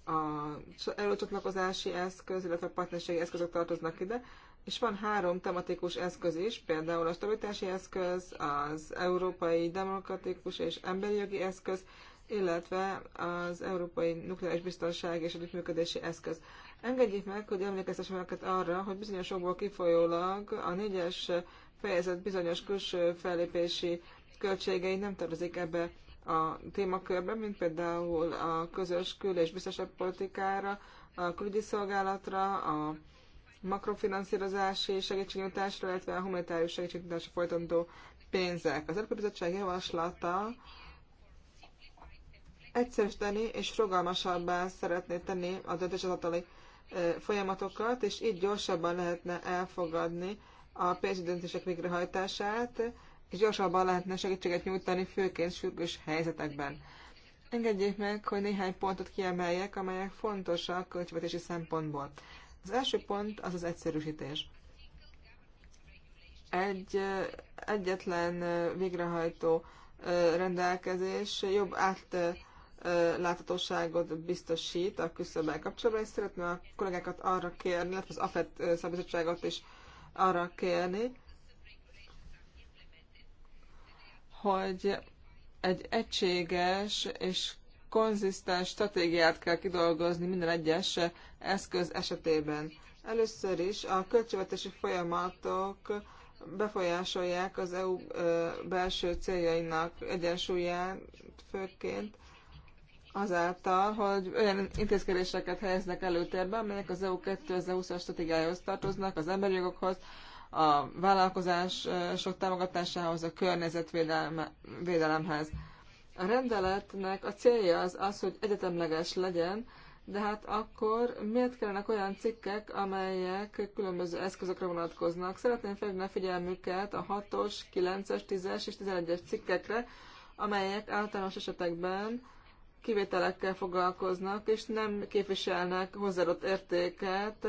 a előcsatlakozási eszköz, illetve a partnerségi eszközök tartoznak ide, és van három tematikus eszköz is, például a stabilitási eszköz, az európai demokratikus és emberi jogi eszköz, illetve az európai nukleáris biztonság és együttműködési eszköz. Engedjék meg, hogy emlékeztessem önöket arra, hogy bizonyos okból kifolyólag a négyes fejezet bizonyos külső fellépési költségei nem tartozik ebbe a témakörbe, mint például a közös kül- és biztonságpolitikára, a külügyi szolgálatra, a makrofinanszírozási segítségnyújtásra, illetve a humanitárius segítségnyújtásra folytató pénzek. Az Európai Bizottság javaslata egyszerűsíteni és rugalmasabbá szeretné tenni a döntéshozatali folyamatokat, és így gyorsabban lehetne elfogadni a pénzügyi döntések végrehajtását, és gyorsabban lehetne segítséget nyújtani, főként sürgős helyzetekben. Engedjék meg, hogy néhány pontot kiemeljek, amelyek fontosak költségvetési szempontból. Az első pont az az egyszerűsítés. Egy egyetlen végrehajtó rendelkezés jobb átláthatóságot biztosít a küszöbbel kapcsolatban, és szeretném a kollégákat arra kérni, illetve az AFET szabadságot is arra kérni, hogy egy egységes és konzisztens stratégiát kell kidolgozni minden egyes eszköz esetében. Először is a költségvetési folyamatok befolyásolják az EU belső céljainak egyensúlyát, főként azáltal, hogy olyan intézkedéseket helyeznek előtérbe, amelyek az EU 2020-as stratégiájához tartoznak, az emberi jogokhoz, a vállalkozások támogatásához, a környezetvédelemhez. A rendeletnek a célja az az, hogy egyetemleges legyen, de hát akkor miért kellenek olyan cikkek, amelyek különböző eszközökre vonatkoznak? Szeretném felhívni a figyelmüket a 6-os, 9-es, 10-es és 11-es cikkekre, amelyek általános esetekben kivételekkel foglalkoznak, és nem képviselnek hozzáadott értéket,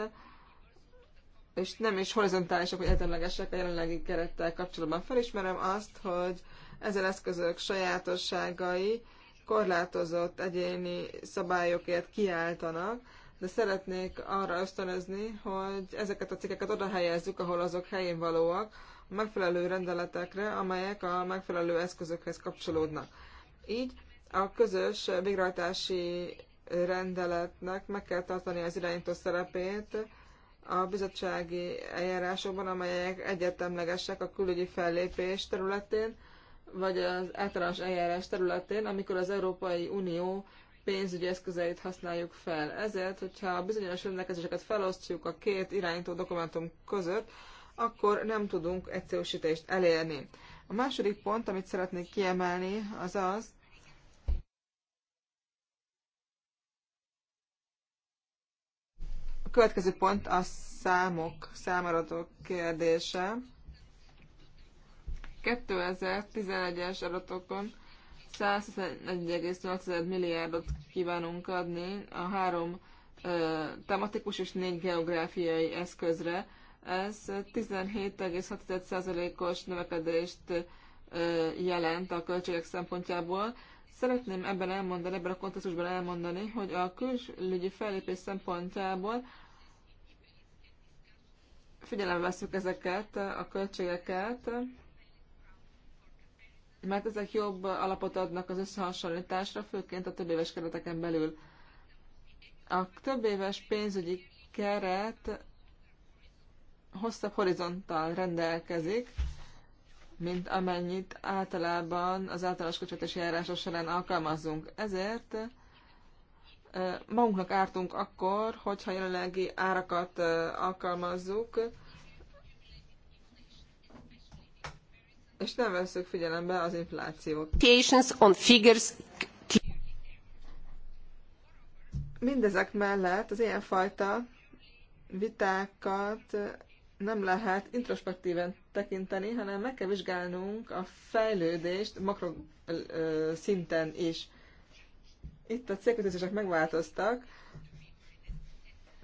és nem is horizontálisak, vagy egyenlegesek a jelenlegi kerettel kapcsolatban. Felismerem azt, hogy ezen eszközök sajátosságai, korlátozott egyéni szabályokért kiáltanak, de szeretnék arra ösztönözni, hogy ezeket a cikkeket oda helyezzük, ahol azok helyén valóak, a megfelelő rendeletekre, amelyek a megfelelő eszközökhez kapcsolódnak. Így a közös végrehajtási rendeletnek meg kell tartani az irányító szerepét a bizottsági eljárásokban, amelyek egyetemlegesek a külügyi fellépés területén, vagy az általános eljárás területén, amikor az Európai Unió pénzügyi eszközeit használjuk fel. Ezért, hogyha bizonyos rendelkezéseket felosztjuk a két irányító dokumentum között, akkor nem tudunk egyszerűsítést elérni. A második pont, amit szeretnék kiemelni, az az, a következő pont a számok, számaratok kérdése. 2011-es adatokon 111,8 milliárdot kívánunk adni a három ö, tematikus és négy geográfiai eszközre. Ez 17,6%-os növekedést ö, jelent a költségek szempontjából. Szeretném ebben elmondani, ebben a kontextusban elmondani, hogy a külügyi fellépés szempontjából figyelembe veszük ezeket a költségeket, mert ezek jobb alapot adnak az összehasonlításra, főként a több éves kereteken belül. A több éves pénzügyi keret hosszabb horizonttal rendelkezik, mint amennyit általában az általános költségvetési járások során alkalmazzunk. Ezért magunknak ártunk akkor, hogyha jelenlegi árakat alkalmazzuk, és nem veszük figyelembe az inflációt. On figures. Mindezek mellett az ilyenfajta vitákat nem lehet introspektíven tekinteni, hanem meg kell vizsgálnunk a fejlődést makro szinten is. Itt a célkötőzések megváltoztak,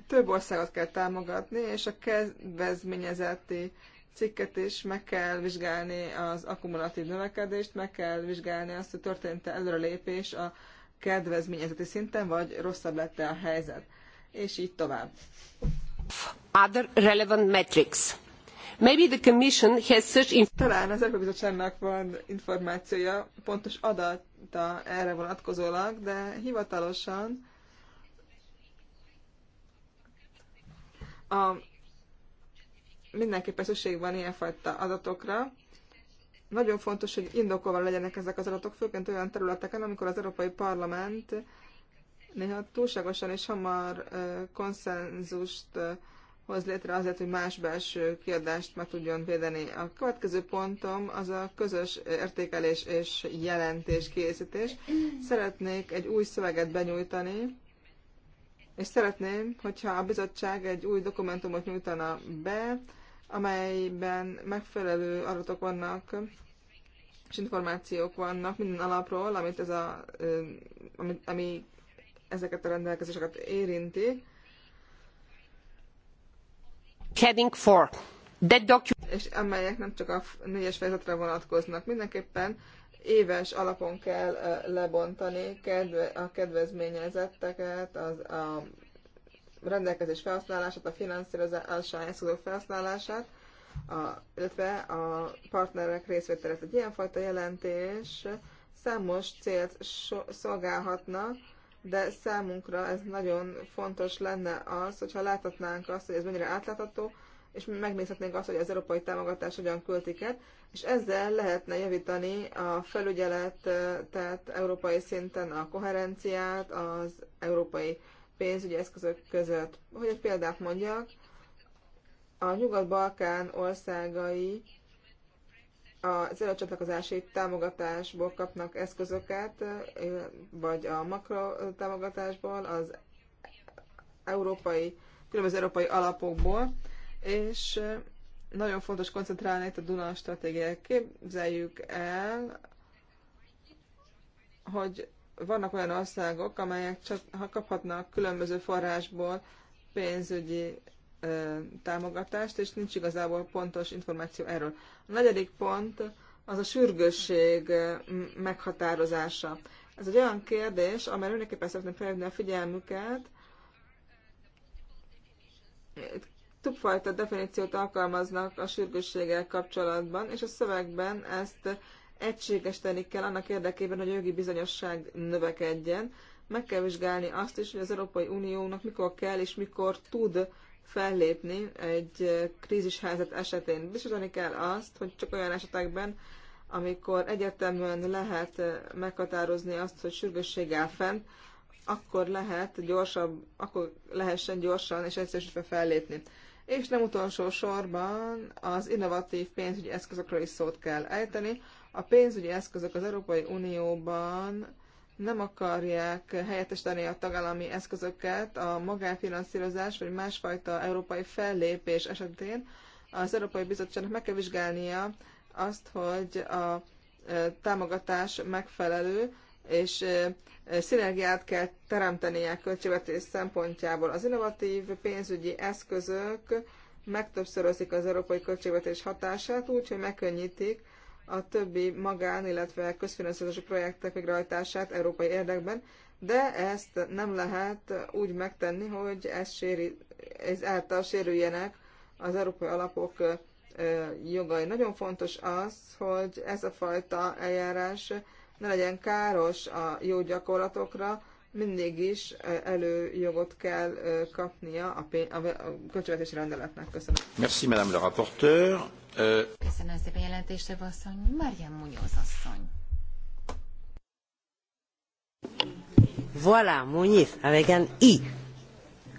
több országot kell támogatni, és a kedvezményezeti cikket is, meg kell vizsgálni az akkumulatív növekedést, meg kell vizsgálni azt, hogy történt-e előrelépés a kedvezményezeti szinten, vagy rosszabb lett-e a helyzet, és így tovább. Other relevant metrics. Maybe the commission has such Talán az Európai Bizottságnak van információja, pontos adata erre vonatkozólag, de hivatalosan a mindenképpen szükség van ilyenfajta adatokra. Nagyon fontos, hogy indokolva legyenek ezek az adatok, főként olyan területeken, amikor az Európai Parlament néha túlságosan és hamar konszenzust hoz létre azért, hogy más belső kiadást meg tudjon védeni. A következő pontom az a közös értékelés és jelentés készítés. Szeretnék egy új szöveget benyújtani, és szeretném, hogyha a bizottság egy új dokumentumot nyújtana be, amelyben megfelelő adatok vannak és információk vannak minden alapról, amit ez a, ami, ami ezeket a rendelkezéseket érinti. Heading 4. És amelyek nem csak a négyes fejezetre vonatkoznak. Mindenképpen éves alapon kell lebontani a kedvezményezetteket, az, a rendelkezés felhasználását, a finanszírozásra eszközök felhasználását, a, illetve a partnerek részvételét. Egy ilyenfajta jelentés számos célt so, szolgálhatna, de számunkra ez nagyon fontos lenne az, hogyha láthatnánk azt, hogy ez mennyire átlátható, és megnézhetnénk azt, hogy az európai támogatás hogyan költik el, és ezzel lehetne javítani a felügyelet, tehát európai szinten a koherenciát, az európai pénzügyi eszközök között. Hogy egy példát mondjak, a Nyugat-Balkán országai az előcsatlakozási támogatásból kapnak eszközöket, vagy a makro támogatásból az európai, különböző európai alapokból, és nagyon fontos koncentrálni itt a Duna stratégiát. Képzeljük el, hogy vannak olyan országok, amelyek csak ha kaphatnak különböző forrásból pénzügyi ö, támogatást, és nincs igazából pontos információ erről. A negyedik pont az a sürgősség meghatározása. Ez egy olyan kérdés, amely mindenképpen szeretném felhívni a figyelmüket. többfajta definíciót alkalmaznak a sürgősséggel kapcsolatban, és a szövegben ezt tenni kell annak érdekében, hogy a jogi bizonyosság növekedjen. Meg kell vizsgálni azt is, hogy az Európai Uniónak mikor kell és mikor tud fellépni egy krízishelyzet esetén. Biztosítani kell azt, hogy csak olyan esetekben, amikor egyetemben lehet meghatározni azt, hogy sürgősség áll fent, akkor lehet gyorsabb, akkor lehessen gyorsan és egyszerűsítve fellépni. És nem utolsó sorban az innovatív pénzügyi eszközökről is szót kell ejteni, a pénzügyi eszközök az Európai Unióban nem akarják helyettesíteni a tagállami eszközöket a magánfinanszírozás vagy másfajta európai fellépés esetén, az Európai Bizottságnak meg kell vizsgálnia azt, hogy a e, támogatás megfelelő, és e, szinergiát kell teremtenie költségvetés szempontjából. Az innovatív pénzügyi eszközök megtöbbszörözik az európai költségvetés hatását, úgyhogy megkönnyítik a többi magán, illetve közfinanszírozási projektek végrehajtását európai érdekben, de ezt nem lehet úgy megtenni, hogy ez, séri, ez által sérüljenek az európai alapok jogai. Nagyon fontos az, hogy ez a fajta eljárás ne legyen káros a jó gyakorlatokra, mindig is e, előjogot kell e, kapnia a, pén- a költségvetési rendeletnek. Köszönöm. Merci, madame la rapporteur. Euh, köszönöm szépen jelentésre, asszony. Marian Munoz asszony. Voilà, Muñiz, avec un I.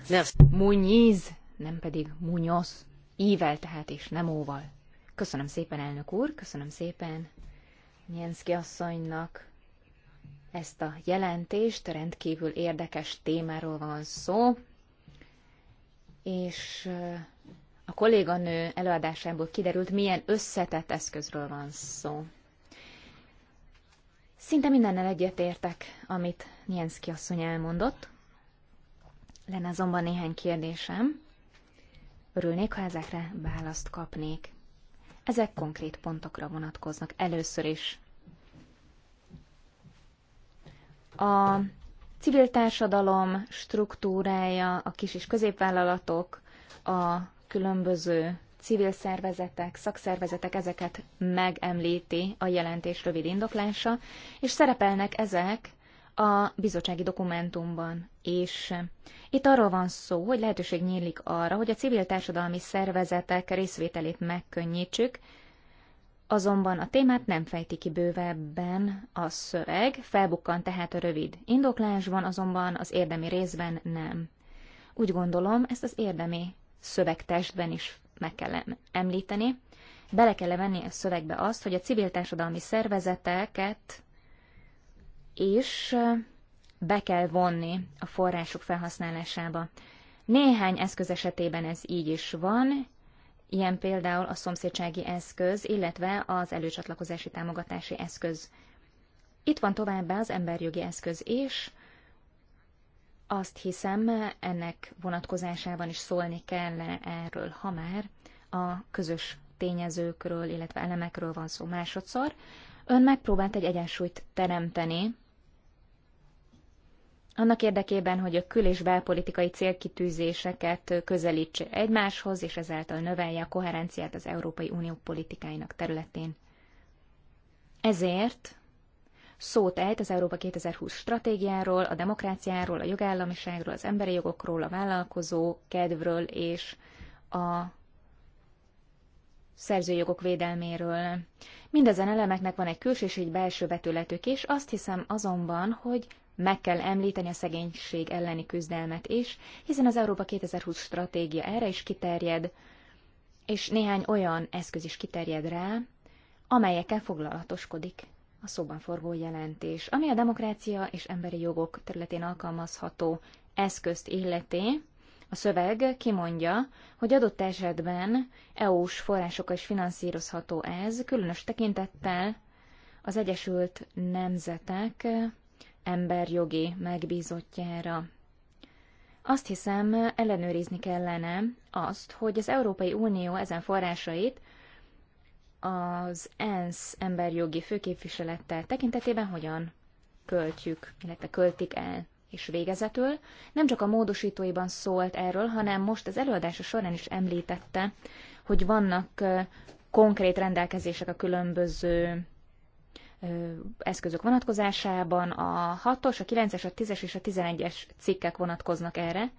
Merci. Muñiz, nem pedig Munoz. Ível tehát, és nem óval. Köszönöm szépen, elnök úr, köszönöm szépen Nyenszki asszonynak, ezt a jelentést, rendkívül érdekes témáról van szó, és a kolléganő előadásából kiderült, milyen összetett eszközről van szó. Szinte mindennel egyetértek, amit Nienszki asszony elmondott. Lenne azonban néhány kérdésem. Örülnék, ha ezekre választ kapnék. Ezek konkrét pontokra vonatkoznak először is. a civil társadalom struktúrája, a kis és középvállalatok, a különböző civil szervezetek, szakszervezetek ezeket megemlíti a jelentés rövid indoklása, és szerepelnek ezek a bizottsági dokumentumban. És itt arról van szó, hogy lehetőség nyílik arra, hogy a civil társadalmi szervezetek részvételét megkönnyítsük, Azonban a témát nem fejti ki bővebben a szöveg, felbukkan tehát a rövid indoklásban, azonban az érdemi részben nem. Úgy gondolom, ezt az érdemi szövegtestben is meg kell említeni. Bele kell -e venni a szövegbe azt, hogy a civil társadalmi szervezeteket is be kell vonni a források felhasználásába. Néhány eszköz esetében ez így is van, ilyen például a szomszédsági eszköz, illetve az előcsatlakozási támogatási eszköz. Itt van továbbá az emberjogi eszköz is, azt hiszem, ennek vonatkozásában is szólni kellene erről, ha már a közös tényezőkről, illetve elemekről van szó másodszor. Ön megpróbált egy egyensúlyt teremteni annak érdekében, hogy a kül- és belpolitikai célkitűzéseket közelítse egymáshoz, és ezáltal növelje a koherenciát az Európai Unió politikáinak területén. Ezért szót ejt az Európa 2020 stratégiáról, a demokráciáról, a jogállamiságról, az emberi jogokról, a vállalkozó kedvről és a szerzőjogok védelméről. Mindezen elemeknek van egy külső és egy belső vetületük is, azt hiszem azonban, hogy meg kell említeni a szegénység elleni küzdelmet is, hiszen az Európa 2020 stratégia erre is kiterjed, és néhány olyan eszköz is kiterjed rá, amelyekkel foglalatoskodik a szóban forgó jelentés, ami a demokrácia és emberi jogok területén alkalmazható eszközt illeti, a szöveg kimondja, hogy adott esetben EU-s forrásokkal is finanszírozható ez, különös tekintettel az Egyesült Nemzetek emberjogi megbízottjára. Azt hiszem, ellenőrizni kellene azt, hogy az Európai Unió ezen forrásait az ENSZ emberjogi főképviselettel tekintetében hogyan költjük, illetve költik el. És végezetül nem csak a módosítóiban szólt erről, hanem most az előadása során is említette, hogy vannak konkrét rendelkezések a különböző eszközök vonatkozásában. A 6-os, a 9-es, a 10-es és a 11-es cikkek vonatkoznak erre.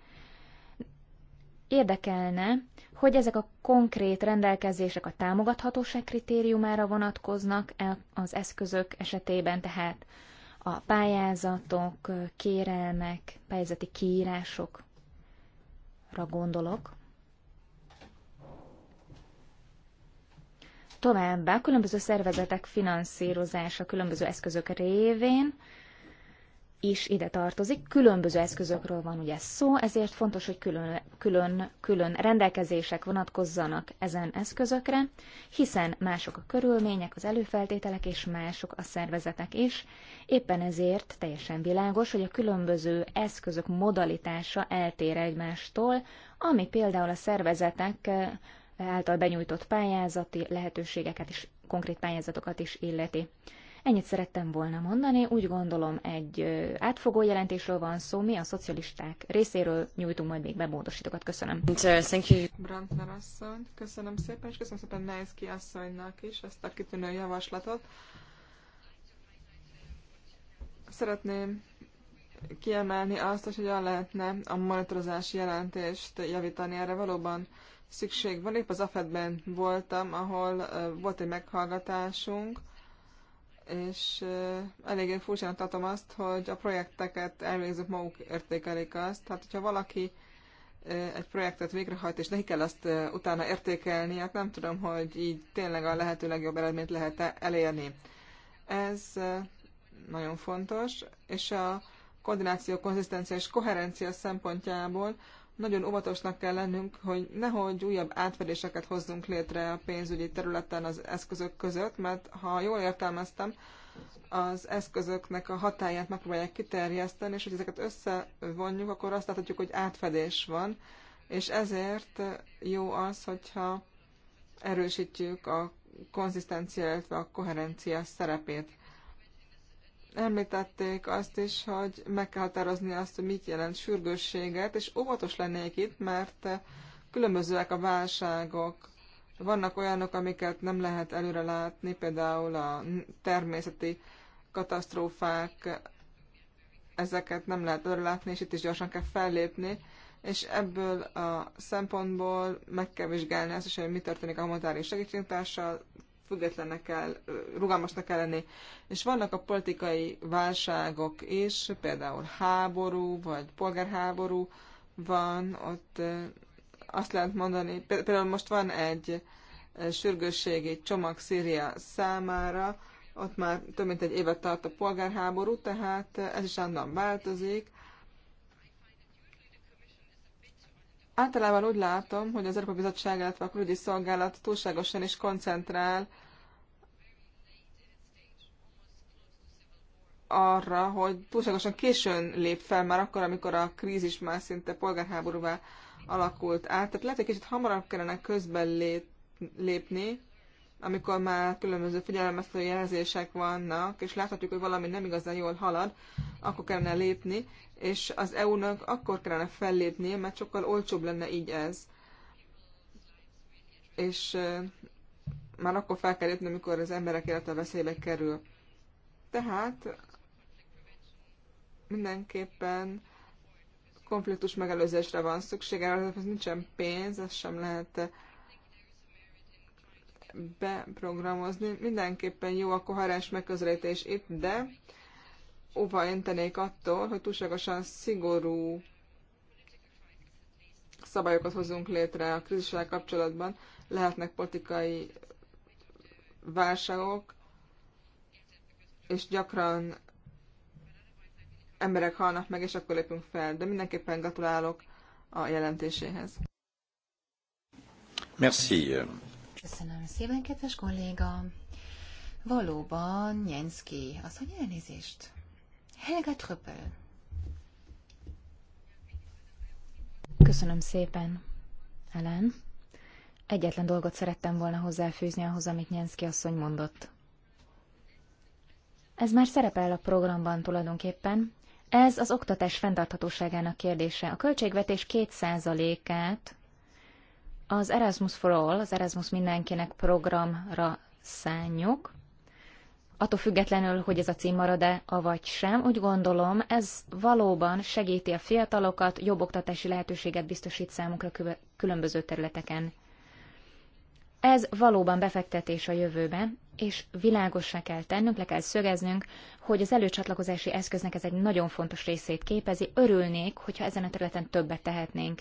Érdekelne, hogy ezek a konkrét rendelkezések a támogathatóság kritériumára vonatkoznak az eszközök esetében, tehát a pályázatok, kérelmek, pályázati kiírásokra gondolok. Továbbá különböző szervezetek finanszírozása különböző eszközök révén is ide tartozik. Különböző eszközökről van ugye szó, ezért fontos, hogy külön, külön, külön rendelkezések vonatkozzanak ezen eszközökre, hiszen mások a körülmények, az előfeltételek és mások a szervezetek is. Éppen ezért teljesen világos, hogy a különböző eszközök modalitása eltér egymástól, ami például a szervezetek által benyújtott pályázati lehetőségeket is, konkrét pályázatokat is illeti. Ennyit szerettem volna mondani, úgy gondolom egy átfogó jelentésről van szó, mi a szocialisták részéről nyújtunk majd még bemódosítókat. Köszönöm. Thank you. Brandner asszony, köszönöm szépen, és köszönöm szépen Nejszki asszonynak is ezt a kitűnő javaslatot. Szeretném kiemelni azt, hogy hogyan lehetne a monitorozási jelentést javítani. Erre valóban szükség van. Épp az AFED-ben voltam, ahol volt egy meghallgatásunk, és eléggé furcsán tartom azt, hogy a projekteket elvégzők maguk értékelik azt. Tehát, hogyha valaki egy projektet végrehajt, és neki kell azt utána értékelni, hát nem tudom, hogy így tényleg a lehető legjobb eredményt lehet -e elérni. Ez nagyon fontos, és a koordináció, konzisztencia és koherencia szempontjából nagyon óvatosnak kell lennünk, hogy nehogy újabb átfedéseket hozzunk létre a pénzügyi területen az eszközök között, mert ha jól értelmeztem, az eszközöknek a hatáját megpróbálják kiterjeszteni, és hogy ezeket összevonjuk, akkor azt láthatjuk, hogy átfedés van, és ezért jó az, hogyha erősítjük a konzisztencia, illetve a koherencia szerepét. Említették azt is, hogy meg kell határozni azt, hogy mit jelent sürgősséget, és óvatos lennék itt, mert különbözőek a válságok. Vannak olyanok, amiket nem lehet előre látni, például a természeti katasztrófák, ezeket nem lehet előre látni, és itt is gyorsan kell fellépni, és ebből a szempontból meg kell vizsgálni azt is, hogy mi történik a humanitárius segítségtársal, függetlennek kell, rugalmasnak kell lenni. És vannak a politikai válságok is, például háború, vagy polgárháború van, ott azt lehet mondani, például most van egy sürgősségi csomag Szíria számára, ott már több mint egy évet tart a polgárháború, tehát ez is állandóan változik, Általában úgy látom, hogy az Európai Bizottság, illetve a külügyi szolgálat túlságosan is koncentrál arra, hogy túlságosan későn lép fel már akkor, amikor a krízis már szinte polgárháborúvá alakult át. Tehát lehet, hogy kicsit hamarabb kellene közben lépni, amikor már különböző figyelmeztető jelzések vannak, és láthatjuk, hogy valami nem igazán jól halad, akkor kellene lépni, és az EU-nak akkor kellene fellépni, mert sokkal olcsóbb lenne így ez. És már akkor fel kell lépni, amikor az emberek élete veszélybe kerül. Tehát mindenképpen konfliktus megelőzésre van szükség, ez nincsen pénz, ez sem lehet beprogramozni. Mindenképpen jó a koherens megközelítés itt, de óva intenék attól, hogy túlságosan szigorú szabályokat hozunk létre a krízissel kapcsolatban. Lehetnek politikai válságok, és gyakran emberek halnak meg, és akkor lépünk fel. De mindenképpen gratulálok a jelentéséhez. Merci. Köszönöm szépen, kedves kolléga. Valóban, Jenszki, az, hogy elnézést. Helga Tröppel. Köszönöm szépen, Ellen. Egyetlen dolgot szerettem volna hozzáfűzni ahhoz, amit Nyenszki asszony mondott. Ez már szerepel a programban tulajdonképpen. Ez az oktatás fenntarthatóságának kérdése. A költségvetés 2%-át az Erasmus for All, az Erasmus mindenkinek programra szánjuk, attól függetlenül, hogy ez a cím marad-e, avagy sem, úgy gondolom, ez valóban segíti a fiatalokat, jobb oktatási lehetőséget biztosít számukra különböző területeken. Ez valóban befektetés a jövőbe, és világosra kell tennünk, le kell szögeznünk, hogy az előcsatlakozási eszköznek ez egy nagyon fontos részét képezi. Örülnék, hogyha ezen a területen többet tehetnénk.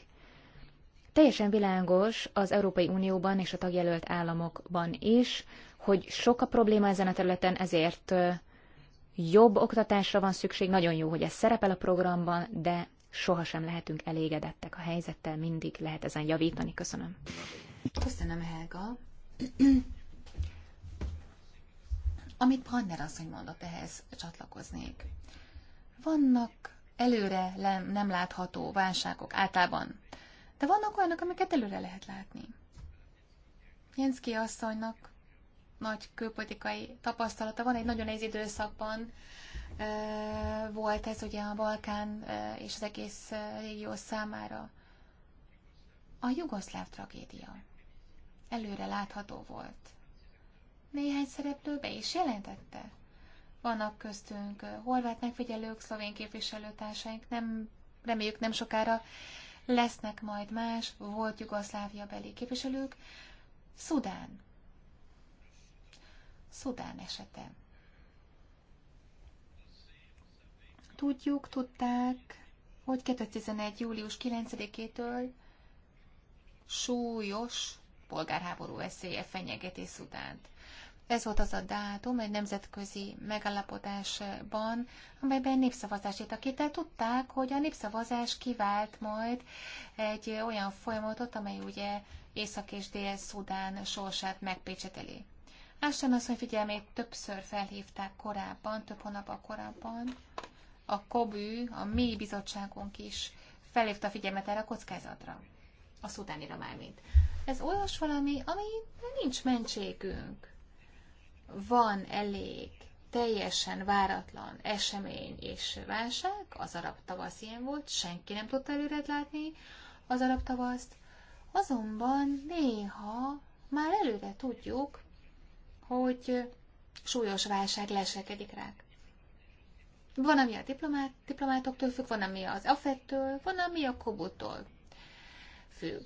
Teljesen világos az Európai Unióban és a tagjelölt államokban is, hogy sok a probléma ezen a területen, ezért jobb oktatásra van szükség. Nagyon jó, hogy ez szerepel a programban, de sohasem lehetünk elégedettek a helyzettel, mindig lehet ezen javítani. Köszönöm. Köszönöm, Helga. Amit Branner asszony mondott, ehhez csatlakoznék. Vannak előre nem látható válságok általában de vannak olyanok, amiket előre lehet látni. Jenszki asszonynak nagy külpolitikai tapasztalata van, egy nagyon nehéz időszakban volt ez ugye a Balkán és az egész régió számára. A jugoszláv tragédia előre látható volt. Néhány szereplő be is jelentette. Vannak köztünk horvát megfigyelők, szlovén képviselőtársaink, nem, reméljük nem sokára lesznek majd más volt Jugoszlávia beli képviselők. Szudán. Szudán esete. Tudjuk, tudták, hogy 2011. július 9-től súlyos polgárháború veszélye fenyegeti Szudánt. Ez volt az a dátum egy nemzetközi megállapodásban, amelyben népszavazást írtak ki, de tudták, hogy a népszavazás kivált majd egy olyan folyamatot, amely ugye Észak és Dél-Szudán sorsát megpécseteli. Ashton asszony figyelmét többször felhívták korábban, több a korábban. A KOBÜ, a mi bizottságunk is felhívta a figyelmet erre a kockázatra. A szudánira mármint. Ez olyas valami, ami nincs mentségünk van elég teljesen váratlan esemény és válság, az arab tavasz ilyen volt, senki nem tudta előre látni az arab tavaszt, azonban néha már előre tudjuk, hogy súlyos válság leselkedik rá. Van, ami a diplomát, diplomátoktól függ, van, ami az afettől, van, ami a kobuttól függ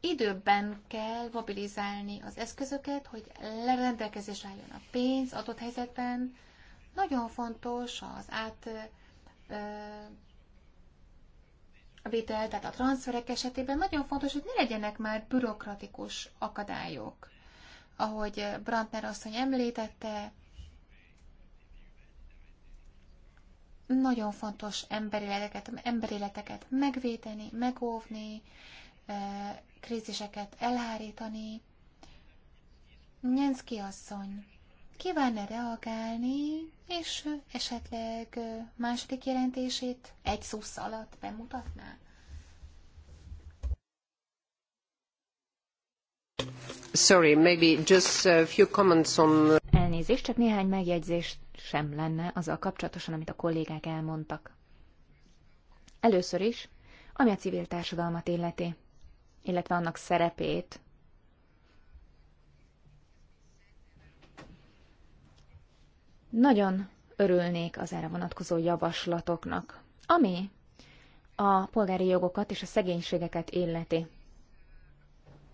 időben kell mobilizálni az eszközöket, hogy lerendelkezés álljon a pénz adott helyzetben. Nagyon fontos az át vétel, tehát a transferek esetében nagyon fontos, hogy ne legyenek már bürokratikus akadályok. Ahogy Brandner asszony említette, nagyon fontos emberéleteket, emberéleteket megvédeni, megóvni, kríziseket elhárítani. Nyenszki asszony kívánna -e reagálni, és esetleg második jelentését egy szusz alatt bemutatná? Sorry, maybe just a few comments on... Elnézést, csak néhány megjegyzés sem lenne azzal kapcsolatosan, amit a kollégák elmondtak. Először is, ami a civil társadalmat illeti illetve annak szerepét. Nagyon örülnék az erre vonatkozó javaslatoknak, ami a polgári jogokat és a szegénységeket illeti.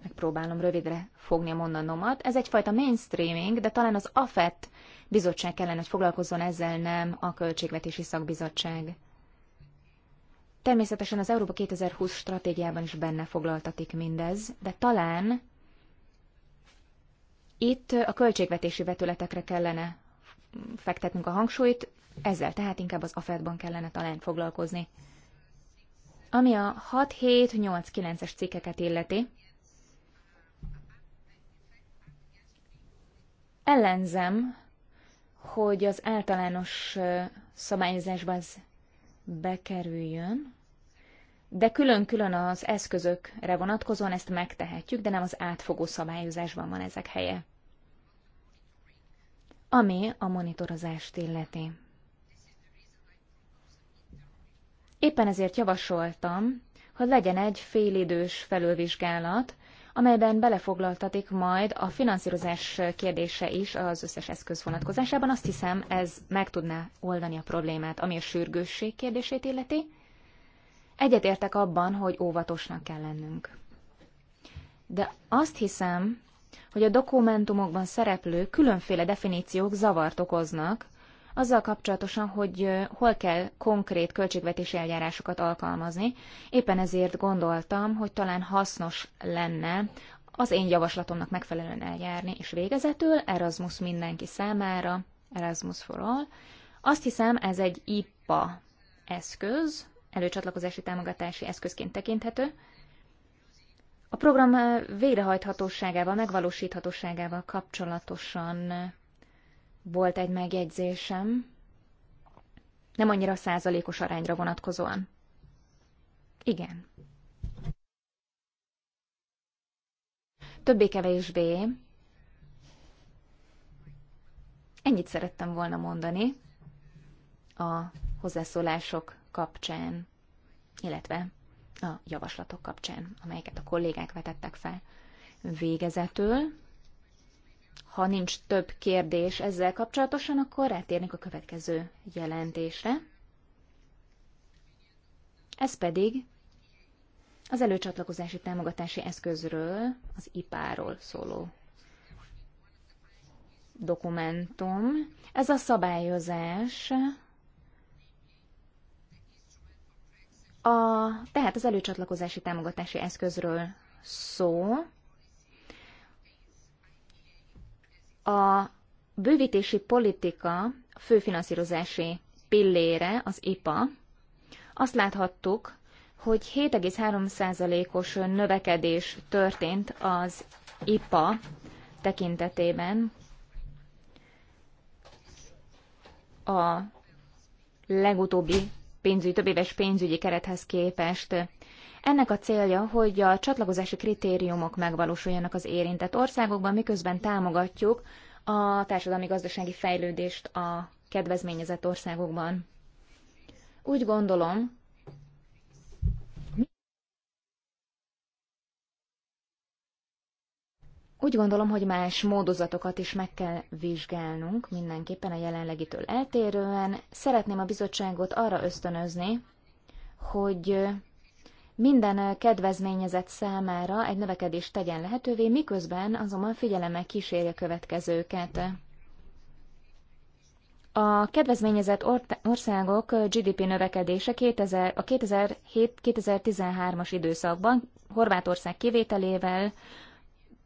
Megpróbálom rövidre fogni a mondanomat. Ez egyfajta mainstreaming, de talán az AFET bizottság kellene, hogy foglalkozzon ezzel, nem a Költségvetési Szakbizottság. Természetesen az Európa 2020 stratégiában is benne foglaltatik mindez, de talán itt a költségvetési vetületekre kellene fektetnünk a hangsúlyt, ezzel tehát inkább az AFED-ban kellene talán foglalkozni. Ami a 6, 7, 8, 9-es cikkeket illeti, ellenzem, hogy az általános szabályozásban az bekerüljön, de külön-külön az eszközökre vonatkozóan ezt megtehetjük, de nem az átfogó szabályozásban van ezek helye. Ami a monitorozást illeti. Éppen ezért javasoltam, hogy legyen egy félidős felülvizsgálat, amelyben belefoglaltatik majd a finanszírozás kérdése is az összes eszköz vonatkozásában. Azt hiszem, ez meg tudná oldani a problémát, ami a sürgősség kérdését illeti. Egyetértek abban, hogy óvatosnak kell lennünk. De azt hiszem, hogy a dokumentumokban szereplő különféle definíciók zavart okoznak, azzal kapcsolatosan, hogy hol kell konkrét költségvetési eljárásokat alkalmazni. Éppen ezért gondoltam, hogy talán hasznos lenne az én javaslatomnak megfelelően eljárni, és végezetül Erasmus mindenki számára, Erasmus for all. Azt hiszem, ez egy IPA eszköz, előcsatlakozási támogatási eszközként tekinthető. A program végrehajthatóságával, megvalósíthatóságával kapcsolatosan volt egy megjegyzésem, nem annyira a százalékos arányra vonatkozóan. Igen. Többé-kevésbé ennyit szerettem volna mondani a hozzászólások kapcsán, illetve a javaslatok kapcsán, amelyeket a kollégák vetettek fel. Végezetül ha nincs több kérdés ezzel kapcsolatosan, akkor rátérnék a következő jelentésre. Ez pedig az előcsatlakozási támogatási eszközről, az ipáról ról szóló dokumentum. Ez a szabályozás a, tehát az előcsatlakozási támogatási eszközről szó, A bővítési politika fő finanszírozási pillére az IPA. Azt láthattuk, hogy 7,3%-os növekedés történt az IPA tekintetében a legutóbbi pénzügyi, többéves pénzügyi kerethez képest. Ennek a célja, hogy a csatlakozási kritériumok megvalósuljanak az érintett országokban, miközben támogatjuk a társadalmi-gazdasági fejlődést a kedvezményezett országokban. Úgy gondolom, Úgy gondolom, hogy más módozatokat is meg kell vizsgálnunk, mindenképpen a jelenlegitől eltérően. Szeretném a bizottságot arra ösztönözni, hogy minden kedvezményezett számára egy növekedést tegyen lehetővé, miközben azonban figyelemmel kísérje következőket. A kedvezményezett országok GDP növekedése 2000, a 2007-2013-as időszakban Horvátország kivételével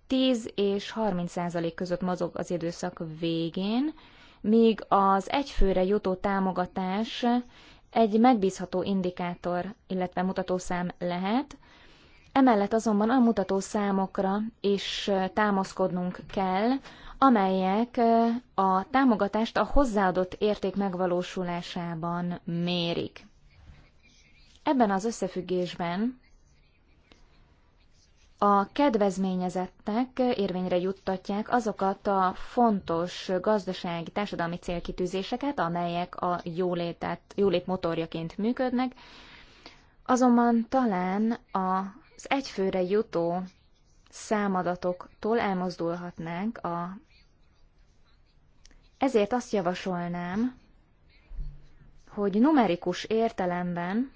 10 és 30 százalék között mozog az időszak végén, míg az egyfőre jutó támogatás egy megbízható indikátor, illetve mutatószám lehet, emellett azonban a mutatószámokra is támaszkodnunk kell, amelyek a támogatást a hozzáadott érték megvalósulásában mérik. Ebben az összefüggésben a kedvezményezettek érvényre juttatják azokat a fontos gazdasági, társadalmi célkitűzéseket, amelyek a jólétet, jólét motorjaként működnek, azonban talán az egyfőre jutó számadatoktól elmozdulhatnánk a ezért azt javasolnám, hogy numerikus értelemben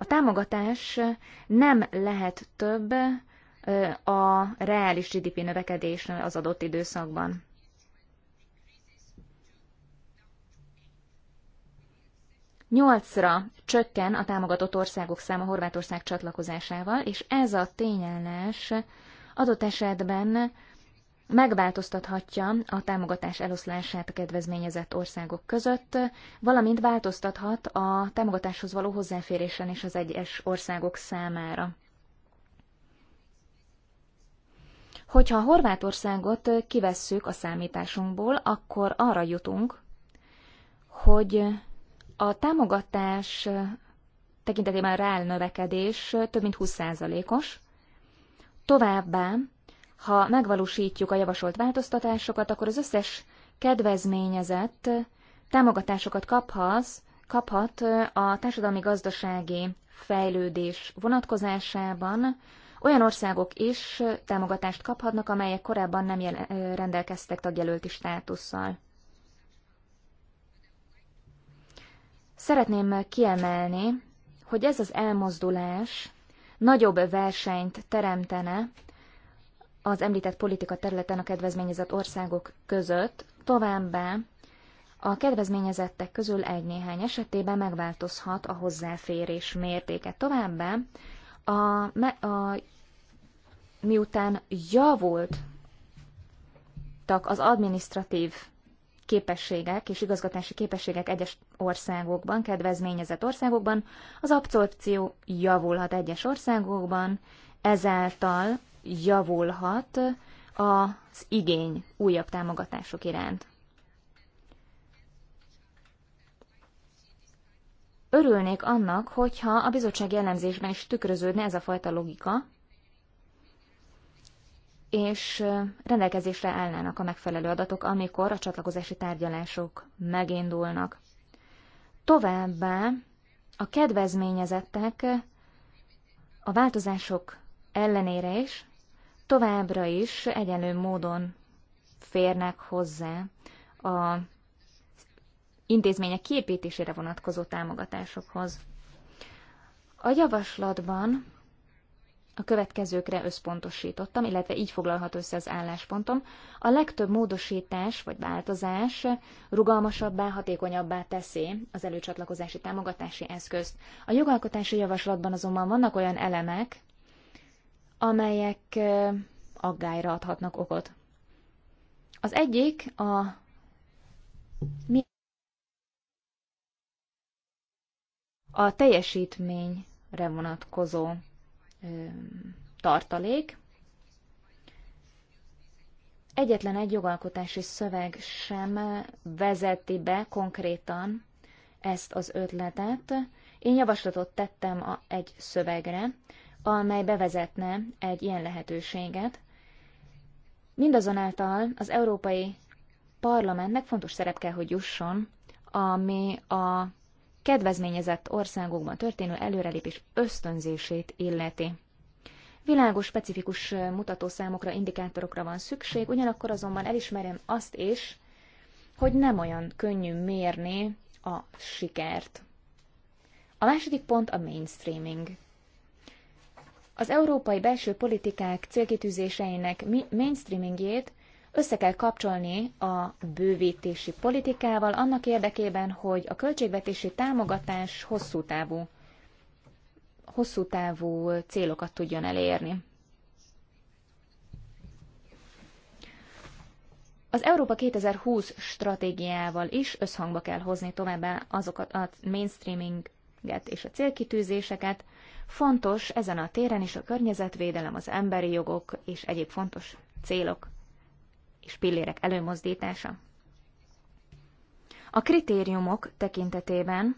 a támogatás nem lehet több a reális GDP növekedésnél az adott időszakban. Nyolcra csökken a támogatott országok száma Horvátország csatlakozásával, és ez a tényállás adott esetben megváltoztathatja a támogatás eloszlását a kedvezményezett országok között, valamint változtathat a támogatáshoz való hozzáférésen és az egyes országok számára. Hogyha a Horvátországot kivesszük a számításunkból, akkor arra jutunk, hogy a támogatás tekintetében reál növekedés több mint 20%-os, továbbá ha megvalósítjuk a javasolt változtatásokat, akkor az összes kedvezményezett támogatásokat kaphatsz, kaphat a társadalmi-gazdasági fejlődés vonatkozásában, olyan országok is támogatást kaphatnak, amelyek korábban nem rendelkeztek tagjelölti státusszal. Szeretném kiemelni, hogy ez az elmozdulás nagyobb versenyt teremtene az említett politika területen a kedvezményezett országok között, továbbá a kedvezményezettek közül egy-néhány esetében megváltozhat a hozzáférés mértéke. Továbbá, a, a, miután javultak az administratív képességek és igazgatási képességek egyes országokban, kedvezményezett országokban, az abszorpció javulhat egyes országokban, ezáltal javulhat az igény újabb támogatások iránt. Örülnék annak, hogyha a bizottság jellemzésben is tükröződne ez a fajta logika, és rendelkezésre állnának a megfelelő adatok, amikor a csatlakozási tárgyalások megindulnak. Továbbá a kedvezményezettek a változások ellenére is továbbra is egyenlő módon férnek hozzá a intézmények kiépítésére vonatkozó támogatásokhoz. A javaslatban a következőkre összpontosítottam, illetve így foglalhat össze az álláspontom. A legtöbb módosítás vagy változás rugalmasabbá, hatékonyabbá teszi az előcsatlakozási támogatási eszközt. A jogalkotási javaslatban azonban vannak olyan elemek, amelyek aggályra adhatnak okot. Az egyik a a teljesítményre vonatkozó tartalék. Egyetlen egy jogalkotási szöveg sem vezeti be konkrétan ezt az ötletet. Én javaslatot tettem a, egy szövegre, amely bevezetne egy ilyen lehetőséget. Mindazonáltal az Európai Parlamentnek fontos szerep kell, hogy jusson, ami a kedvezményezett országokban történő előrelépés ösztönzését illeti. Világos, specifikus mutatószámokra, indikátorokra van szükség, ugyanakkor azonban elismerem azt is, hogy nem olyan könnyű mérni a sikert. A második pont a mainstreaming. Az európai belső politikák célkitűzéseinek mainstreamingjét össze kell kapcsolni a bővítési politikával annak érdekében, hogy a költségvetési támogatás hosszú távú, hosszú távú célokat tudjon elérni. Az Európa 2020 stratégiával is összhangba kell hozni továbbá azokat a mainstreaminget és a célkitűzéseket, Fontos ezen a téren is a környezetvédelem, az emberi jogok és egyéb fontos célok és pillérek előmozdítása. A kritériumok tekintetében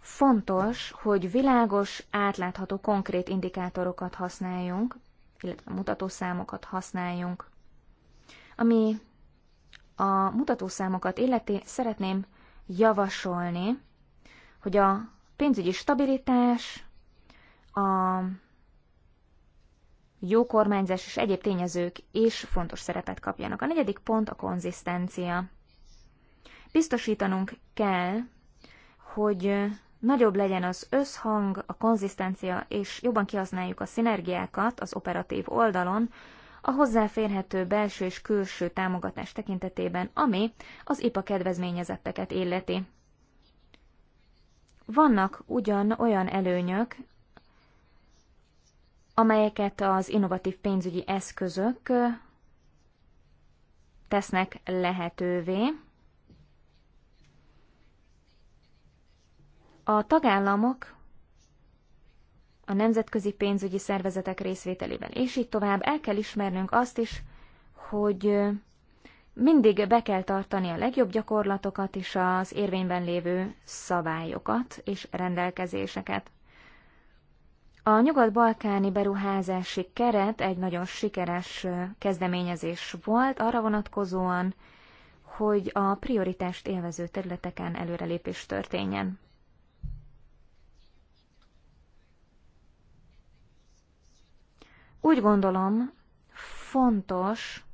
fontos, hogy világos, átlátható, konkrét indikátorokat használjunk, illetve mutatószámokat használjunk. Ami a mutatószámokat illeti, szeretném javasolni, hogy a pénzügyi stabilitás, a jó kormányzás és egyéb tényezők is fontos szerepet kapjanak. A negyedik pont a konzisztencia. Biztosítanunk kell, hogy nagyobb legyen az összhang, a konzisztencia, és jobban kihasználjuk a szinergiákat az operatív oldalon, a hozzáférhető belső és külső támogatás tekintetében, ami az IPA kedvezményezetteket illeti. Vannak ugyan olyan előnyök, amelyeket az innovatív pénzügyi eszközök tesznek lehetővé. A tagállamok a nemzetközi pénzügyi szervezetek részvételével, és így tovább el kell ismernünk azt is, hogy mindig be kell tartani a legjobb gyakorlatokat és az érvényben lévő szabályokat és rendelkezéseket. A nyugat-balkáni beruházási keret egy nagyon sikeres kezdeményezés volt arra vonatkozóan, hogy a prioritást élvező területeken előrelépés történjen. Úgy gondolom, fontos,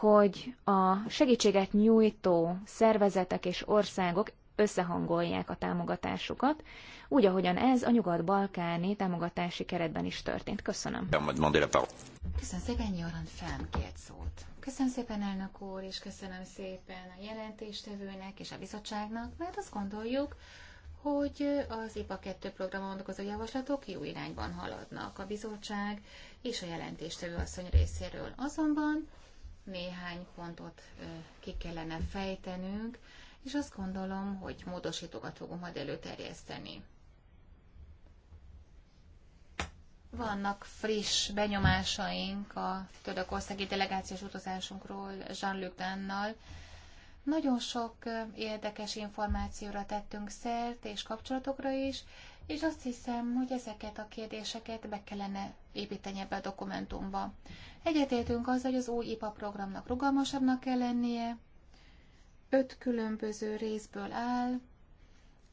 hogy a segítséget nyújtó szervezetek és országok összehangolják a támogatásukat, úgy, ahogyan ez a nyugat-balkáni támogatási keretben is történt. Köszönöm. Köszönöm szépen, Joran Fem két szót. Köszönöm szépen, elnök úr, és köszönöm szépen a jelentéstevőnek és a bizottságnak, mert azt gondoljuk, hogy az IPA 2 programon dolgozó javaslatok jó irányban haladnak a bizottság és a jelentéstevő asszony részéről. Azonban néhány pontot ki kellene fejtenünk, és azt gondolom, hogy módosítókat fogunk majd előterjeszteni. Vannak friss benyomásaink a törökországi delegációs utazásunkról Jean-Luc Dannal. Nagyon sok érdekes információra tettünk szert, és kapcsolatokra is, és azt hiszem, hogy ezeket a kérdéseket be kellene építeni ebbe a dokumentumba. Egyetértünk az, hogy az új IPA programnak rugalmasabbnak kell lennie, öt különböző részből áll,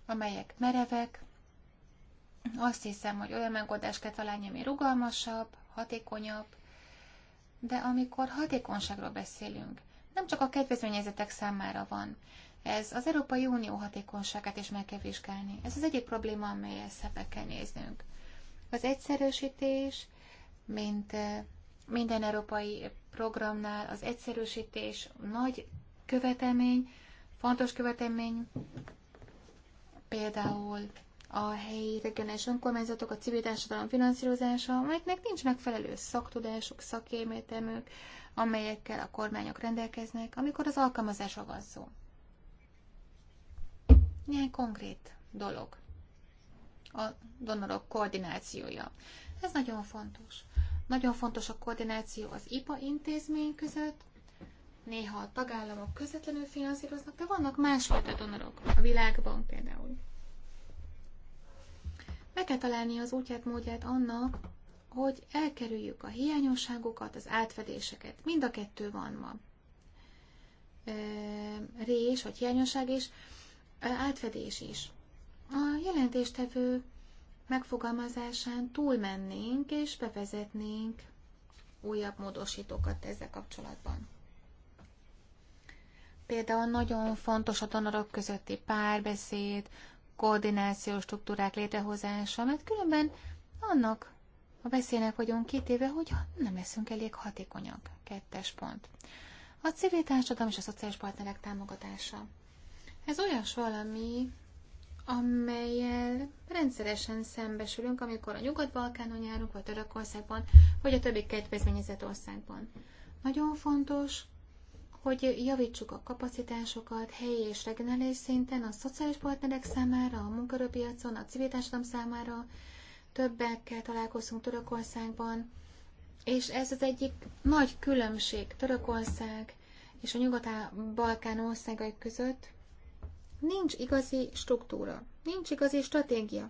amelyek merevek. Azt hiszem, hogy olyan megoldást kell találni, ami rugalmasabb, hatékonyabb, de amikor hatékonyságról beszélünk, nem csak a kedvezményezetek számára van ez az Európai Unió hatékonyságát is meg kell vizsgálni. Ez az egyik probléma, amelyet szembe kell néznünk. Az egyszerűsítés, mint minden európai programnál az egyszerűsítés nagy követelmény, fontos követelmény, például a helyi regionális önkormányzatok, a civil társadalom finanszírozása, amelyeknek nincs megfelelő szaktudásuk, szakérmétemük, amelyekkel a kormányok rendelkeznek, amikor az alkalmazásra van szó. Néhány konkrét dolog. A donorok koordinációja. Ez nagyon fontos. Nagyon fontos a koordináció az IPA intézmény között, néha a tagállamok közvetlenül finanszíroznak, de vannak másfajta donorok, a világban például. Meg kell találni az útját, módját annak, hogy elkerüljük a hiányosságokat, az átfedéseket. Mind a kettő van ma. Rés, vagy hiányosság is átfedés is. A jelentéstevő megfogalmazásán túlmennénk és bevezetnénk újabb módosítókat ezzel kapcsolatban. Például nagyon fontos a tanarok közötti párbeszéd, koordinációs struktúrák létrehozása, mert különben annak a beszélnek vagyunk kitéve, hogy nem leszünk elég hatékonyak. Kettes pont. A civil társadalom és a szociális partnerek támogatása. Ez olyas valami, amelyel rendszeresen szembesülünk, amikor a Nyugat-Balkánon járunk, vagy Törökországban, vagy a többi kedvezményezett országban. Nagyon fontos, hogy javítsuk a kapacitásokat helyi és regionális szinten, a szociális partnerek számára, a munkaerőpiacon, a civil társadalom számára. Többekkel találkozunk Törökországban, és ez az egyik nagy különbség Törökország és a Nyugat-Balkán országai között, Nincs igazi struktúra, nincs igazi stratégia,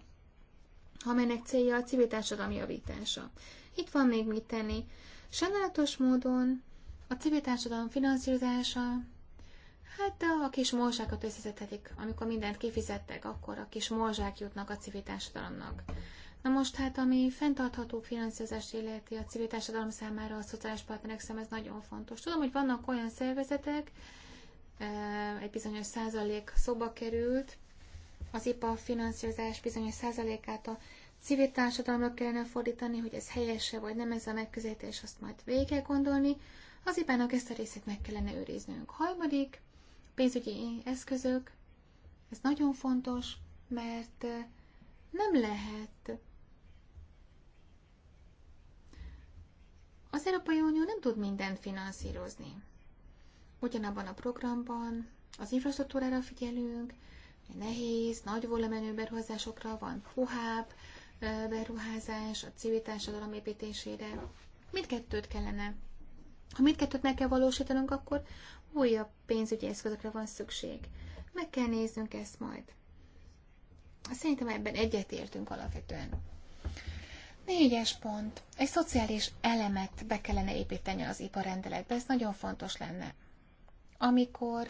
amelynek célja a civil társadalom javítása. Itt van még mit tenni. Sajnálatos módon a civil társadalom finanszírozása, hát de a kis morzsákat összezethetik, amikor mindent kifizettek, akkor a kis morzsák jutnak a civil társadalomnak. Na most hát, ami fenntartható finanszírozást illeti a civil társadalom számára, a szociális partnerek szem, ez nagyon fontos. Tudom, hogy vannak olyan szervezetek, egy bizonyos százalék szóba került, az IPA finanszírozás bizonyos százalékát a civil társadalomra kellene fordítani, hogy ez helyese vagy nem ez a megközelítés, azt majd végig kell gondolni. Az ipa ezt a részét meg kellene őriznünk. Harmadik, pénzügyi eszközök. Ez nagyon fontos, mert nem lehet. Az Európai Unió nem tud mindent finanszírozni. Ugyanabban a programban az infrastruktúrára figyelünk, nehéz, nagy volumenű beruházásokra van, puhább beruházás, a civil társadalom építésére. Mindkettőt kellene. Ha mindkettőt meg kell valósítanunk, akkor újabb pénzügyi eszközökre van szükség. Meg kell néznünk ezt majd. Szerintem ebben egyetértünk alapvetően. Négyes pont. Egy szociális elemet be kellene építeni az iparrendeletbe, ez nagyon fontos lenne amikor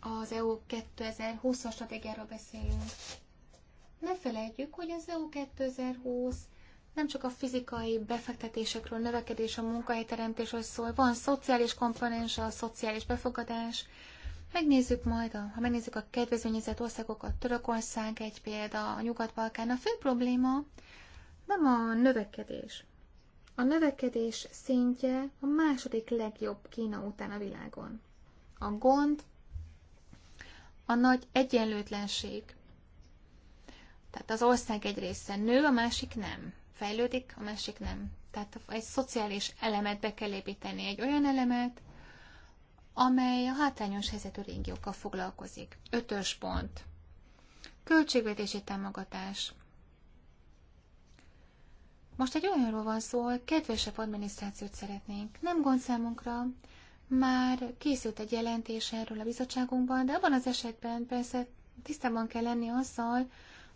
az EU 2020-as stratégiáról beszélünk, ne felejtjük, hogy az EU 2020 nem csak a fizikai befektetésekről, növekedés, a munkahelyteremtésről szól, van szociális komponens, a szociális befogadás. Megnézzük majd, a, ha megnézzük a kedvezményezett országokat, Törökország egy példa, a Nyugat-Balkán, a fő probléma nem a növekedés, a növekedés szintje a második legjobb Kína után a világon. A gond a nagy egyenlőtlenség. Tehát az ország egy része nő, a másik nem. Fejlődik, a másik nem. Tehát egy szociális elemet be kell építeni, egy olyan elemet, amely a hátrányos helyzetű régiókkal foglalkozik. Ötös pont. Költségvetési támogatás. Most egy olyanról van szó, hogy kedvesebb adminisztrációt szeretnénk. Nem gond számunkra, már készült egy jelentés erről a bizottságunkban, de abban az esetben persze tisztában kell lenni azzal,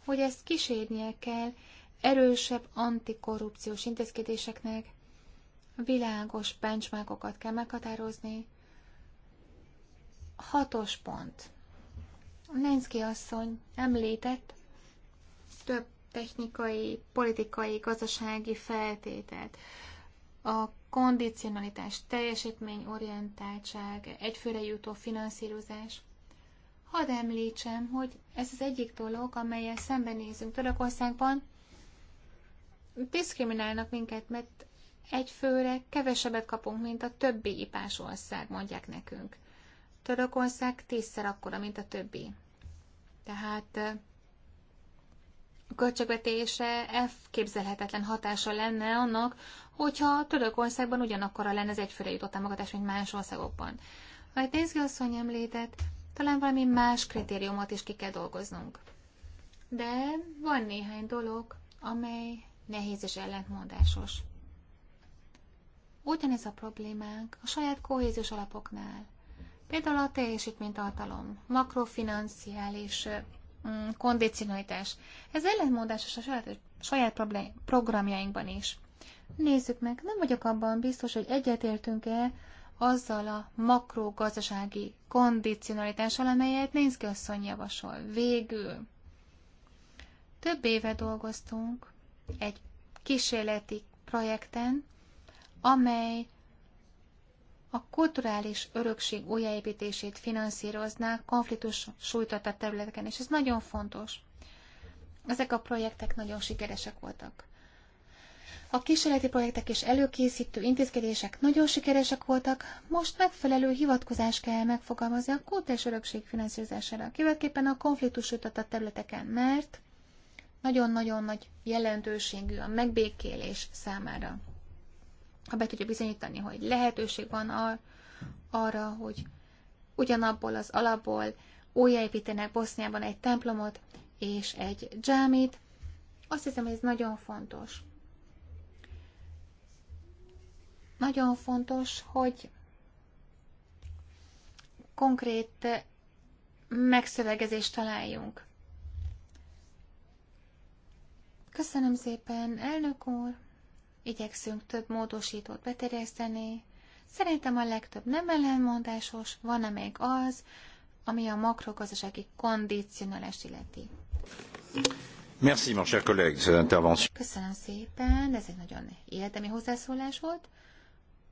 hogy ezt kísérnie kell erősebb antikorrupciós intézkedéseknek, világos benchmarkokat kell meghatározni. Hatos pont. Nenszki asszony említett több technikai, politikai, gazdasági feltételt, a kondicionalitás, teljesítményorientáltság, egyfőre jutó finanszírozás. Hadd említsem, hogy ez az egyik dolog, amelyel szembenézünk Törökországban, diszkriminálnak minket, mert egyfőre kevesebbet kapunk, mint a többi ipás ország, mondják nekünk. Törökország tízszer akkora, mint a többi. Tehát költségvetése elképzelhetetlen hatása lenne annak, hogyha Törökországban ugyanakkora lenne az egyfőre jutott támogatás, mint más országokban. Ahogy Dézgi asszony említett, talán valami más kritériumot is ki kell dolgoznunk. De van néhány dolog, amely nehéz és ellentmondásos. Ugyanez a problémánk a saját kohéziós alapoknál. Például a teljesítménytartalom, makrofinanciális Mm, kondicionalitás. Ez ellentmondásos a saját, saját programjainkban is. Nézzük meg, nem vagyok abban biztos, hogy egyetértünk-e azzal a makrogazdasági kondicionalitással, amelyet Nénzki asszony javasol. Végül. Több éve dolgoztunk egy kísérleti projekten, amely a kulturális örökség újjáépítését finanszíroznák konfliktus sújtotta területeken, és ez nagyon fontos. Ezek a projektek nagyon sikeresek voltak. A kísérleti projektek és előkészítő intézkedések nagyon sikeresek voltak, most megfelelő hivatkozás kell megfogalmazni a kultúrás örökség finanszírozására, kivetképpen a konfliktus a területeken, mert nagyon-nagyon nagy jelentőségű a megbékélés számára ha be tudja bizonyítani, hogy lehetőség van ar- arra, hogy ugyanabból az alapból újjáépítenek Boszniában egy templomot és egy dzsámit, azt hiszem, hogy ez nagyon fontos. Nagyon fontos, hogy konkrét megszövegezést találjunk. Köszönöm szépen, elnök úr! igyekszünk több módosítót beterjeszteni. Szerintem a legtöbb nem ellenmondásos, van még az, ami a makrogazdasági kondicionális illeti. Merci, mon cher collègue, cette intervention. Köszönöm szépen, ez egy nagyon életemi hozzászólás volt.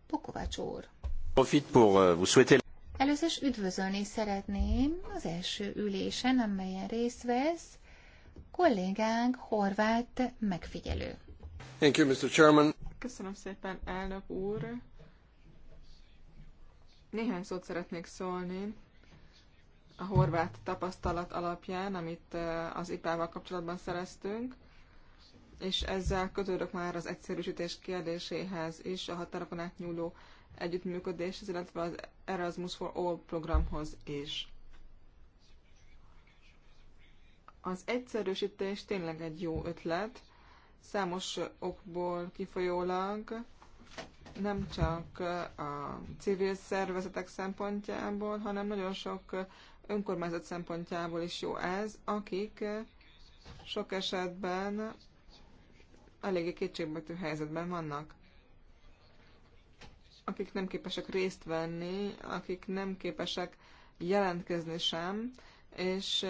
Pukovács úr. Profit pour euh, vous souhaiter... Először is üdvözölni szeretném az első ülésen, amelyen részt vesz kollégánk, horvát megfigyelő. Köszönöm szépen, elnök úr. Néhány szót szeretnék szólni a horvát tapasztalat alapján, amit az IPA-val kapcsolatban szereztünk, és ezzel kötődök már az egyszerűsítés kérdéséhez is, a határokon átnyúló együttműködéshez, illetve az Erasmus for All programhoz is. Az egyszerűsítés tényleg egy jó ötlet, Számos okból kifolyólag, nem csak a civil szervezetek szempontjából, hanem nagyon sok önkormányzat szempontjából is jó ez, akik sok esetben eléggé kétségbetű helyzetben vannak. Akik nem képesek részt venni, akik nem képesek jelentkezni sem, és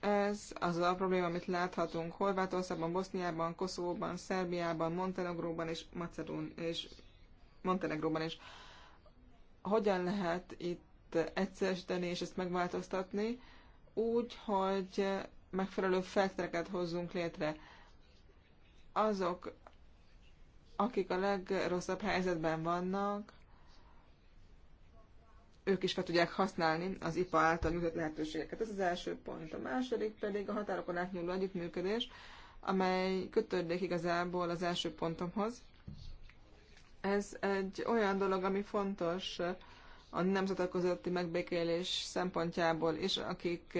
ez az a probléma, amit láthatunk Horvátországban, Boszniában, Koszovóban, Szerbiában, Montenegróban és Macedón és Montenegróban is. Hogyan lehet itt egyszerűsíteni és ezt megváltoztatni? Úgy, hogy megfelelő feltereket hozzunk létre. Azok, akik a legrosszabb helyzetben vannak, ők is fel tudják használni az IPA által nyújtott lehetőségeket. Ez az első pont. A második pedig a határokon átnyúló együttműködés, amely kötődik igazából az első pontomhoz. Ez egy olyan dolog, ami fontos a nemzetek közötti megbékélés szempontjából és akik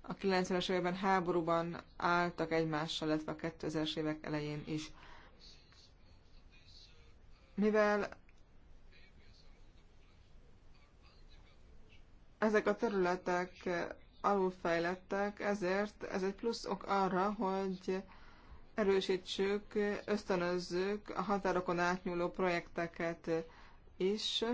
a 90-es években háborúban álltak egymással, illetve a 2000-es évek elején is. Mivel Ezek a területek alulfejlettek, ezért ez egy plusz ok arra, hogy erősítsük, ösztönözzük a határokon átnyúló projekteket is.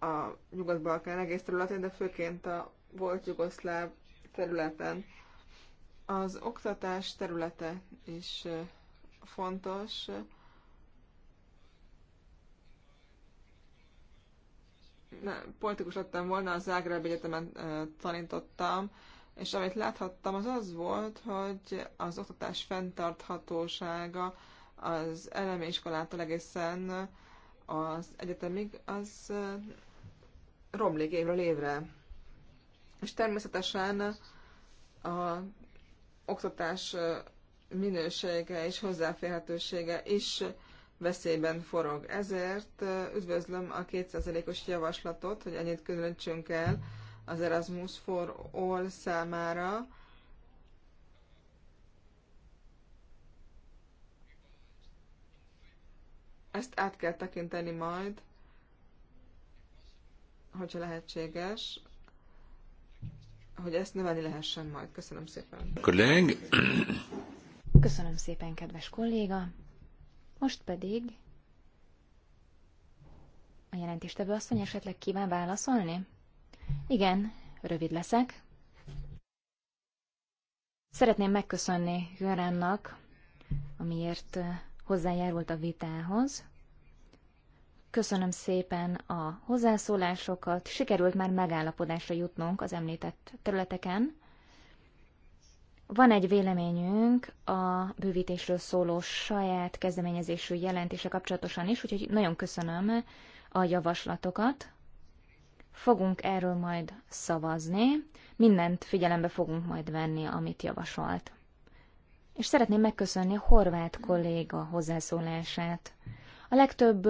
A Nyugat-Balkán egész területén, de főként a volt jugoszláv területen. Az oktatás területe is fontos. politikus lettem volna, az Zágráb Egyetemen tanítottam, és amit láthattam, az az volt, hogy az oktatás fenntarthatósága az elemi iskolától egészen az egyetemig, az romlik évről évre. És természetesen a oktatás minősége és hozzáférhetősége is veszélyben forog. Ezért üdvözlöm a 2%-os javaslatot, hogy ennyit különítsünk el az Erasmus for All számára. Ezt át kell tekinteni majd, hogyha lehetséges, hogy ezt növelni lehessen majd. Köszönöm szépen. Köszönöm szépen, kedves kolléga. Most pedig a jelentéstevő asszony esetleg kíván válaszolni? Igen, rövid leszek. Szeretném megköszönni Hörennak, amiért eh, hozzájárult a vitához. Köszönöm szépen a hozzászólásokat, sikerült már megállapodásra jutnunk az említett területeken. Van egy véleményünk a bővítésről szóló saját kezdeményezésű jelentése kapcsolatosan is, úgyhogy nagyon köszönöm a javaslatokat. Fogunk erről majd szavazni, mindent figyelembe fogunk majd venni, amit javasolt. És szeretném megköszönni a horvát kolléga hozzászólását. A legtöbb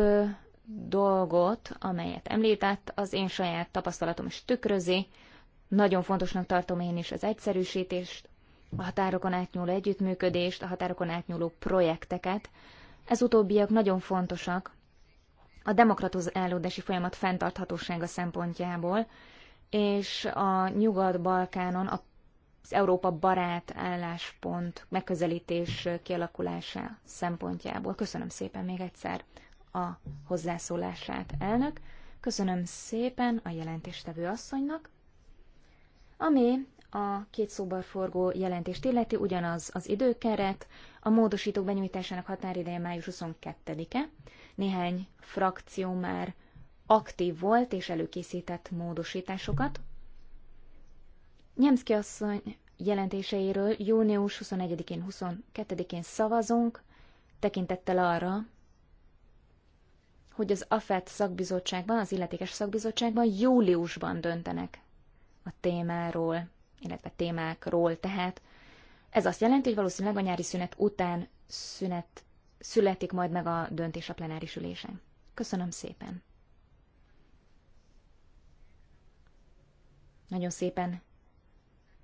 dolgot, amelyet említett, az én saját tapasztalatom is tükrözi. Nagyon fontosnak tartom én is az egyszerűsítést, a határokon átnyúló együttműködést, a határokon átnyúló projekteket. Ez utóbbiak nagyon fontosak a demokratizálódási folyamat fenntarthatósága szempontjából, és a Nyugat-Balkánon az Európa barát álláspont megközelítés kialakulása szempontjából. Köszönöm szépen még egyszer a hozzászólását, elnök. Köszönöm szépen a jelentéstevő asszonynak, ami a két szóban forgó jelentést illeti, ugyanaz az időkeret, a módosítók benyújtásának határideje május 22-e. Néhány frakció már aktív volt és előkészített módosításokat. Nyemszki asszony jelentéseiről június 21-én, 22-én szavazunk, tekintettel arra, hogy az AFET szakbizottságban, az illetékes szakbizottságban júliusban döntenek a témáról illetve témákról. Tehát ez azt jelenti, hogy valószínűleg a nyári szünet után szünet születik majd meg a döntés a plenáris ülésen. Köszönöm szépen! Nagyon szépen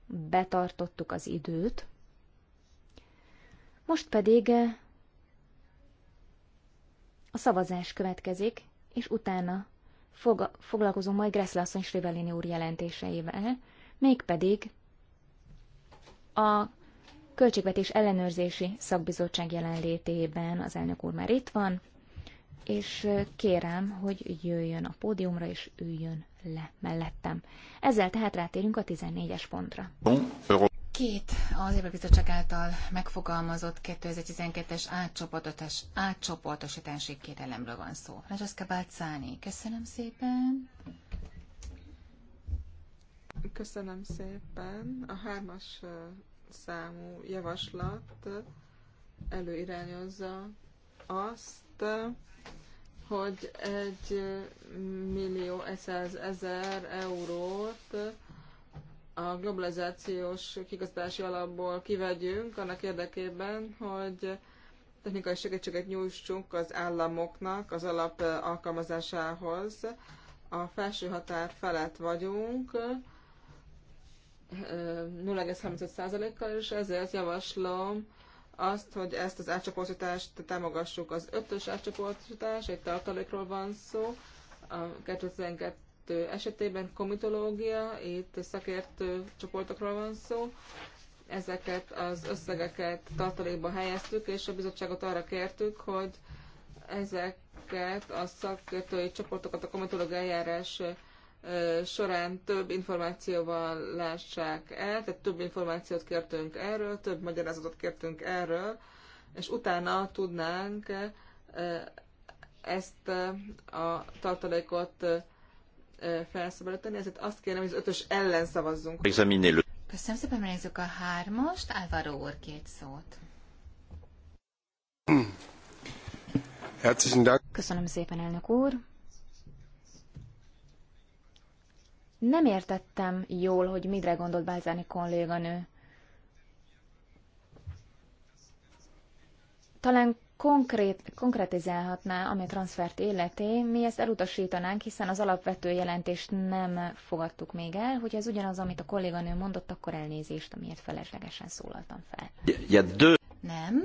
betartottuk az időt. Most pedig a szavazás következik, és utána fog, foglalkozom majd Gressle asszony Srivelini úr jelentéseivel, mégpedig a Költségvetés Ellenőrzési Szakbizottság jelenlétében az elnök úr már itt van, és kérem, hogy jöjjön a pódiumra, és üljön le mellettem. Ezzel tehát rátérünk a 14-es pontra. Két az Évrebizottság által megfogalmazott 2012-es átcsoportos, átcsoportosítási kérelemről van szó. Francesca Balcáni, köszönöm szépen. Köszönöm szépen. A hármas számú javaslat előirányozza azt, hogy egy millió 100 ezer eurót a globalizációs kigazdási alapból kivegyünk annak érdekében, hogy technikai segítséget nyújtsunk az államoknak az alap alkalmazásához. A felső határ felett vagyunk, 0,35%-kal, és ezért javaslom azt, hogy ezt az átcsoportosítást támogassuk. Az ötös átcsoportosítás, egy tartalékról van szó, a 2012 esetében komitológia, itt szakértő csoportokról van szó, ezeket az összegeket tartalékba helyeztük, és a bizottságot arra kértük, hogy ezeket a szakértői csoportokat a komitológiai eljárás során több információval lássák el, tehát több információt kértünk erről, több magyarázatot kértünk erről, és utána tudnánk ezt a tartalékot felszabadítani, ezért azt kérem, hogy az ötös ellen szavazzunk. Köszönöm szépen, nézzük a hármast. Álvaro úr két szót. Köszönöm szépen, elnök úr. Nem értettem jól, hogy mire gondolt Bálzáni kolléganő. Talán konkrét, konkretizálhatná, ami a transfert életé, mi ezt elutasítanánk, hiszen az alapvető jelentést nem fogadtuk még el, hogy ez ugyanaz, amit a kolléganő mondott, akkor elnézést, amiért feleslegesen szólaltam fel. Ja, de... Nem,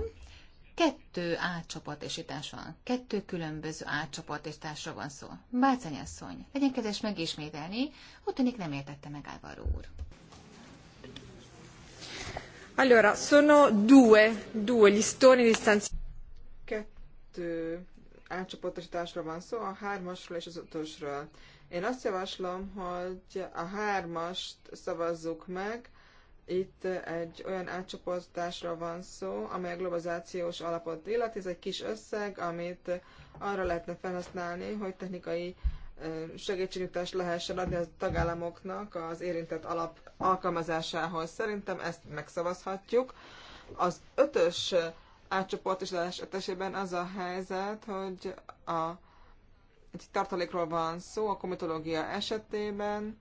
kettő átcsoportosítás van, kettő különböző átcsoportosításra van szó. Bácány asszony, legyen kedves megismételni, úgy tűnik nem értette meg Álvaro úr. Allora, sono due, due listoni di stanzi... Kettő átcsoportosításra van szó, a hármasról és az ötösről. Én azt javaslom, hogy a hármast szavazzuk meg, itt egy olyan átcsoportásra van szó, amely a globalizációs alapot illeti. Ez egy kis összeg, amit arra lehetne felhasználni, hogy technikai segítségnyújtást lehessen adni a tagállamoknak az érintett alap alkalmazásához. Szerintem ezt megszavazhatjuk. Az ötös átcsoportosítás esetében az a helyzet, hogy a, egy tartalékról van szó a komitológia esetében,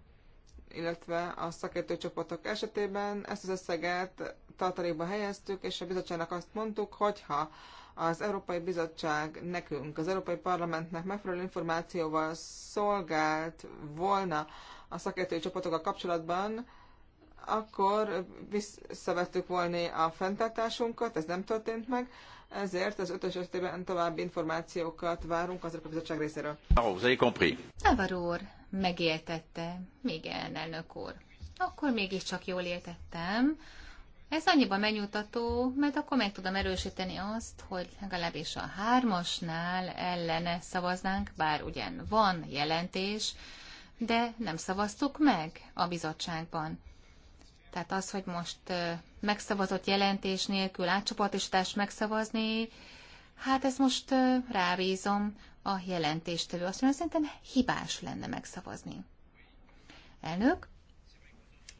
illetve a szakértőcsoportok esetében ezt az összeget tartalékba helyeztük, és a bizottságnak azt mondtuk, hogyha az Európai Bizottság nekünk, az Európai Parlamentnek megfelelő információval szolgált volna a szakértői csoportokkal kapcsolatban, akkor visszavettük volna a fenntartásunkat, ez nem történt meg, ezért az ötös esetében további információkat várunk az a bizottság részéről. Ah, vous avez compris. Navarro úr, megéltette, még elnök úr. Akkor mégiscsak jól éltettem. Ez annyiban megnyugtató, mert akkor meg tudom erősíteni azt, hogy legalábbis a hármasnál ellene szavaznánk, bár ugyan van jelentés, de nem szavaztuk meg a bizottságban. Tehát az, hogy most megszavazott jelentés nélkül átcsoportosítást megszavazni, hát ezt most rábízom a jelentéstevő. Azt mondom, szerintem hibás lenne megszavazni. Elnök,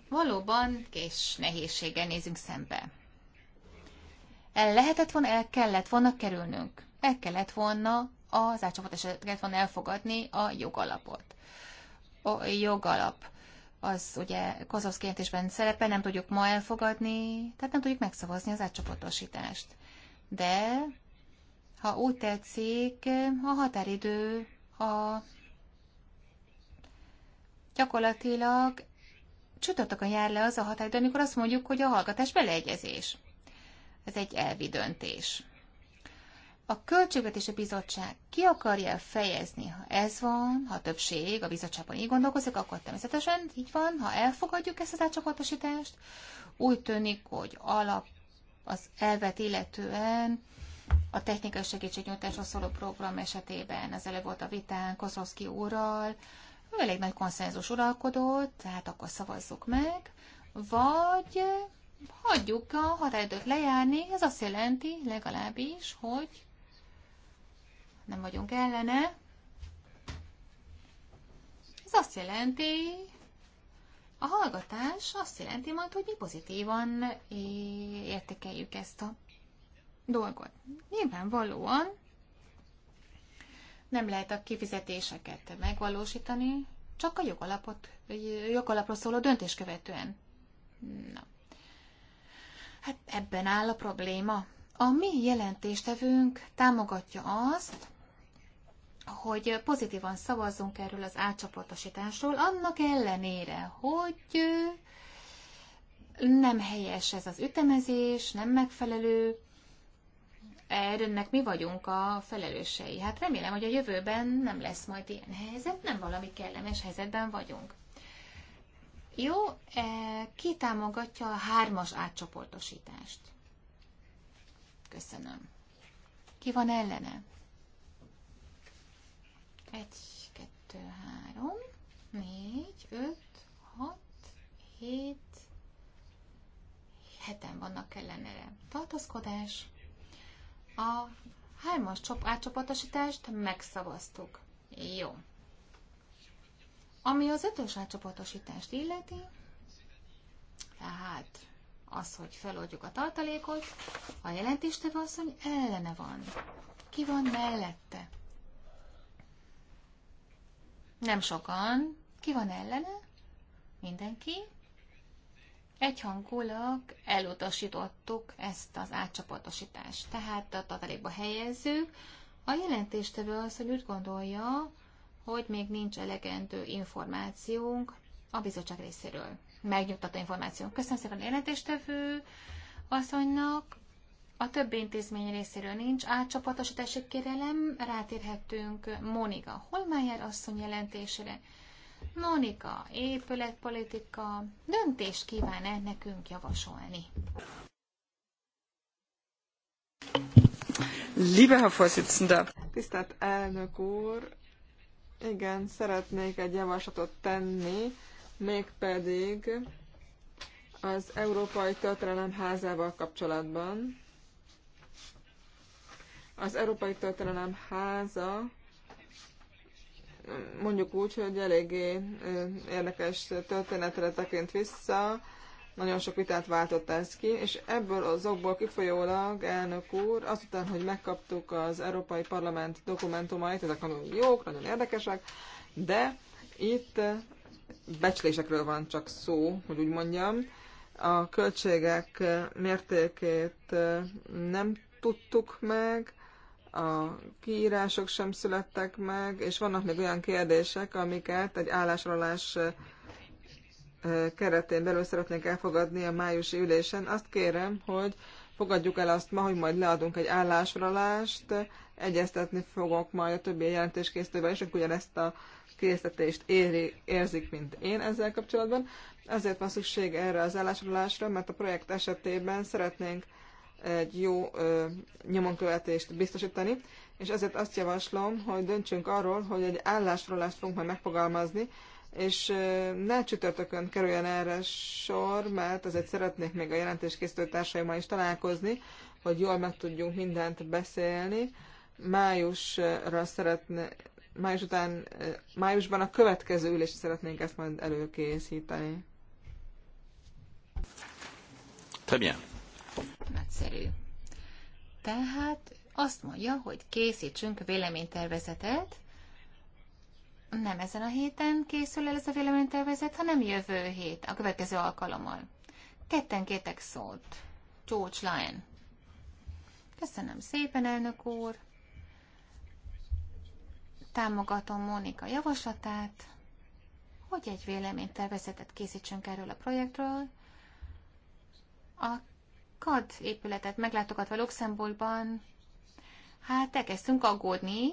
valóban kés nehézséggel nézünk szembe. El lehetett volna, el kellett volna kerülnünk. El kellett volna az átcsoportosítást kellett volna elfogadni a jogalapot. A jogalap az ugye kozosz kérdésben szerepel, nem tudjuk ma elfogadni, tehát nem tudjuk megszavazni az átcsoportosítást. De, ha úgy tetszik, a határidő a gyakorlatilag csütörtökön jár le az a határidő, amikor azt mondjuk, hogy a hallgatás beleegyezés. Ez egy elvi döntés. A Költségvetési Bizottság ki akarja fejezni, ha ez van, ha a többség a bizottságban így gondolkozik, akkor természetesen így van, ha elfogadjuk ezt az átcsoportosítást, úgy tűnik, hogy alap az elvet illetően a technikai segítségnyújtásról szóló program esetében az előbb volt a vitán Kozlowski úrral, elég nagy konszenzus uralkodott, tehát akkor szavazzuk meg, vagy hagyjuk a határidőt lejárni, ez azt jelenti legalábbis, hogy nem vagyunk ellene. Ez azt jelenti, a hallgatás azt jelenti majd, hogy mi pozitívan értékeljük ezt a dolgot. Nyilvánvalóan nem lehet a kifizetéseket megvalósítani, csak a jogalapot, jogalapra szóló döntés követően. Na. Hát ebben áll a probléma. A mi jelentéstevőnk támogatja azt, hogy pozitívan szavazzunk erről az átcsoportosításról, annak ellenére, hogy nem helyes ez az ütemezés, nem megfelelő, ennek mi vagyunk a felelősei. Hát remélem, hogy a jövőben nem lesz majd ilyen helyzet, nem valami kellemes helyzetben vagyunk. Jó, e, ki támogatja a hármas átcsoportosítást? Köszönöm. Ki van ellene? Egy, kettő, három, négy, öt, hat, hét, heten vannak ellenére. Tartózkodás. A hármas csop átcsoportosítást megszavaztuk. Jó. Ami az ötös átcsoportosítást illeti, tehát az, hogy feloldjuk a tartalékot, a jelentéstevő asszony ellene van. Ki van mellette? Nem sokan. Ki van ellene? Mindenki. Egyhangulag elutasítottuk ezt az átcsoportosítást. Tehát a tartalékba helyezzük. A jelentéstevő az, hogy úgy gondolja, hogy még nincs elegendő információnk a bizottság részéről. Megnyugtató információnk. Köszönöm szépen a jelentéstevő asszonynak. A többi intézmény részéről nincs átcsoportosítási kérelem, rátérhetünk Monika Holmájer asszony jelentésére. Monika, épületpolitika, döntés kíván-e nekünk javasolni? Liebe Herr Vorsitzender! Tisztelt elnök úr! Igen, szeretnék egy javaslatot tenni, mégpedig az Európai Történelem Házával kapcsolatban. Az Európai Történelem háza mondjuk úgy, hogy eléggé érdekes történetre tekint vissza, nagyon sok vitát váltott ez ki, és ebből azokból kifolyólag, elnök úr, azután, hogy megkaptuk az Európai Parlament dokumentumait, ezek nagyon jók, nagyon érdekesek, de itt becslésekről van csak szó, hogy úgy mondjam. A költségek mértékét nem tudtuk meg, a kiírások sem születtek meg, és vannak még olyan kérdések, amiket egy állásolás keretén belül szeretnénk elfogadni a májusi ülésen. Azt kérem, hogy fogadjuk el azt ma, hogy majd leadunk egy állásrólást. egyeztetni fogok majd a többi jelentéskészítővel, és akkor ugyanezt a készítést éri, érzik, mint én ezzel kapcsolatban. Ezért van szükség erre az állásolásra, mert a projekt esetében szeretnénk egy jó nyomonkövetést biztosítani, és ezért azt javaslom, hogy döntsünk arról, hogy egy állásrólást fogunk majd megfogalmazni, és ne csütörtökön kerüljen erre sor, mert azért szeretnék még a jelentéskészítő társaimmal is találkozni, hogy jól meg tudjunk mindent beszélni. Májusra szeretne, május után, májusban a következő ülésre szeretnénk ezt majd előkészíteni. Très bien. Nagyszerű. Tehát azt mondja, hogy készítsünk véleménytervezetet. Nem ezen a héten készül el ez a véleménytervezet, hanem jövő hét, a következő alkalommal. Ketten kétek szót. George Lyon. Köszönöm szépen, elnök úr. Támogatom Mónika javaslatát, hogy egy véleménytervezetet készítsünk erről a projektről. A KAD épületet meglátogatva Luxemburgban, hát elkezdtünk aggódni,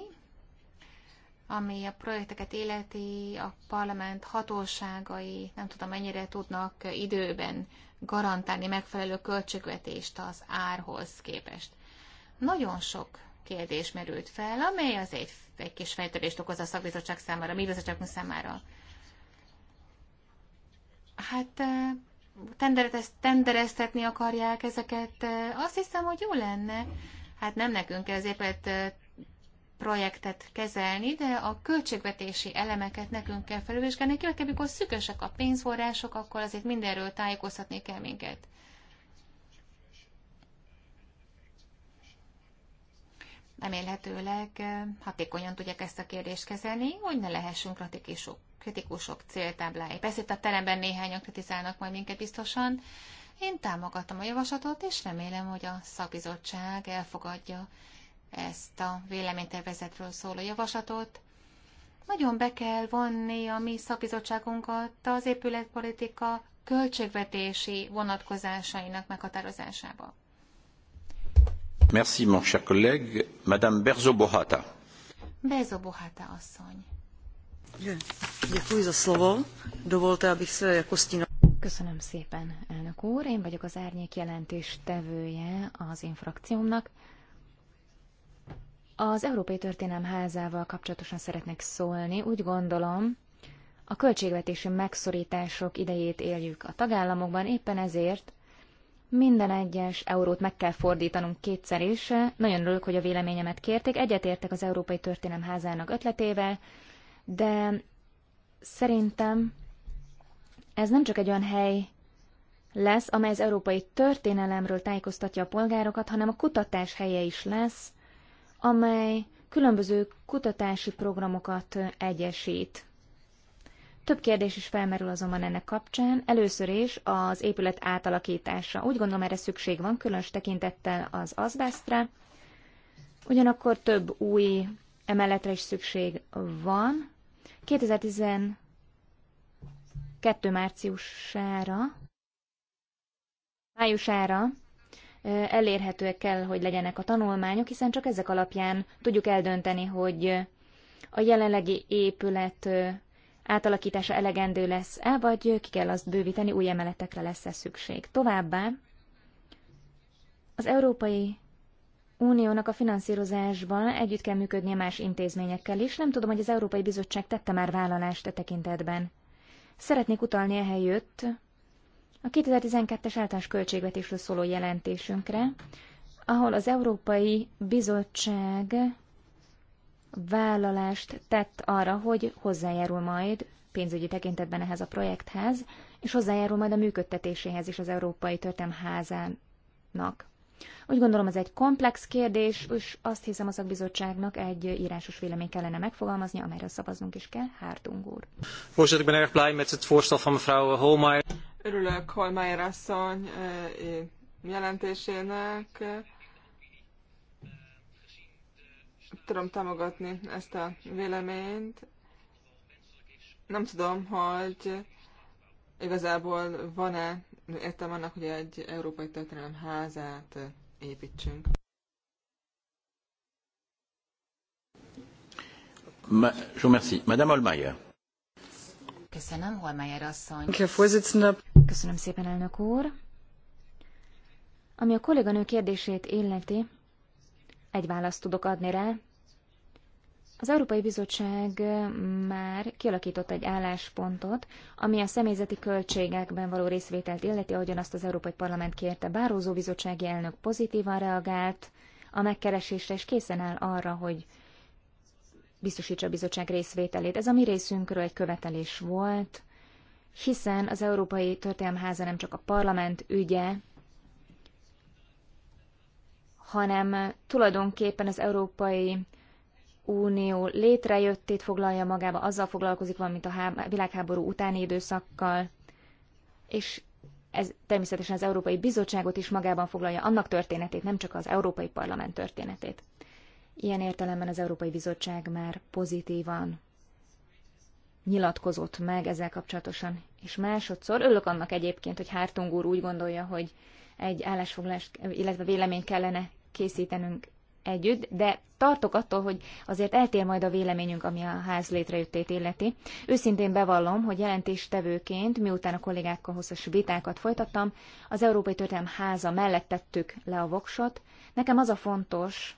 ami a projekteket életi, a parlament hatóságai nem tudom mennyire tudnak időben garantálni megfelelő költségvetést az árhoz képest. Nagyon sok kérdés merült fel, amely az egy, egy kis fejtörést okoz a szakbizottság számára, a mi bizottságunk számára. Hát tendereztetni akarják ezeket. Azt hiszem, hogy jó lenne. Hát nem nekünk kell az épület projektet kezelni, de a költségvetési elemeket nekünk kell felülvizsgálni. Kinek amikor szükösek a pénzforrások, akkor azért mindenről tájékoztatni kell minket. Remélhetőleg hatékonyan tudják ezt a kérdést kezelni, hogy ne lehessünk ratikisok kritikusok céltáblái. Persze itt a teremben néhányan kritizálnak majd minket biztosan. Én támogatom a javaslatot, és remélem, hogy a szakbizottság elfogadja ezt a véleménytervezetről szóló javaslatot. Nagyon be kell vonni a mi szakbizottságunkat az épületpolitika költségvetési vonatkozásainak meghatározásába. Merci, mon cher collègue. Madame Berzo Bohata. Berzo Bohata asszony. Děkuji za slovo. Dovolte, abych se jako stínová. Köszönöm szépen, elnök úr. Én vagyok az árnyék jelentés tevője az infrakciómnak. Az Európai Történelem házával kapcsolatosan szeretnék szólni. Úgy gondolom, a költségvetési megszorítások idejét éljük a tagállamokban, éppen ezért minden egyes eurót meg kell fordítanunk kétszer is. Nagyon örülök, hogy a véleményemet kérték. Egyetértek az Európai Történelem házának ötletével, de szerintem ez nem csak egy olyan hely lesz, amely az európai történelemről tájékoztatja a polgárokat, hanem a kutatás helye is lesz, amely különböző kutatási programokat egyesít. Több kérdés is felmerül azonban ennek kapcsán. Először is az épület átalakítása. Úgy gondolom, erre szükség van, különös tekintettel az azbestre. Ugyanakkor több új emeletre is szükség van, 2012 márciusára, májusára elérhetőek kell, hogy legyenek a tanulmányok, hiszen csak ezek alapján tudjuk eldönteni, hogy a jelenlegi épület átalakítása elegendő lesz-e, vagy ki kell azt bővíteni, új emeletekre lesz-e szükség. Továbbá az Európai Uniónak a finanszírozásban együtt kell működnie más intézményekkel is. Nem tudom, hogy az Európai Bizottság tette már vállalást e tekintetben. Szeretnék utalni ehelyütt a 2012-es általános költségvetésről szóló jelentésünkre, ahol az Európai Bizottság vállalást tett arra, hogy hozzájárul majd pénzügyi tekintetben ehhez a projekthez, és hozzájárul majd a működtetéséhez is az Európai Történelmházának. Úgy gondolom, ez egy komplex kérdés, és azt hiszem a szakbizottságnak egy írásos vélemény kellene megfogalmazni, amelyre szavaznunk is kell. Hártung úr. Örülök Holmeijer asszony eh, jelentésének. Tudom támogatni ezt a véleményt. Nem tudom, hogy igazából van-e értem annak, hogy egy európai történelem házát építsünk. Ma, merci. Madame Olmeyer. Köszönöm, Holmeyer asszony. Köszönöm szépen, elnök úr. Ami a kolléganő kérdését illeti, egy választ tudok adni rá, az Európai Bizottság már kialakított egy álláspontot, ami a személyzeti költségekben való részvételt illeti, ahogyan azt az Európai Parlament kérte. Bárózó bizottsági elnök pozitívan reagált a megkeresésre, és készen áll arra, hogy biztosítsa a bizottság részvételét. Ez a mi részünkről egy követelés volt, hiszen az Európai Történelmháza nem csak a parlament ügye, hanem tulajdonképpen az Európai Unió létrejöttét foglalja magába, azzal foglalkozik, valamint a világháború utáni időszakkal, és ez természetesen az Európai Bizottságot is magában foglalja, annak történetét, nem csak az Európai Parlament történetét. Ilyen értelemben az Európai Bizottság már pozitívan nyilatkozott meg ezzel kapcsolatosan. És másodszor örülök annak egyébként, hogy Hártung úr úgy gondolja, hogy egy állásfoglalást, illetve vélemény kellene készítenünk együtt, de tartok attól, hogy azért eltér majd a véleményünk, ami a ház létrejöttét illeti. Őszintén bevallom, hogy jelentéstevőként, miután a kollégákkal hosszas vitákat folytattam, az Európai Történelem háza mellett tettük le a voksot. Nekem az a fontos,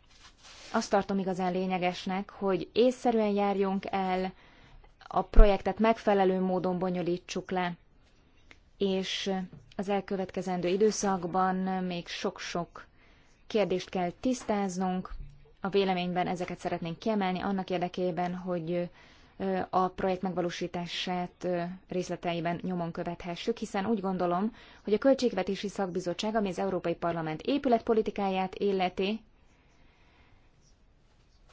azt tartom igazán lényegesnek, hogy észszerűen járjunk el, a projektet megfelelő módon bonyolítsuk le, és az elkövetkezendő időszakban még sok-sok kérdést kell tisztáznunk, a véleményben ezeket szeretnénk kiemelni annak érdekében, hogy a projekt megvalósítását részleteiben nyomon követhessük, hiszen úgy gondolom, hogy a Költségvetési Szakbizottság, ami az Európai Parlament épületpolitikáját illeti,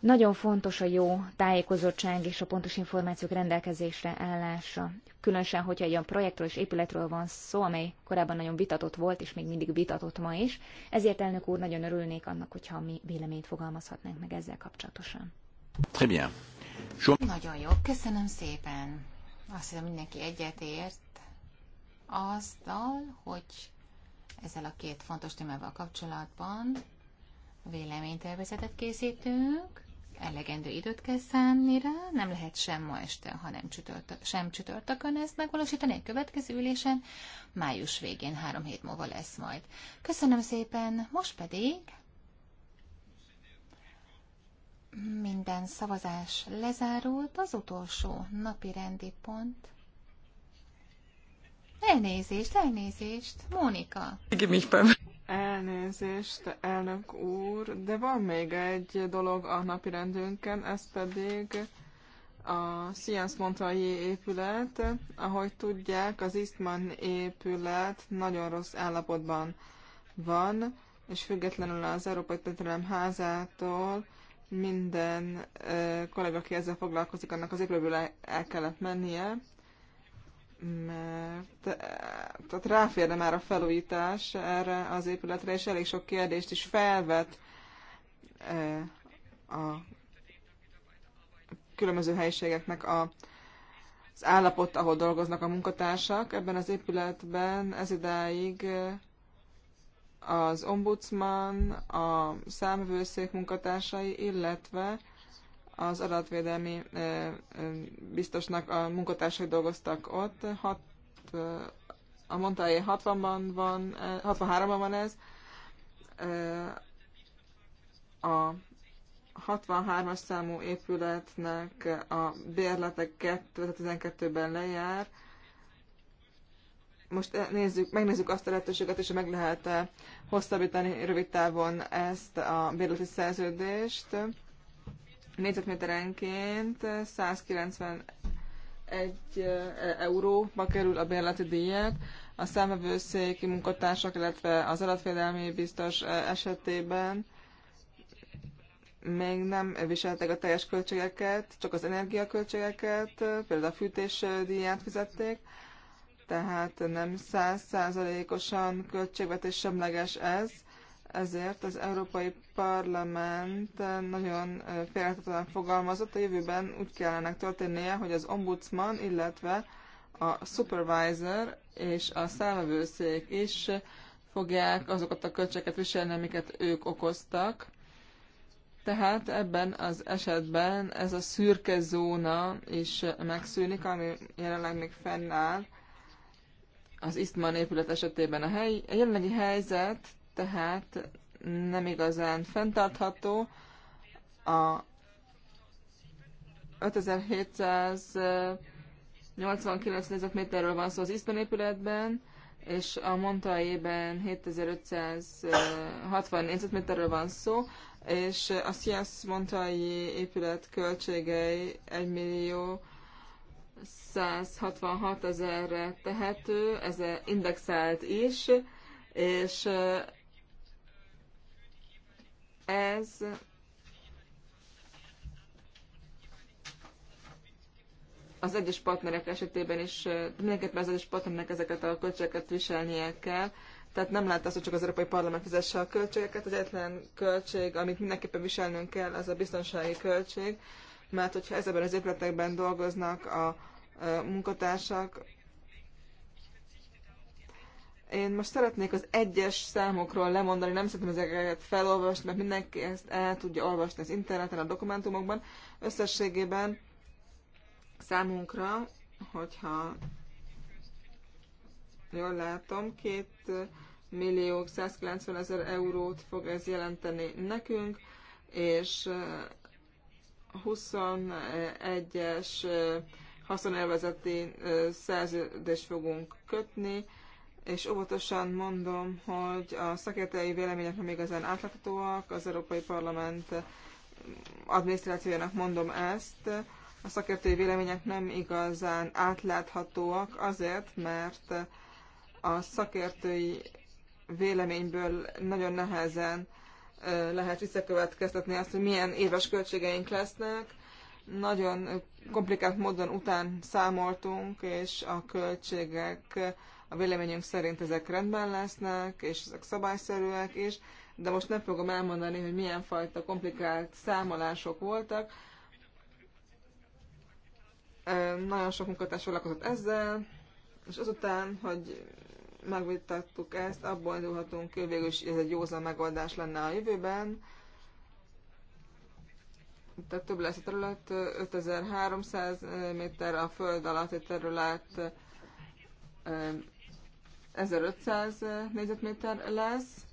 nagyon fontos a jó tájékozottság és a pontos információk rendelkezésre állása. Különösen, hogyha egy olyan projektről és épületről van szó, amely korábban nagyon vitatott volt, és még mindig vitatott ma is. Ezért, elnök úr, nagyon örülnék annak, hogyha mi véleményt fogalmazhatnánk meg ezzel kapcsolatosan. Très bien. So... Nagyon jó, köszönöm szépen. Azt hiszem, mindenki egyetért azzal, hogy ezzel a két fontos témával kapcsolatban véleménytervezetet készítünk elegendő időt kell szánni rá, nem lehet sem ma este, hanem csütört, sem csütörtökön ezt megvalósítani. A következő ülésen május végén, három hét múlva lesz majd. Köszönöm szépen, most pedig minden szavazás lezárult, az utolsó napi rendi pont. Elnézést, elnézést, Mónika. Elnézést, elnök úr, de van még egy dolog a napi rendünkön, ez pedig a Science Montreuil épület. Ahogy tudják, az Eastman épület nagyon rossz állapotban van, és függetlenül az Európai Petrolem házától minden kollega, aki ezzel foglalkozik, annak az épületből el kellett mennie, mert tehát ráférne már a felújítás erre az épületre, és elég sok kérdést is felvet e, a különböző helységeknek a, az állapot, ahol dolgoznak a munkatársak. Ebben az épületben ez idáig az ombudsman, a számvőszék munkatársai, illetve az adatvédelmi biztosnak a munkatársai dolgoztak ott. Hat, a Montaé 60-ban van, 63-ban van ez. A 63-as számú épületnek a bérlete 2012-ben lejár. Most nézzük, megnézzük azt a lehetőséget, és meg lehet -e hosszabbítani rövid távon ezt a bérleti szerződést négyzetméterenként 191 euróba kerül a bérleti díjat. A számvevőszéki munkatársak, illetve az adatvédelmi biztos esetében még nem viseltek a teljes költségeket, csak az energiaköltségeket, például a fűtés díját fizették, tehát nem százszázalékosan költségvetés semleges ez ezért az Európai Parlament nagyon félhetetlen fogalmazott, a jövőben úgy kellene történnie, hogy az ombudsman, illetve a supervisor és a számövőszék is fogják azokat a költségeket viselni, amiket ők okoztak. Tehát ebben az esetben ez a szürke zóna is megszűnik, ami jelenleg még fennáll az Istman épület esetében. A, hely, a jelenlegi helyzet tehát nem igazán fenntartható. A 5789 négyzetméterről van szó az Iszben épületben, és a Montaében 7560 négyzetméterről van szó, és a Sziasz Montai épület költségei 1 millió 166 ezerre tehető, ez indexált is, és ez az egyes partnerek esetében is mindenképpen az egyes partnernek ezeket a költségeket viselnie kell. Tehát nem lehet az, hogy csak az Európai Parlament fizesse a költségeket. Az egyetlen költség, amit mindenképpen viselnünk kell, az a biztonsági költség. Mert hogyha ezekben az épületekben dolgoznak a munkatársak, én most szeretnék az egyes számokról lemondani, nem szeretném ezeket felolvasni, mert mindenki ezt el tudja olvasni az interneten, a dokumentumokban. Összességében számunkra, hogyha jól látom, két millió 190 ezer eurót fog ez jelenteni nekünk, és 21-es haszonélvezeti szerződést fogunk kötni, és óvatosan mondom, hogy a szakértői vélemények nem igazán átláthatóak, az Európai Parlament adminisztrációjának mondom ezt, a szakértői vélemények nem igazán átláthatóak azért, mert a szakértői véleményből nagyon nehezen lehet visszakövetkeztetni azt, hogy milyen éves költségeink lesznek. Nagyon komplikált módon után számoltunk, és a költségek a véleményünk szerint ezek rendben lesznek, és ezek szabályszerűek is, de most nem fogom elmondani, hogy milyen fajta komplikált számolások voltak. Nagyon sok munkatárs foglalkozott ezzel, és azután, hogy megvitattuk ezt, abból indulhatunk hogy végül is ez egy józan megoldás lenne a jövőben. Tehát több lesz a terület, 5300 méter a föld alatti terület 1500 négyzetméter lesz.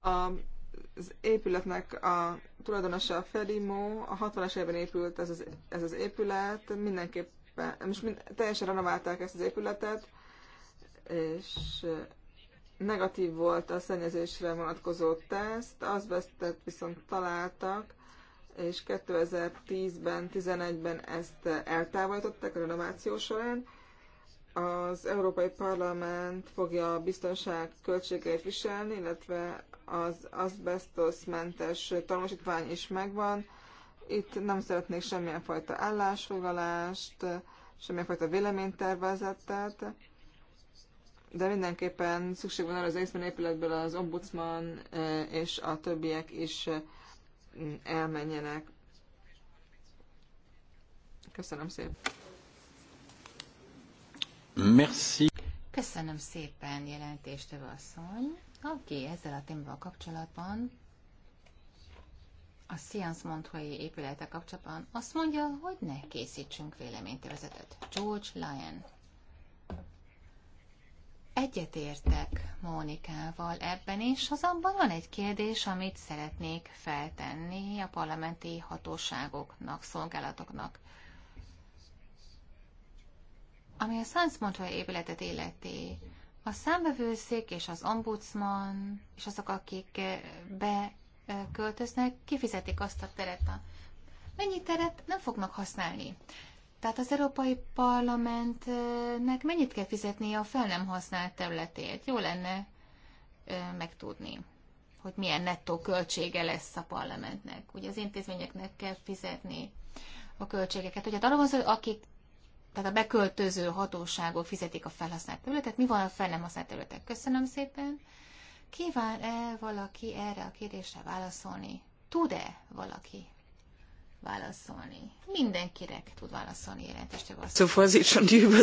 Az épületnek a tulajdonosa a Ferimo, a 60-as évben épült ez az, ez az épület, mindenképpen, most mind, teljesen renoválták ezt az épületet, és negatív volt a szennyezésre vonatkozó teszt, vesztett viszont találtak, és 2010-ben, 11-ben ezt eltávolították a renováció során. Az Európai Parlament fogja a biztonság költségeit viselni, illetve az azbestosmentes tanúsítvány is megvan. Itt nem szeretnék semmilyen fajta állásfoglalást, semmilyen fajta véleménytervezetet, de mindenképpen szükség van arra az észben épületből az ombudsman eh, és a többiek is eh, elmenjenek. Köszönöm szépen. Merci. Köszönöm szépen, jelentéstevő asszony. Aki ezzel a témával kapcsolatban a Science Monthoi épülete kapcsolatban azt mondja, hogy ne készítsünk véleménytervezetet. George Lyon. Egyetértek Mónikával ebben is, azonban van egy kérdés, amit szeretnék feltenni a parlamenti hatóságoknak, szolgálatoknak. Ami a Sanz épületet illeti, a számbevőszék és az ombudsman, és azok, akik beköltöznek, kifizetik azt a teret, a mennyi teret nem fognak használni. Tehát az Európai Parlamentnek mennyit kell fizetnie a fel nem használt területét? Jó lenne megtudni, hogy milyen nettó költsége lesz a parlamentnek. Ugye az intézményeknek kell fizetni a költségeket. Ugye arról van akik, tehát a beköltöző hatóságok fizetik a felhasznált területet. Mi van a fel nem használt területek? Köszönöm szépen. Kíván-e valaki erre a kérdésre válaszolni? Tud-e valaki válaszolni. Mindenkire tud válaszolni jelentéstevő asszony. Szóval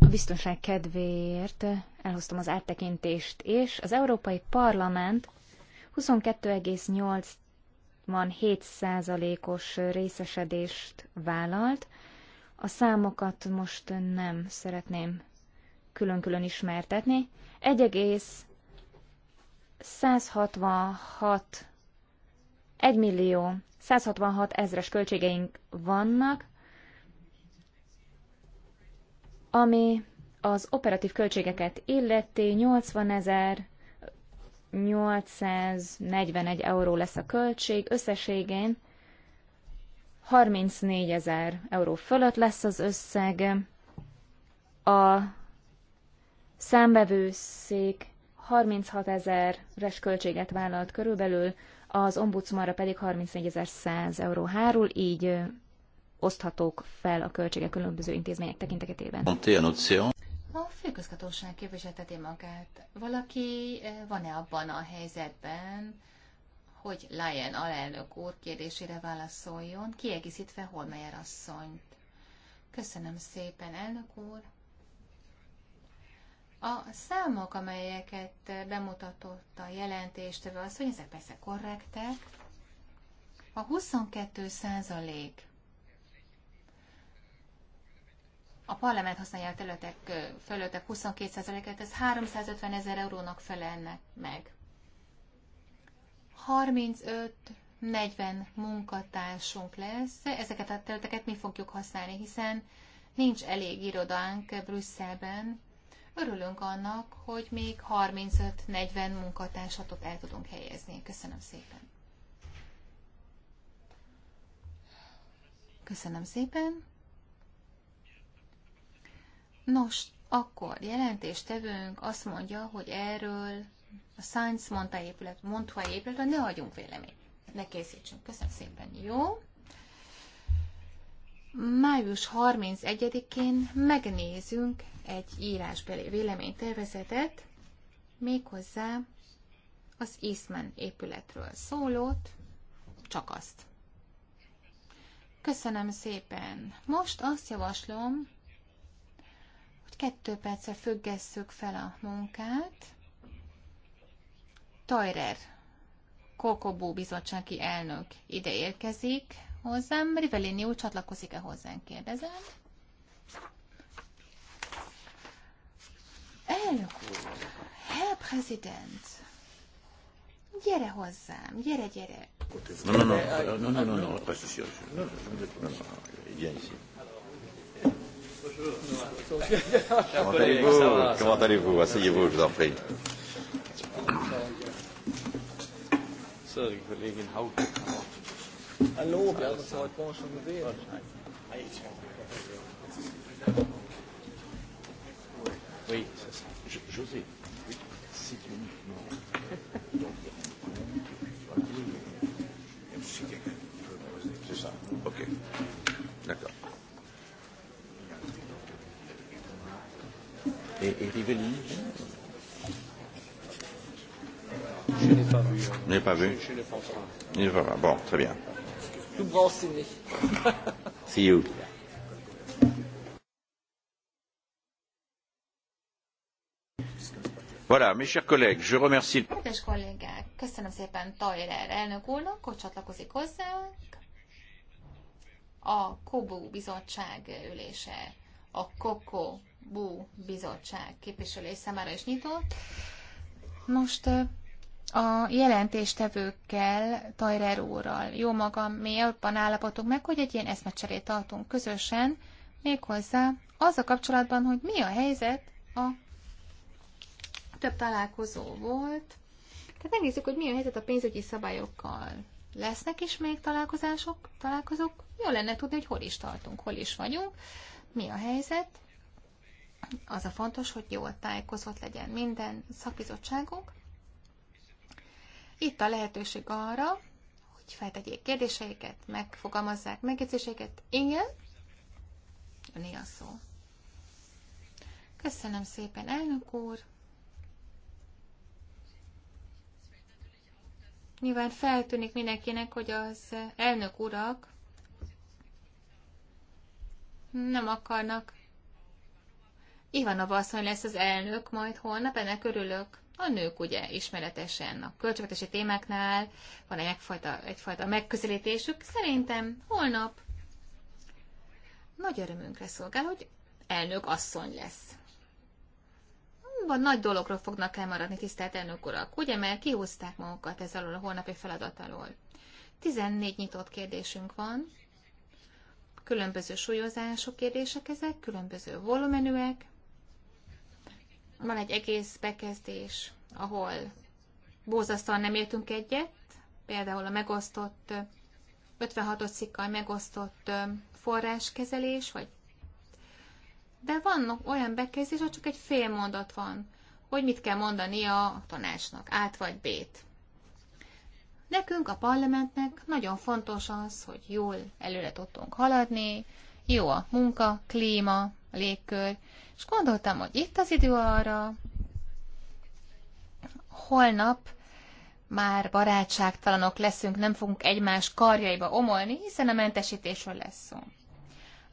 A biztonság kedvéért elhoztam az áttekintést, és az Európai Parlament 22,87%-os részesedést vállalt. A számokat most nem szeretném külön-külön ismertetni. 1,166 1 millió 166 ezres költségeink vannak, ami az operatív költségeket illeti 80 ezer 841 euró lesz a költség, összességén 34 ezer euró fölött lesz az összeg. A számbevőszék 36 res költséget vállalt körülbelül, az ombudsmanra pedig 34.100 euró hárul, így oszthatók fel a költségek különböző intézmények tekintetében. A főközgatóság képviselteti magát. Valaki van-e abban a helyzetben, hogy Lyon alelnök úr kérdésére válaszoljon, kiegészítve Holmeyer asszonyt? Köszönöm szépen, elnök úr! A számok, amelyeket bemutatott a jelentéstevő, az, hogy ezek persze korrektek, a 22 százalék a parlament használja a területek fölöttek 22 százaléket, ez 350 ezer eurónak felelne meg. 35-40 munkatársunk lesz, ezeket a területeket mi fogjuk használni, hiszen nincs elég irodánk Brüsszelben, Örülünk annak, hogy még 35-40 munkatársatot el tudunk helyezni. Köszönöm szépen. Köszönöm szépen. Nos, akkor jelentéstevőnk azt mondja, hogy erről a Science Monta épület, Montua épületről ne adjunk véleményt. Ne készítsünk. Köszönöm szépen. Jó. Május 31-én megnézünk egy írásbeli véleménytervezetet, méghozzá az Eastman épületről szólót, csak azt. Köszönöm szépen. Most azt javaslom, hogy kettő percre függesszük fel a munkát. Toirer, Kokobó bizottsági elnök ide érkezik hozzám. Rivelini úgy csatlakozik-e hozzánk, kérdezem. Elnök úr, Herr Präsident, gyere hozzám, gyere, gyere. No, no, no, no, no, no, no, pas sûr. No, no, no, Comment allez-vous Comment allez-vous Asseyez-vous, je vous en prie. Oui, ça sera. José, c'est uniquement. C'est ça. Ok. D'accord. Et, et Rivelli Je n'ai pas vu. Euh, je n'ai pas vu. Je, je ne pense pas. Il va pas. Bon, très bien. Tout bon signé. See you. Voilà, mes chers collègues, je remercie... Kedves kollégák, köszönöm szépen Tajler elnök úrnak, hogy csatlakozik hozzánk. A Kobu bizottság ülése, a Koko Bú bizottság képviselői számára is nyitott. Most a jelentéstevőkkel, Tajrer úrral, jó magam, mi abban állapodtunk meg, hogy egy ilyen eszmecserét tartunk közösen, méghozzá az a kapcsolatban, hogy mi a helyzet a több találkozó volt. Tehát megnézzük, hogy milyen helyzet a pénzügyi szabályokkal. Lesznek is még találkozások, találkozók? Jó lenne tudni, hogy hol is tartunk, hol is vagyunk, mi a helyzet. Az a fontos, hogy jól tájékozott legyen minden szakbizottságunk. Itt a lehetőség arra, hogy feltegyék kérdéseiket, megfogalmazzák megjegyzéseiket. Igen, Néha szó. Köszönöm szépen, elnök úr! Nyilván feltűnik mindenkinek, hogy az elnök urak nem akarnak. Ivanova asszony lesz az elnök, majd holnap ennek örülök. A nők ugye ismeretesen a költségvetési témáknál van egyfajta, egyfajta megközelítésük. Szerintem holnap nagy örömünkre szolgál, hogy elnök asszony lesz van nagy dologra fognak elmaradni, tisztelt elnök urak, ugye, mert kihúzták magukat ez alól a holnapi feladat alól. 14 nyitott kérdésünk van, különböző súlyozások kérdések ezek, különböző volumenűek. Van egy egész bekezdés, ahol bózasztóan nem értünk egyet, például a megosztott, 56-os cikkal megosztott forráskezelés, vagy de vannak olyan bekezdés, hogy csak egy fél mondat van, hogy mit kell mondani a tanácsnak, át vagy bét. Nekünk, a parlamentnek nagyon fontos az, hogy jól előre tudtunk haladni, jó a munka, klíma, a légkör, és gondoltam, hogy itt az idő arra, holnap már barátságtalanok leszünk, nem fogunk egymás karjaiba omolni, hiszen a mentesítésről lesz szó.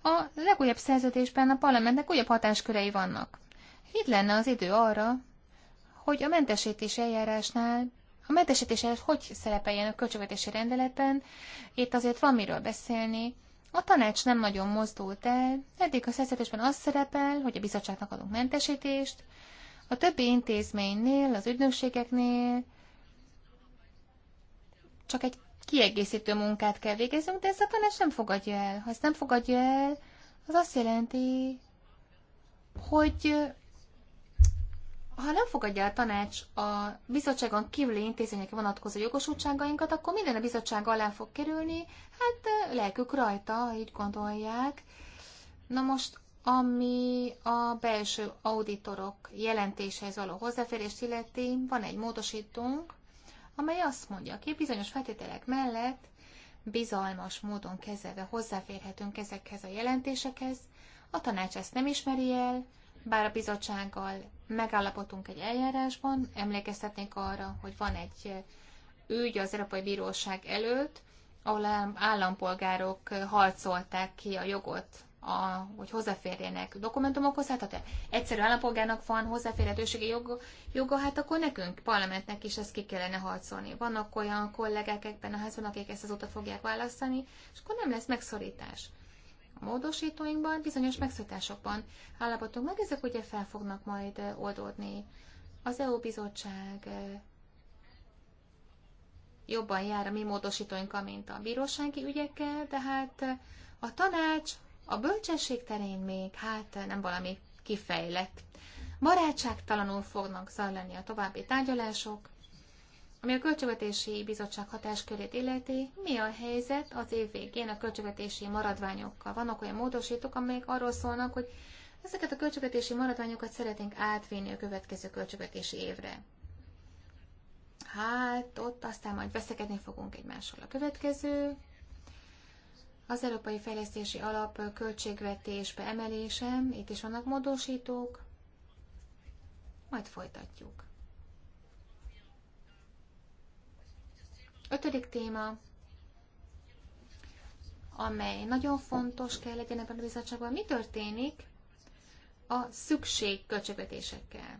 A legújabb szerződésben a parlamentnek újabb hatáskörei vannak. Itt lenne az idő arra, hogy a mentesítési eljárásnál a mentesítés eljárás hogy szerepeljen a költségvetési rendeletben, itt azért van miről beszélni. A tanács nem nagyon mozdult el, eddig a szerződésben az szerepel, hogy a bizottságnak adunk mentesítést, a többi intézménynél, az ügynökségeknél csak egy kiegészítő munkát kell végeznünk, de ezt a tanács nem fogadja el. Ha ezt nem fogadja el, az azt jelenti, hogy ha nem fogadja a tanács a bizottságon kívüli intézményekre vonatkozó jogosultságainkat, akkor minden a bizottság alá fog kerülni, hát lelkük rajta, így gondolják. Na most, ami a belső auditorok jelentéshez való hozzáférést illeti, van egy módosítunk, amely azt mondja, aki bizonyos feltételek mellett bizalmas módon kezelve hozzáférhetünk ezekhez a jelentésekhez, a tanács ezt nem ismeri el, bár a bizottsággal megállapodtunk egy eljárásban, emlékeztetnék arra, hogy van egy ügy az Európai Bíróság előtt, ahol állampolgárok harcolták ki a jogot a, hogy hozzáférjenek dokumentumokhoz, hát ha te egyszerű állampolgárnak van hozzáférhetősége joga, joga, hát akkor nekünk, parlamentnek is ezt ki kellene harcolni. Vannak olyan kollégák ebben a házban, akik ezt azóta fogják választani, és akkor nem lesz megszorítás. A módosítóinkban, bizonyos megszorításokban állapotunk meg, ezek ugye fel fognak majd eh, oldódni. Az EU bizottság eh, jobban jár a mi módosítóinkkal, mint a bírósági ügyekkel, tehát eh, a tanács a bölcsesség terén még, hát nem valami kifejlett. Barátságtalanul fognak zajlani a további tárgyalások, ami a Költségvetési Bizottság hatáskörét illeti, mi a helyzet az év végén a költségvetési maradványokkal? Vannak olyan módosítók, amelyek arról szólnak, hogy ezeket a költségvetési maradványokat szeretnénk átvinni a következő költségvetési évre. Hát ott aztán majd veszekedni fogunk egymással. A következő az Európai Fejlesztési Alap költségvetésbe emelése, itt is vannak módosítók, majd folytatjuk. Ötödik téma, amely nagyon fontos kell legyen ebben a bizottságban, mi történik a szükség költségvetésekkel,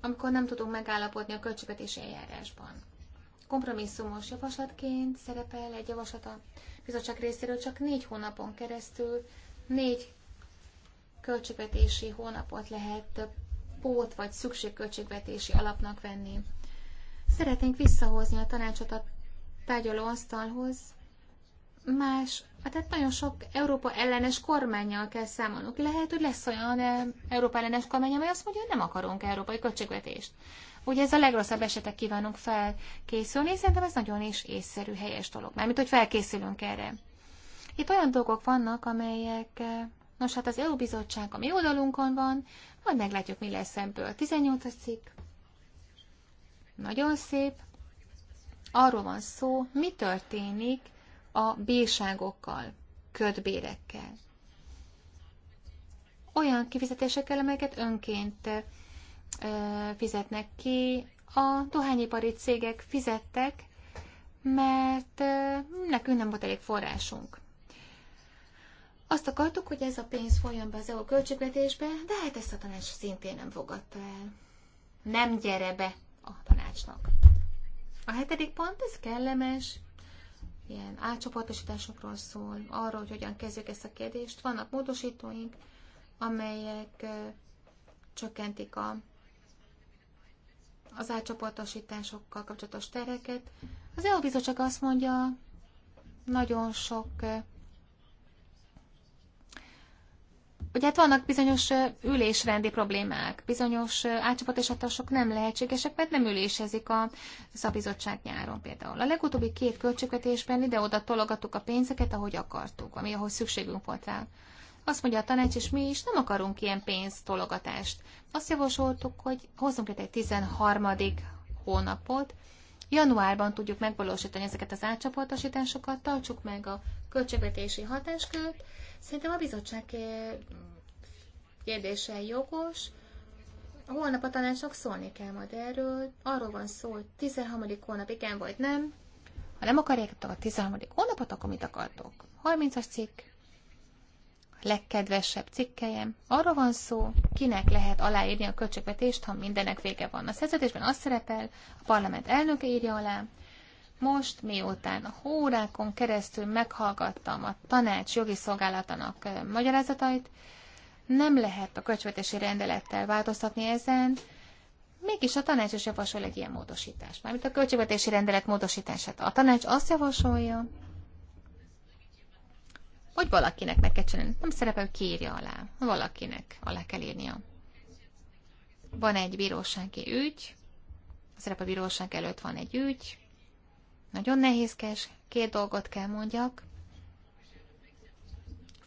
amikor nem tudunk megállapodni a költségvetési eljárásban kompromisszumos javaslatként szerepel egy javaslat a bizottság részéről csak négy hónapon keresztül, négy költségvetési hónapot lehet pót vagy szükségköltségvetési alapnak venni. Szeretnénk visszahozni a tanácsot a tárgyalóasztalhoz. Más, hát tehát nagyon sok Európa ellenes kormányjal kell számolnunk. Lehet, hogy lesz olyan eh, Európa ellenes kormány, amely azt mondja, hogy nem akarunk európai költségvetést. Ugye ez a legrosszabb esetek kívánunk felkészülni, és szerintem ez nagyon is észszerű, helyes dolog. Mármint, hogy felkészülünk erre. Itt olyan dolgok vannak, amelyek eh, Nos, hát az EU bizottság a mi oldalunkon van, majd meglátjuk, mi lesz ebből. 18 cikk. Nagyon szép. Arról van szó, mi történik a bírságokkal, ködbérekkel. Olyan kifizetésekkel, amelyeket önként eh, fizetnek ki. A dohányipari cégek fizettek, mert nekünk nem volt elég forrásunk. Azt akartuk, hogy ez a pénz folyjon be az EU költségvetésbe, de hát ezt a tanács szintén nem fogadta el. Nem gyere be a tanácsnak. A hetedik pont, ez kellemes, ilyen átcsoportosításokról szól, arról, hogy hogyan kezdjük ezt a kérdést. Vannak módosítóink, amelyek csökkentik a az átcsoportosításokkal kapcsolatos tereket. Az EU bizottság azt mondja, nagyon sok Ugye hát vannak bizonyos ülésrendi problémák, bizonyos átcsoportosítások nem lehetségesek, mert nem ülésezik a szabizottság nyáron például. A legutóbbi két költségvetésben ide-oda tologattuk a pénzeket, ahogy akartuk, ami ahhoz szükségünk volt rá. Azt mondja a tanács, és mi is nem akarunk ilyen pénztologatást. Azt javasoltuk, hogy hozzunk egy 13. hónapot, januárban tudjuk megvalósítani ezeket az átcsoportosításokat, tartsuk meg a költségvetési hatáskört. Szerintem a bizottság kérdése jogos. Holnap a tanácsnak szólni kell majd erről. Arról van szó, hogy 13. hónap igen vagy nem. Ha nem akarják a 13. hónapot, akkor mit akartok? 30-as cikk, legkedvesebb cikkelyem. Arra van szó, kinek lehet aláírni a költségvetést, ha mindenek vége van. A szerződésben az szerepel, a parlament elnöke írja alá, most, miután a órákon keresztül meghallgattam a tanács jogi szolgálatának magyarázatait, nem lehet a költségvetési rendelettel változtatni ezen, mégis a tanács is javasol egy ilyen módosítást, mármint a költségvetési rendelet módosítását. A tanács azt javasolja, hogy valakinek meg kell csinálni. Nem szerepel, hogy kiírja alá. Valakinek alá kell írnia. Van egy bírósági ügy, szerep a bíróság előtt van egy ügy, nagyon nehézkes, két dolgot kell mondjak.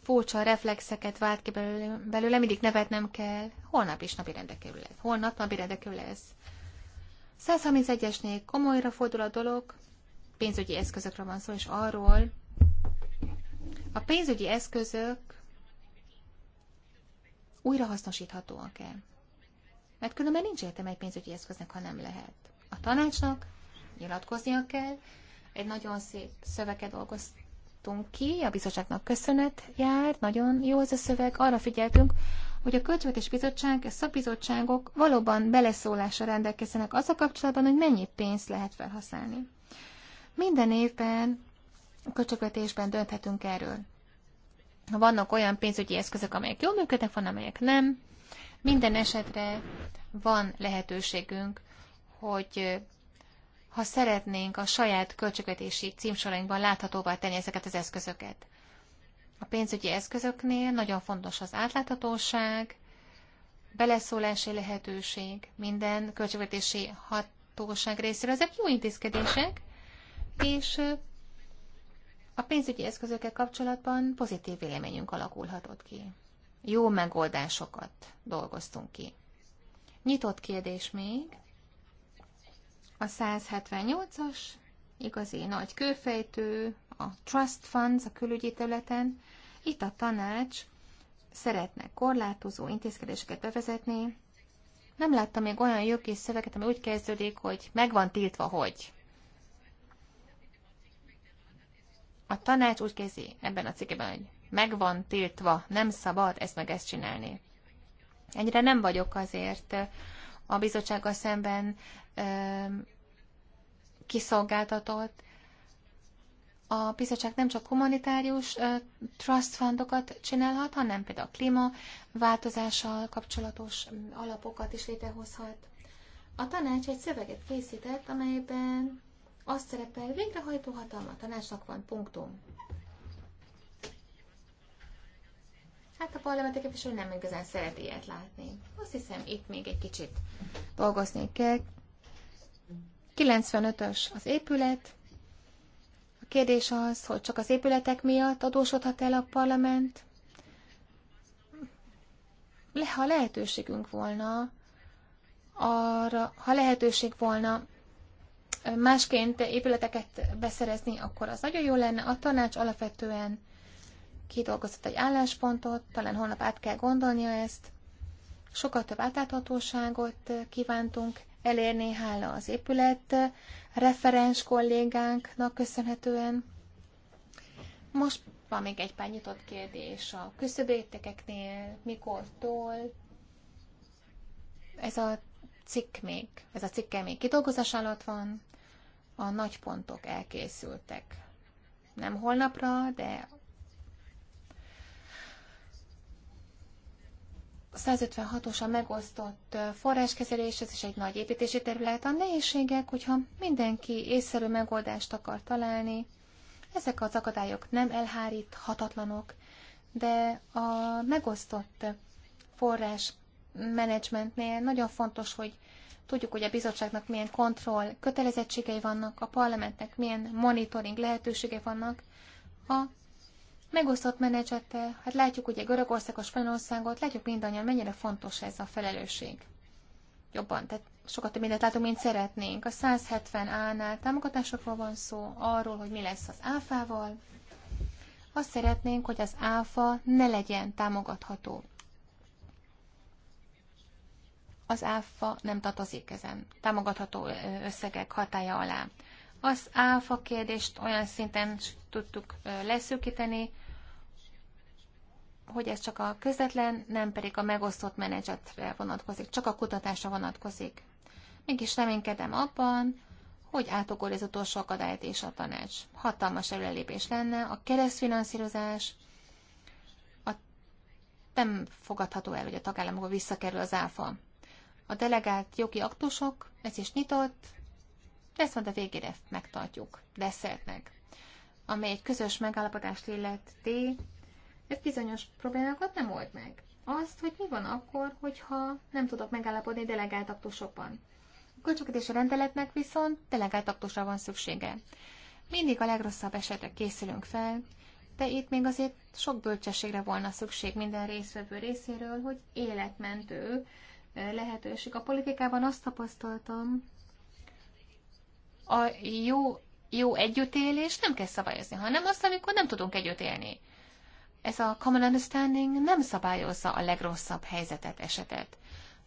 Furcsa reflexeket vált ki belőle, belőle mindig nevetnem kell. Holnap is napi kerül lesz. Holnap napi kerül lesz. 131-esnél komolyra fordul a dolog, pénzügyi eszközökről van szó, és arról, a pénzügyi eszközök újrahasznosíthatóak-e? Mert különben nincs értem egy pénzügyi eszköznek, ha nem lehet. A tanácsnak nyilatkoznia kell, egy nagyon szép szöveget dolgoztunk ki, a bizottságnak köszönet jár, nagyon jó ez a szöveg, arra figyeltünk, hogy a Költségvetés Bizottság, a szakbizottságok valóban beleszólásra rendelkezzenek az a kapcsolatban, hogy mennyi pénzt lehet felhasználni. Minden évben a költségvetésben dönthetünk erről. Vannak olyan pénzügyi eszközök, amelyek jól működnek, van, amelyek nem. Minden esetre van lehetőségünk, hogy ha szeretnénk a saját költségvetési címsorainkban láthatóvá tenni ezeket az eszközöket. A pénzügyi eszközöknél nagyon fontos az átláthatóság, beleszólási lehetőség, minden költségvetési hatóság részéről. Ezek jó intézkedések, és a pénzügyi eszközökkel kapcsolatban pozitív véleményünk alakulhatott ki. Jó megoldásokat dolgoztunk ki. Nyitott kérdés még. A 178-as igazi nagy kőfejtő, a trust funds a külügyi területen. Itt a tanács szeretne korlátozó intézkedéseket bevezetni. Nem láttam még olyan jogi szöveget, ami úgy kezdődik, hogy megvan tiltva, hogy. A tanács úgy kezdi ebben a cikkeben, hogy megvan tiltva, nem szabad ezt meg ezt csinálni. Ennyire nem vagyok azért a bizottsággal szemben ö, kiszolgáltatott. A bizottság nem csak humanitárius ö, trust fundokat csinálhat, hanem például a klímaváltozással kapcsolatos alapokat is létrehozhat. A tanács egy szöveget készített, amelyben azt szerepel, végrehajtó hatalma tanácsnak van, punktum. Hát a parlamenti képviselő nem igazán szeret ilyet látni. Azt hiszem, itt még egy kicsit dolgozni kell. 95-ös az épület. A kérdés az, hogy csak az épületek miatt adósodhat el a parlament. Le, ha lehetőségünk volna, arra, ha lehetőség volna másként épületeket beszerezni, akkor az nagyon jó lenne. A tanács alapvetően kidolgozott egy álláspontot, talán holnap át kell gondolnia ezt. Sokkal több átláthatóságot kívántunk elérni, hála az épület referens kollégánknak köszönhetően. Most van még egy pár nyitott kérdés a küszöbértékeknél, mikortól. Ez a cikk még, ez a cikke még kidolgozás alatt van a nagy pontok elkészültek. Nem holnapra, de 156-os a megosztott forráskezelés, ez is egy nagy építési terület. A nehézségek, hogyha mindenki észszerű megoldást akar találni, ezek az akadályok nem elháríthatatlanok, de a megosztott forrás menedzsmentnél nagyon fontos, hogy Tudjuk, hogy a bizottságnak milyen kontroll kötelezettségei vannak, a parlamentnek milyen monitoring lehetőségei vannak. A megosztott menedzsete, hát látjuk ugye a Spanyolországot, látjuk mindannyian, mennyire fontos ez a felelősség. Jobban, tehát sokat több mindent látunk, mint szeretnénk. A 170 A-nál támogatásokról van szó, arról, hogy mi lesz az áfával. Azt szeretnénk, hogy az áfa ne legyen támogatható az áfa nem tartozik ezen támogatható összegek hatája alá. Az áfa kérdést olyan szinten tudtuk leszűkíteni, hogy ez csak a közvetlen, nem pedig a megosztott menedzsetre vonatkozik, csak a kutatásra vonatkozik. Mégis reménykedem abban, hogy átugor az utolsó akadályt és a tanács. Hatalmas előrelépés lenne a keresztfinanszírozás, a nem fogadható el, hogy a tagállamokba visszakerül az áfa a delegált jogi aktusok, ez is nyitott, ezt majd a végére megtartjuk, beszéltnek, amely egy közös megállapodást illeti, ez bizonyos problémákat nem old meg. Azt, hogy mi van akkor, hogyha nem tudok megállapodni delegált aktusokban. A költségvetési rendeletnek viszont delegált aktusra van szüksége. Mindig a legrosszabb esetre készülünk fel, de itt még azért sok bölcsességre volna szükség minden részvevő részéről, hogy életmentő lehetőség. A politikában azt tapasztaltam, a jó, jó együttélés nem kell szabályozni, hanem azt, amikor nem tudunk együtt élni. Ez a common understanding nem szabályozza a legrosszabb helyzetet, esetet.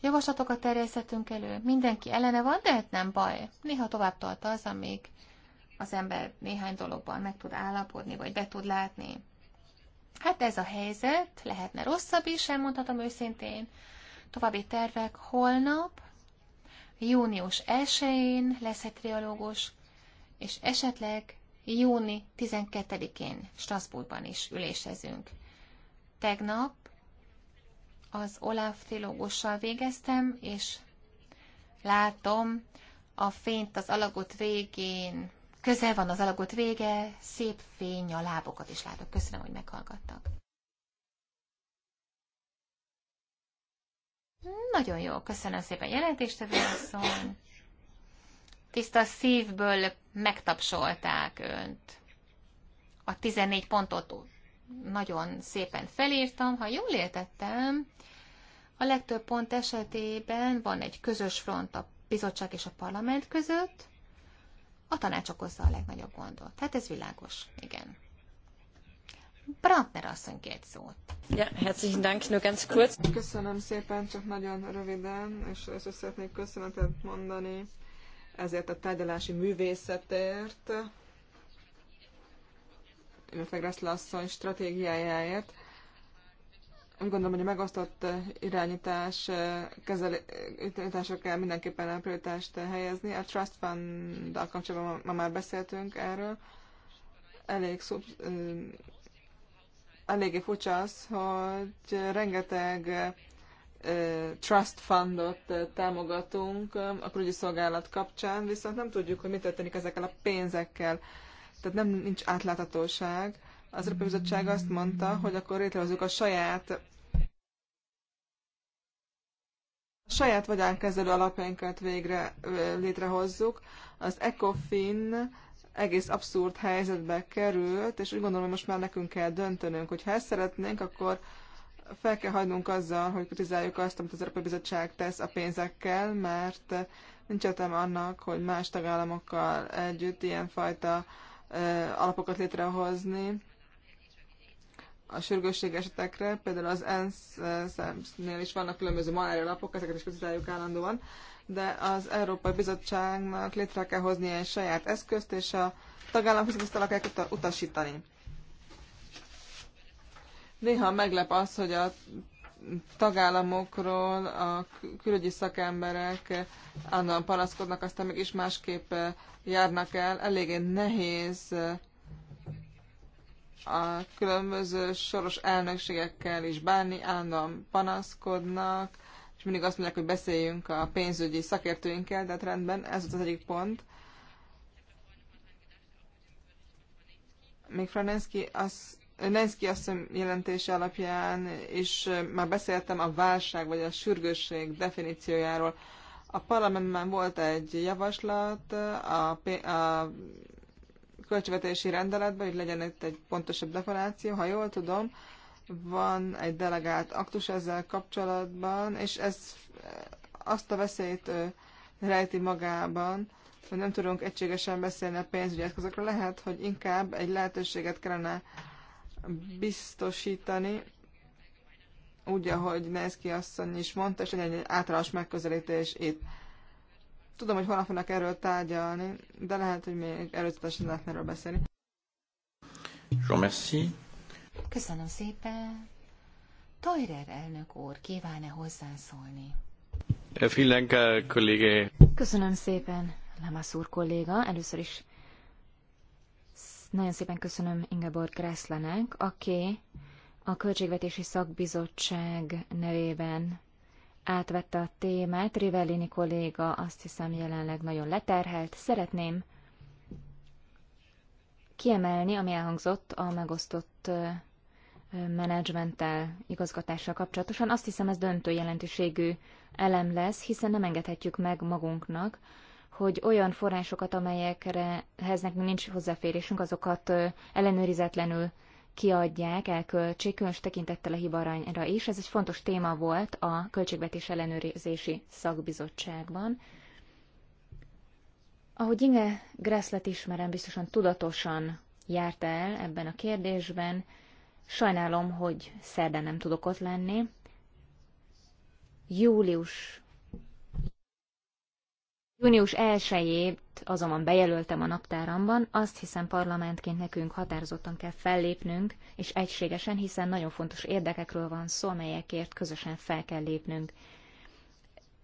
Javaslatokat terjesztettünk elő, mindenki ellene van, de hát nem baj. Néha tovább tart az, amíg az ember néhány dologban meg tud állapodni, vagy be tud látni. Hát ez a helyzet, lehetne rosszabb is, elmondhatom őszintén. További tervek holnap, június 1-én lesz egy trialógus, és esetleg júni 12-én Strasbourgban is ülésezünk. Tegnap az Olaf trilógussal végeztem, és látom a fényt az alagút végén, közel van az alagút vége, szép fény a lábokat is látok. Köszönöm, hogy meghallgattak. Nagyon jó, köszönöm szépen jelentéstevő asszony. Tiszta szívből megtapsolták önt. A 14 pontot nagyon szépen felírtam, ha jól értettem, a legtöbb pont esetében van egy közös front a bizottság és a parlament között, a tanács okozza a legnagyobb gondot. Tehát ez világos, igen. Brandner asszony két szót. Ja, herzlichen Dank, nur ganz kurz. Köszönöm szépen, csak nagyon röviden, és össze szeretnék köszönetet mondani ezért a tárgyalási művészetért, illetve Gressler asszony stratégiájáért. Úgy gondolom, hogy a megosztott irányítás eh, kezelésre kell mindenképpen a prioritást helyezni. A Trust Fund-dal kapcsolatban ma már beszéltünk erről. Elég szub, eh, eléggé furcsa az, hogy rengeteg trust fundot támogatunk a külügyi szolgálat kapcsán, viszont nem tudjuk, hogy mi történik ezekkel a pénzekkel. Tehát nem nincs átláthatóság. Az Európai Bizottság azt mondta, hogy akkor létrehozzuk a saját a saját vagyánkezelő alapjainkat végre létrehozzuk. Az ECOFIN egész abszurd helyzetbe került, és úgy gondolom, hogy most már nekünk kell döntenünk, hogy ha ezt szeretnénk, akkor fel kell hagynunk azzal, hogy kritizáljuk azt, amit az Európai Bizottság tesz a pénzekkel, mert nincs értelme annak, hogy más tagállamokkal együtt ilyenfajta alapokat létrehozni a sürgősség esetekre, például az ENSZ-nél is vannak különböző malária alapok, ezeket is kritizáljuk állandóan, de az Európai Bizottságnak létre kell hozni egy saját eszközt, és a tagállam ezt kell utasítani. Néha meglep az, hogy a tagállamokról a külügyi szakemberek állandóan panaszkodnak, aztán mégis másképp járnak el. Eléggé nehéz a különböző soros elnökségekkel is bánni, állandóan panaszkodnak, mindig azt mondják, hogy beszéljünk a pénzügyi szakértőinkkel, de hát rendben, ez az egyik pont. Még Franenszki az Nenszki asszony jelentése alapján is már beszéltem a válság vagy a sürgősség definíciójáról. A parlamentben volt egy javaslat a, a költségvetési rendeletben, hogy legyen itt egy pontosabb definíció, ha jól tudom, van egy delegált aktus ezzel kapcsolatban, és ez eh, azt a veszélyt eh, rejti magában, hogy nem tudunk egységesen beszélni a pénzügyi eszközökről. Lehet, hogy inkább egy lehetőséget kellene biztosítani, úgy, ahogy Nenszki asszony is mondta, és egy, egy általános megközelítés itt. Tudom, hogy holnap fognak erről tárgyalni, de lehet, hogy még előzetesen lehetne erről beszélni. Jó, merci. Köszönöm szépen. Tajrer elnök úr kíván-e hozzászólni? Köszönöm szépen, Lamas úr kolléga. Először is nagyon szépen köszönöm Ingeborg Grászlanak, aki a Költségvetési Szakbizottság nevében átvette a témát. Rivellini kolléga azt hiszem jelenleg nagyon leterhelt. Szeretném kiemelni, ami elhangzott a megosztott menedzsmenttel, igazgatással kapcsolatosan. Azt hiszem, ez döntő jelentőségű elem lesz, hiszen nem engedhetjük meg magunknak, hogy olyan forrásokat, amelyekre nekünk nincs hozzáférésünk, azokat ellenőrizetlenül kiadják, elköltsék, különös tekintettel a hibaranyra is. Ez egy fontos téma volt a Költségvetés Ellenőrzési Szakbizottságban. Ahogy Inge Gresslet ismerem, biztosan tudatosan járt el ebben a kérdésben. Sajnálom, hogy szerdán nem tudok ott lenni. Július Június 1-ét azonban bejelöltem a naptáramban, azt hiszem parlamentként nekünk határozottan kell fellépnünk, és egységesen, hiszen nagyon fontos érdekekről van szó, amelyekért közösen fel kell lépnünk.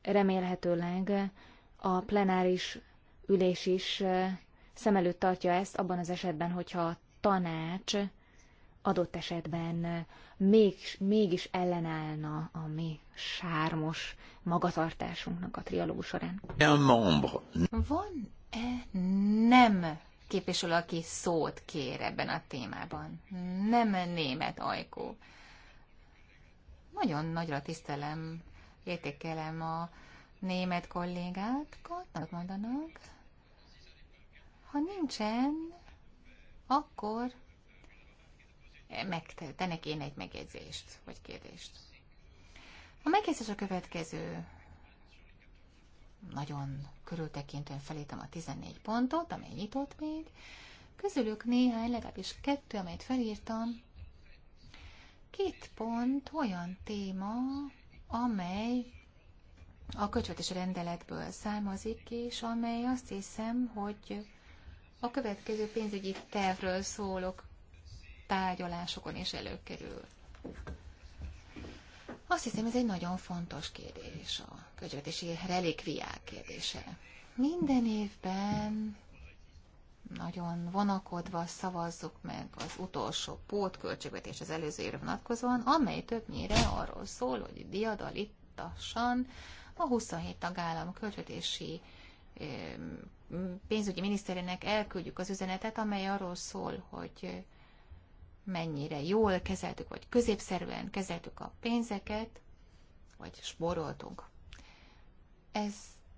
Remélhetőleg a plenáris ülés is szem előtt tartja ezt abban az esetben, hogyha a tanács adott esetben még, mégis ellenállna a mi sármos magatartásunknak a trialógus során. Van-e nem képviselő, aki szót kér ebben a témában? Nem német ajkó. Nagyon nagyra tisztelem, értékelem a német kollégákat mondanak, ha nincsen, akkor megtenek én egy megjegyzést, vagy kérdést. A megjegyzés a következő. Nagyon körültekintően felítem a 14 pontot, amely nyitott még. Közülük néhány, legalábbis kettő, amelyet felírtam. Két pont olyan téma, amely a költségvetési rendeletből származik, és amely azt hiszem, hogy a következő pénzügyi tervről szólok tárgyalásokon is előkerül. Azt hiszem, ez egy nagyon fontos kérdés, a költségvetési relikviák kérdése. Minden évben nagyon vonakodva szavazzuk meg az utolsó pótköltségvetés az előző évre vonatkozóan, amely többnyire arról szól, hogy diadalittasan a 27 tagállam költvetési pénzügyi miniszterének elküldjük az üzenetet, amely arról szól, hogy mennyire jól kezeltük, vagy középszerűen kezeltük a pénzeket, vagy spóroltunk. Ez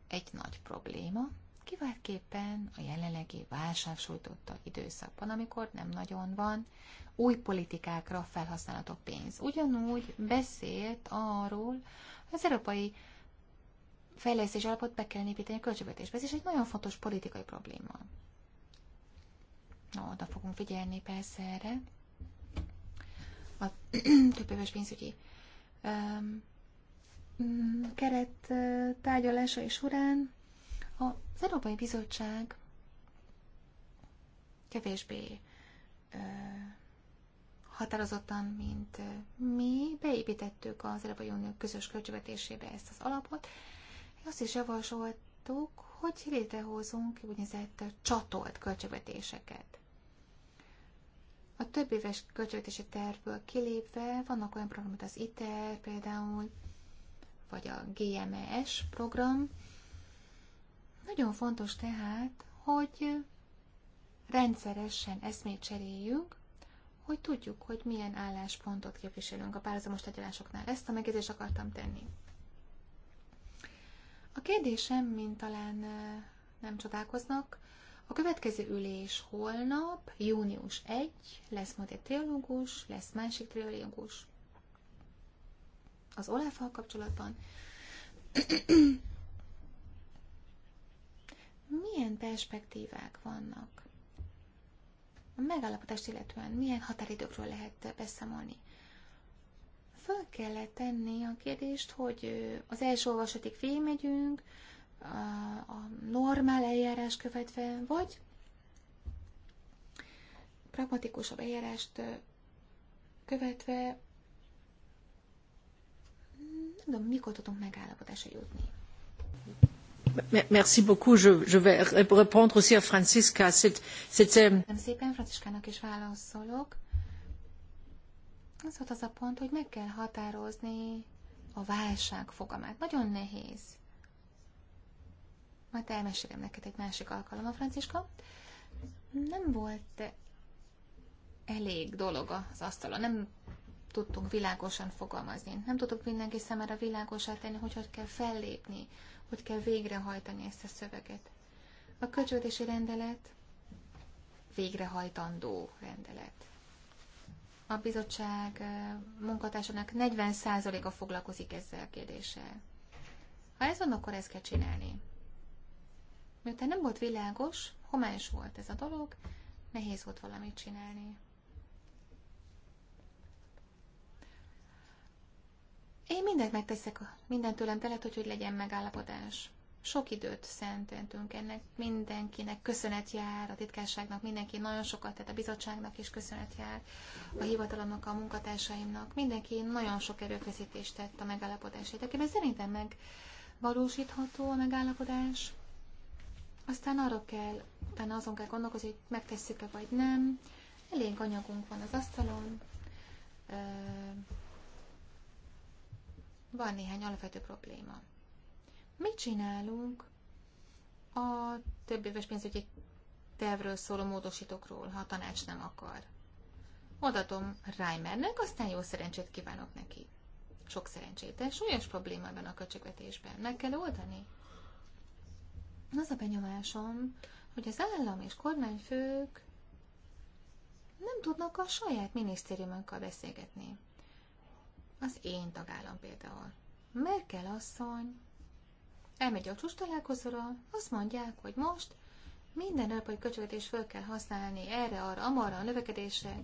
egy nagy probléma, kiváltképpen a jelenlegi válság sújtotta időszakban, amikor nem nagyon van új politikákra felhasználható pénz. Ugyanúgy beszélt arról, az Európai fejlesztés alapot be kell építeni a költségvetésbe. Ez is egy nagyon fontos politikai probléma. Na, oda fogunk figyelni persze erre. A többéves pénzügyi um, keret tárgyalása és során az Európai Bizottság kevésbé határozottan, mint mi, beépítettük az Európai Unió közös költségvetésébe ezt az alapot, azt is javasoltuk, hogy létrehozunk úgynevezett csatolt költségvetéseket. A több éves költségvetési tervből kilépve vannak olyan programok, az ITER például, vagy a GMS e program. Nagyon fontos tehát, hogy rendszeresen eszmét cseréljünk, hogy tudjuk, hogy milyen álláspontot képviselünk a párhuzamos tegyelásoknál. Ezt a megjegyzést akartam tenni. A kérdésem, mint talán nem csodálkoznak, a következő ülés holnap, június 1, lesz majd egy teológus, lesz másik teológus az olaf kapcsolatban. milyen perspektívák vannak? A megállapodást illetően milyen határidőkről lehet beszámolni? Föl kellett tenni a kérdést, hogy az első olvasatig végigmegyünk, a normál eljárás követve, vagy pragmatikusabb eljárást követve nem tudom, mikor tudunk megállapodásra jutni. Merci beaucoup. Je, je vais répondre aussi à Francisca. C'est, c'est... Szépen Franciskának is válaszolok. Az volt az a pont, hogy meg kell határozni a válság fogamát. Nagyon nehéz. Majd elmesélem neked egy másik alkalom a Franciska. Nem volt elég dolog az asztalon. Nem tudtunk világosan fogalmazni. Nem tudtuk mindenki számára világosá tenni, hogy hogy kell fellépni, hogy kell végrehajtani ezt a szöveget. A költségvetési rendelet végrehajtandó rendelet. A bizottság munkatársának 40%-a foglalkozik ezzel a kérdéssel. Ha ez van, akkor ezt kell csinálni. Miután nem volt világos, homályos volt ez a dolog, nehéz volt valamit csinálni. Én mindent megteszek, mindent tőlem telet, hogy, hogy legyen megállapodás. Sok időt szententünk ennek mindenkinek, köszönet jár a titkárságnak, mindenki nagyon sokat tett, a bizottságnak is köszönet jár, a hivatalomnak, a munkatársaimnak, mindenki nagyon sok erőfeszítést tett a megállapodás érdekében. Szerintem meg valósítható a megállapodás. Aztán arra kell, utána azon kell gondolkozni, hogy megtesszük-e vagy nem. Elég anyagunk van az asztalon. Van néhány alapvető probléma. Mit csinálunk a több éves pénzügyi tervről szóló módosítókról, ha a tanács nem akar? Odatom Reimernek, aztán jó szerencsét kívánok neki. Sok szerencsét, de súlyos probléma van a költségvetésben. Meg kell oldani. Az a benyomásom, hogy az állam és kormányfők nem tudnak a saját minisztériumunkkal beszélgetni. Az én tagállam például. Merkel asszony elmegy a csúcs találkozóra, azt mondják, hogy most minden európai költségvetést föl kell használni erre, arra, amarra, a növekedésre.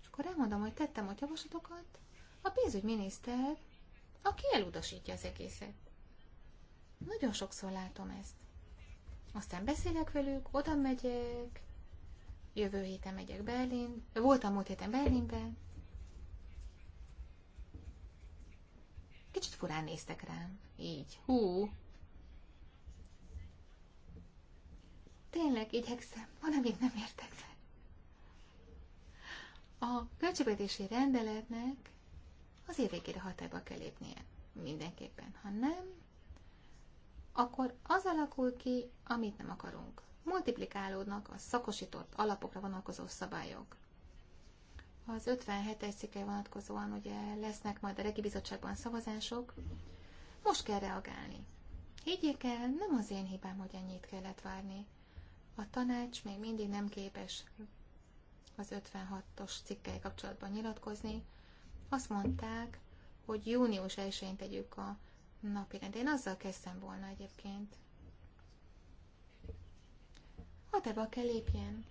És akkor elmondom, hogy tettem a javaslatokat, a pénzügyminiszter, aki elutasítja az egészet. Nagyon sokszor látom ezt. Aztán beszélek velük, oda megyek, jövő héten megyek Berlin, voltam múlt héten Berlinben, Kicsit furán néztek rám. Így. Hú. Tényleg igyekszem, van, amit nem értek meg. A költségvetési rendeletnek az év végére hatályba kell lépnie. Mindenképpen. Ha nem, akkor az alakul ki, amit nem akarunk. Multiplikálódnak a szakosított alapokra vonatkozó szabályok. Az 57-es cikkei vonatkozóan ugye lesznek majd a regi bizottságban szavazások. Most kell reagálni. Higgyék el, nem az én hibám, hogy ennyit kellett várni. A tanács még mindig nem képes az 56-os cikkei kapcsolatban nyilatkozni. Azt mondták, hogy június 1-én tegyük a rend. Én azzal kezdtem volna egyébként. Hatába kell lépjen.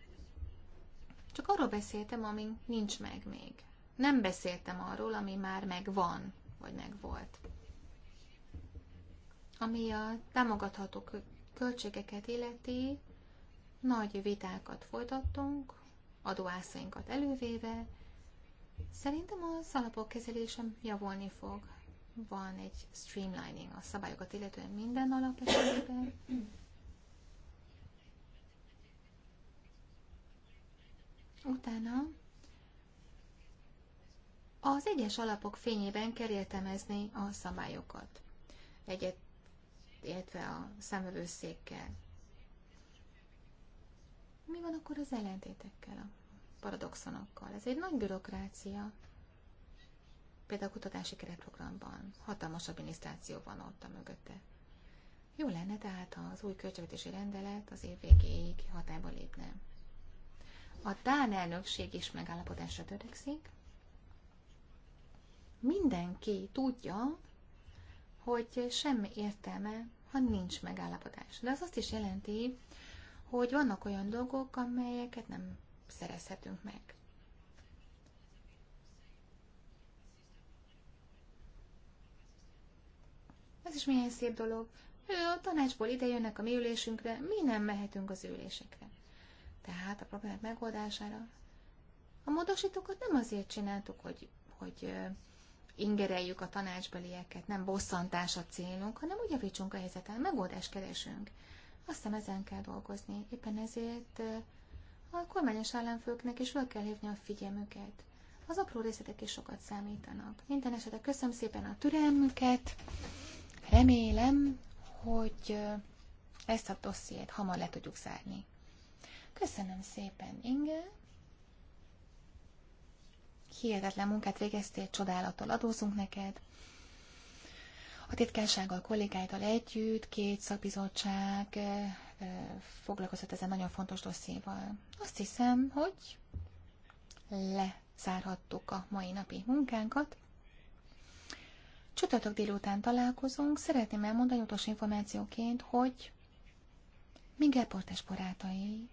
Csak arról beszéltem, ami nincs meg még. Nem beszéltem arról, ami már megvan, vagy megvolt. Ami a támogatható költségeket illeti, nagy vitákat folytattunk, adóászainkat elővéve. Szerintem az alapok kezelése javulni fog. Van egy streamlining a szabályokat illetően minden alap esetében. Utána az egyes alapok fényében kell értelmezni a szabályokat, egyet, illetve a szemövőszékkel. Mi van akkor az ellentétekkel, a paradoxonokkal? Ez egy nagy bürokrácia, például a kutatási keretprogramban. Hatalmas adminisztráció van ott a mögötte. Jó lenne tehát, ha az új költségvetési rendelet az év végéig hatályba lépne. A Dán elnökség is megállapodásra törekszik. Mindenki tudja, hogy semmi értelme, ha nincs megállapodás. De az azt is jelenti, hogy vannak olyan dolgok, amelyeket nem szerezhetünk meg. Ez is milyen szép dolog. a tanácsból ide jönnek a mi ülésünkre, mi nem mehetünk az ülésekre tehát a problémák megoldására. A módosítókat nem azért csináltuk, hogy, hogy ingereljük a tanácsbelieket, nem bosszantás a célunk, hanem úgy javítsunk a helyzeten, megoldást keresünk. Azt hiszem ezen kell dolgozni. Éppen ezért a kormányos államfőknek is fel kell hívni a figyelmüket. Az apró részletek is sokat számítanak. Minden esetre köszönöm szépen a türelmüket. Remélem, hogy ezt a dossziét hamar le tudjuk zárni. Köszönöm szépen, Inge. Hihetetlen munkát végeztél, csodálattal adózunk neked. A titkársággal, kollégáiddal együtt két szakbizottság foglalkozott ezen nagyon fontos dosszéval. Azt hiszem, hogy lezárhattuk a mai napi munkánkat. Csütörtök délután találkozunk. Szeretném elmondani utolsó információként, hogy Miguel Portes barátai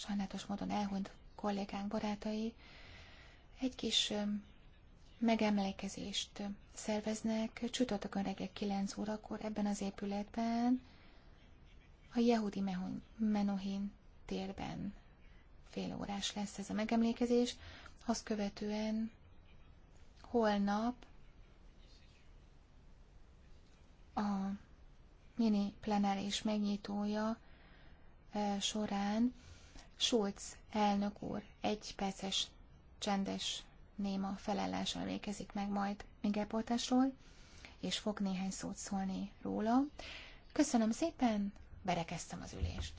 sajnálatos módon elhunyt kollégánk barátai egy kis megemlékezést szerveznek csütörtökön reggel 9 órakor ebben az épületben, a Jehudi Menuhin térben fél órás lesz ez a megemlékezés, azt követően holnap a mini plenáris megnyitója során Schulz elnök úr egy perces csendes néma felelás emlékezik meg majd Migelportásról, és fog néhány szót szólni róla. Köszönöm szépen, berekeztem az ülést.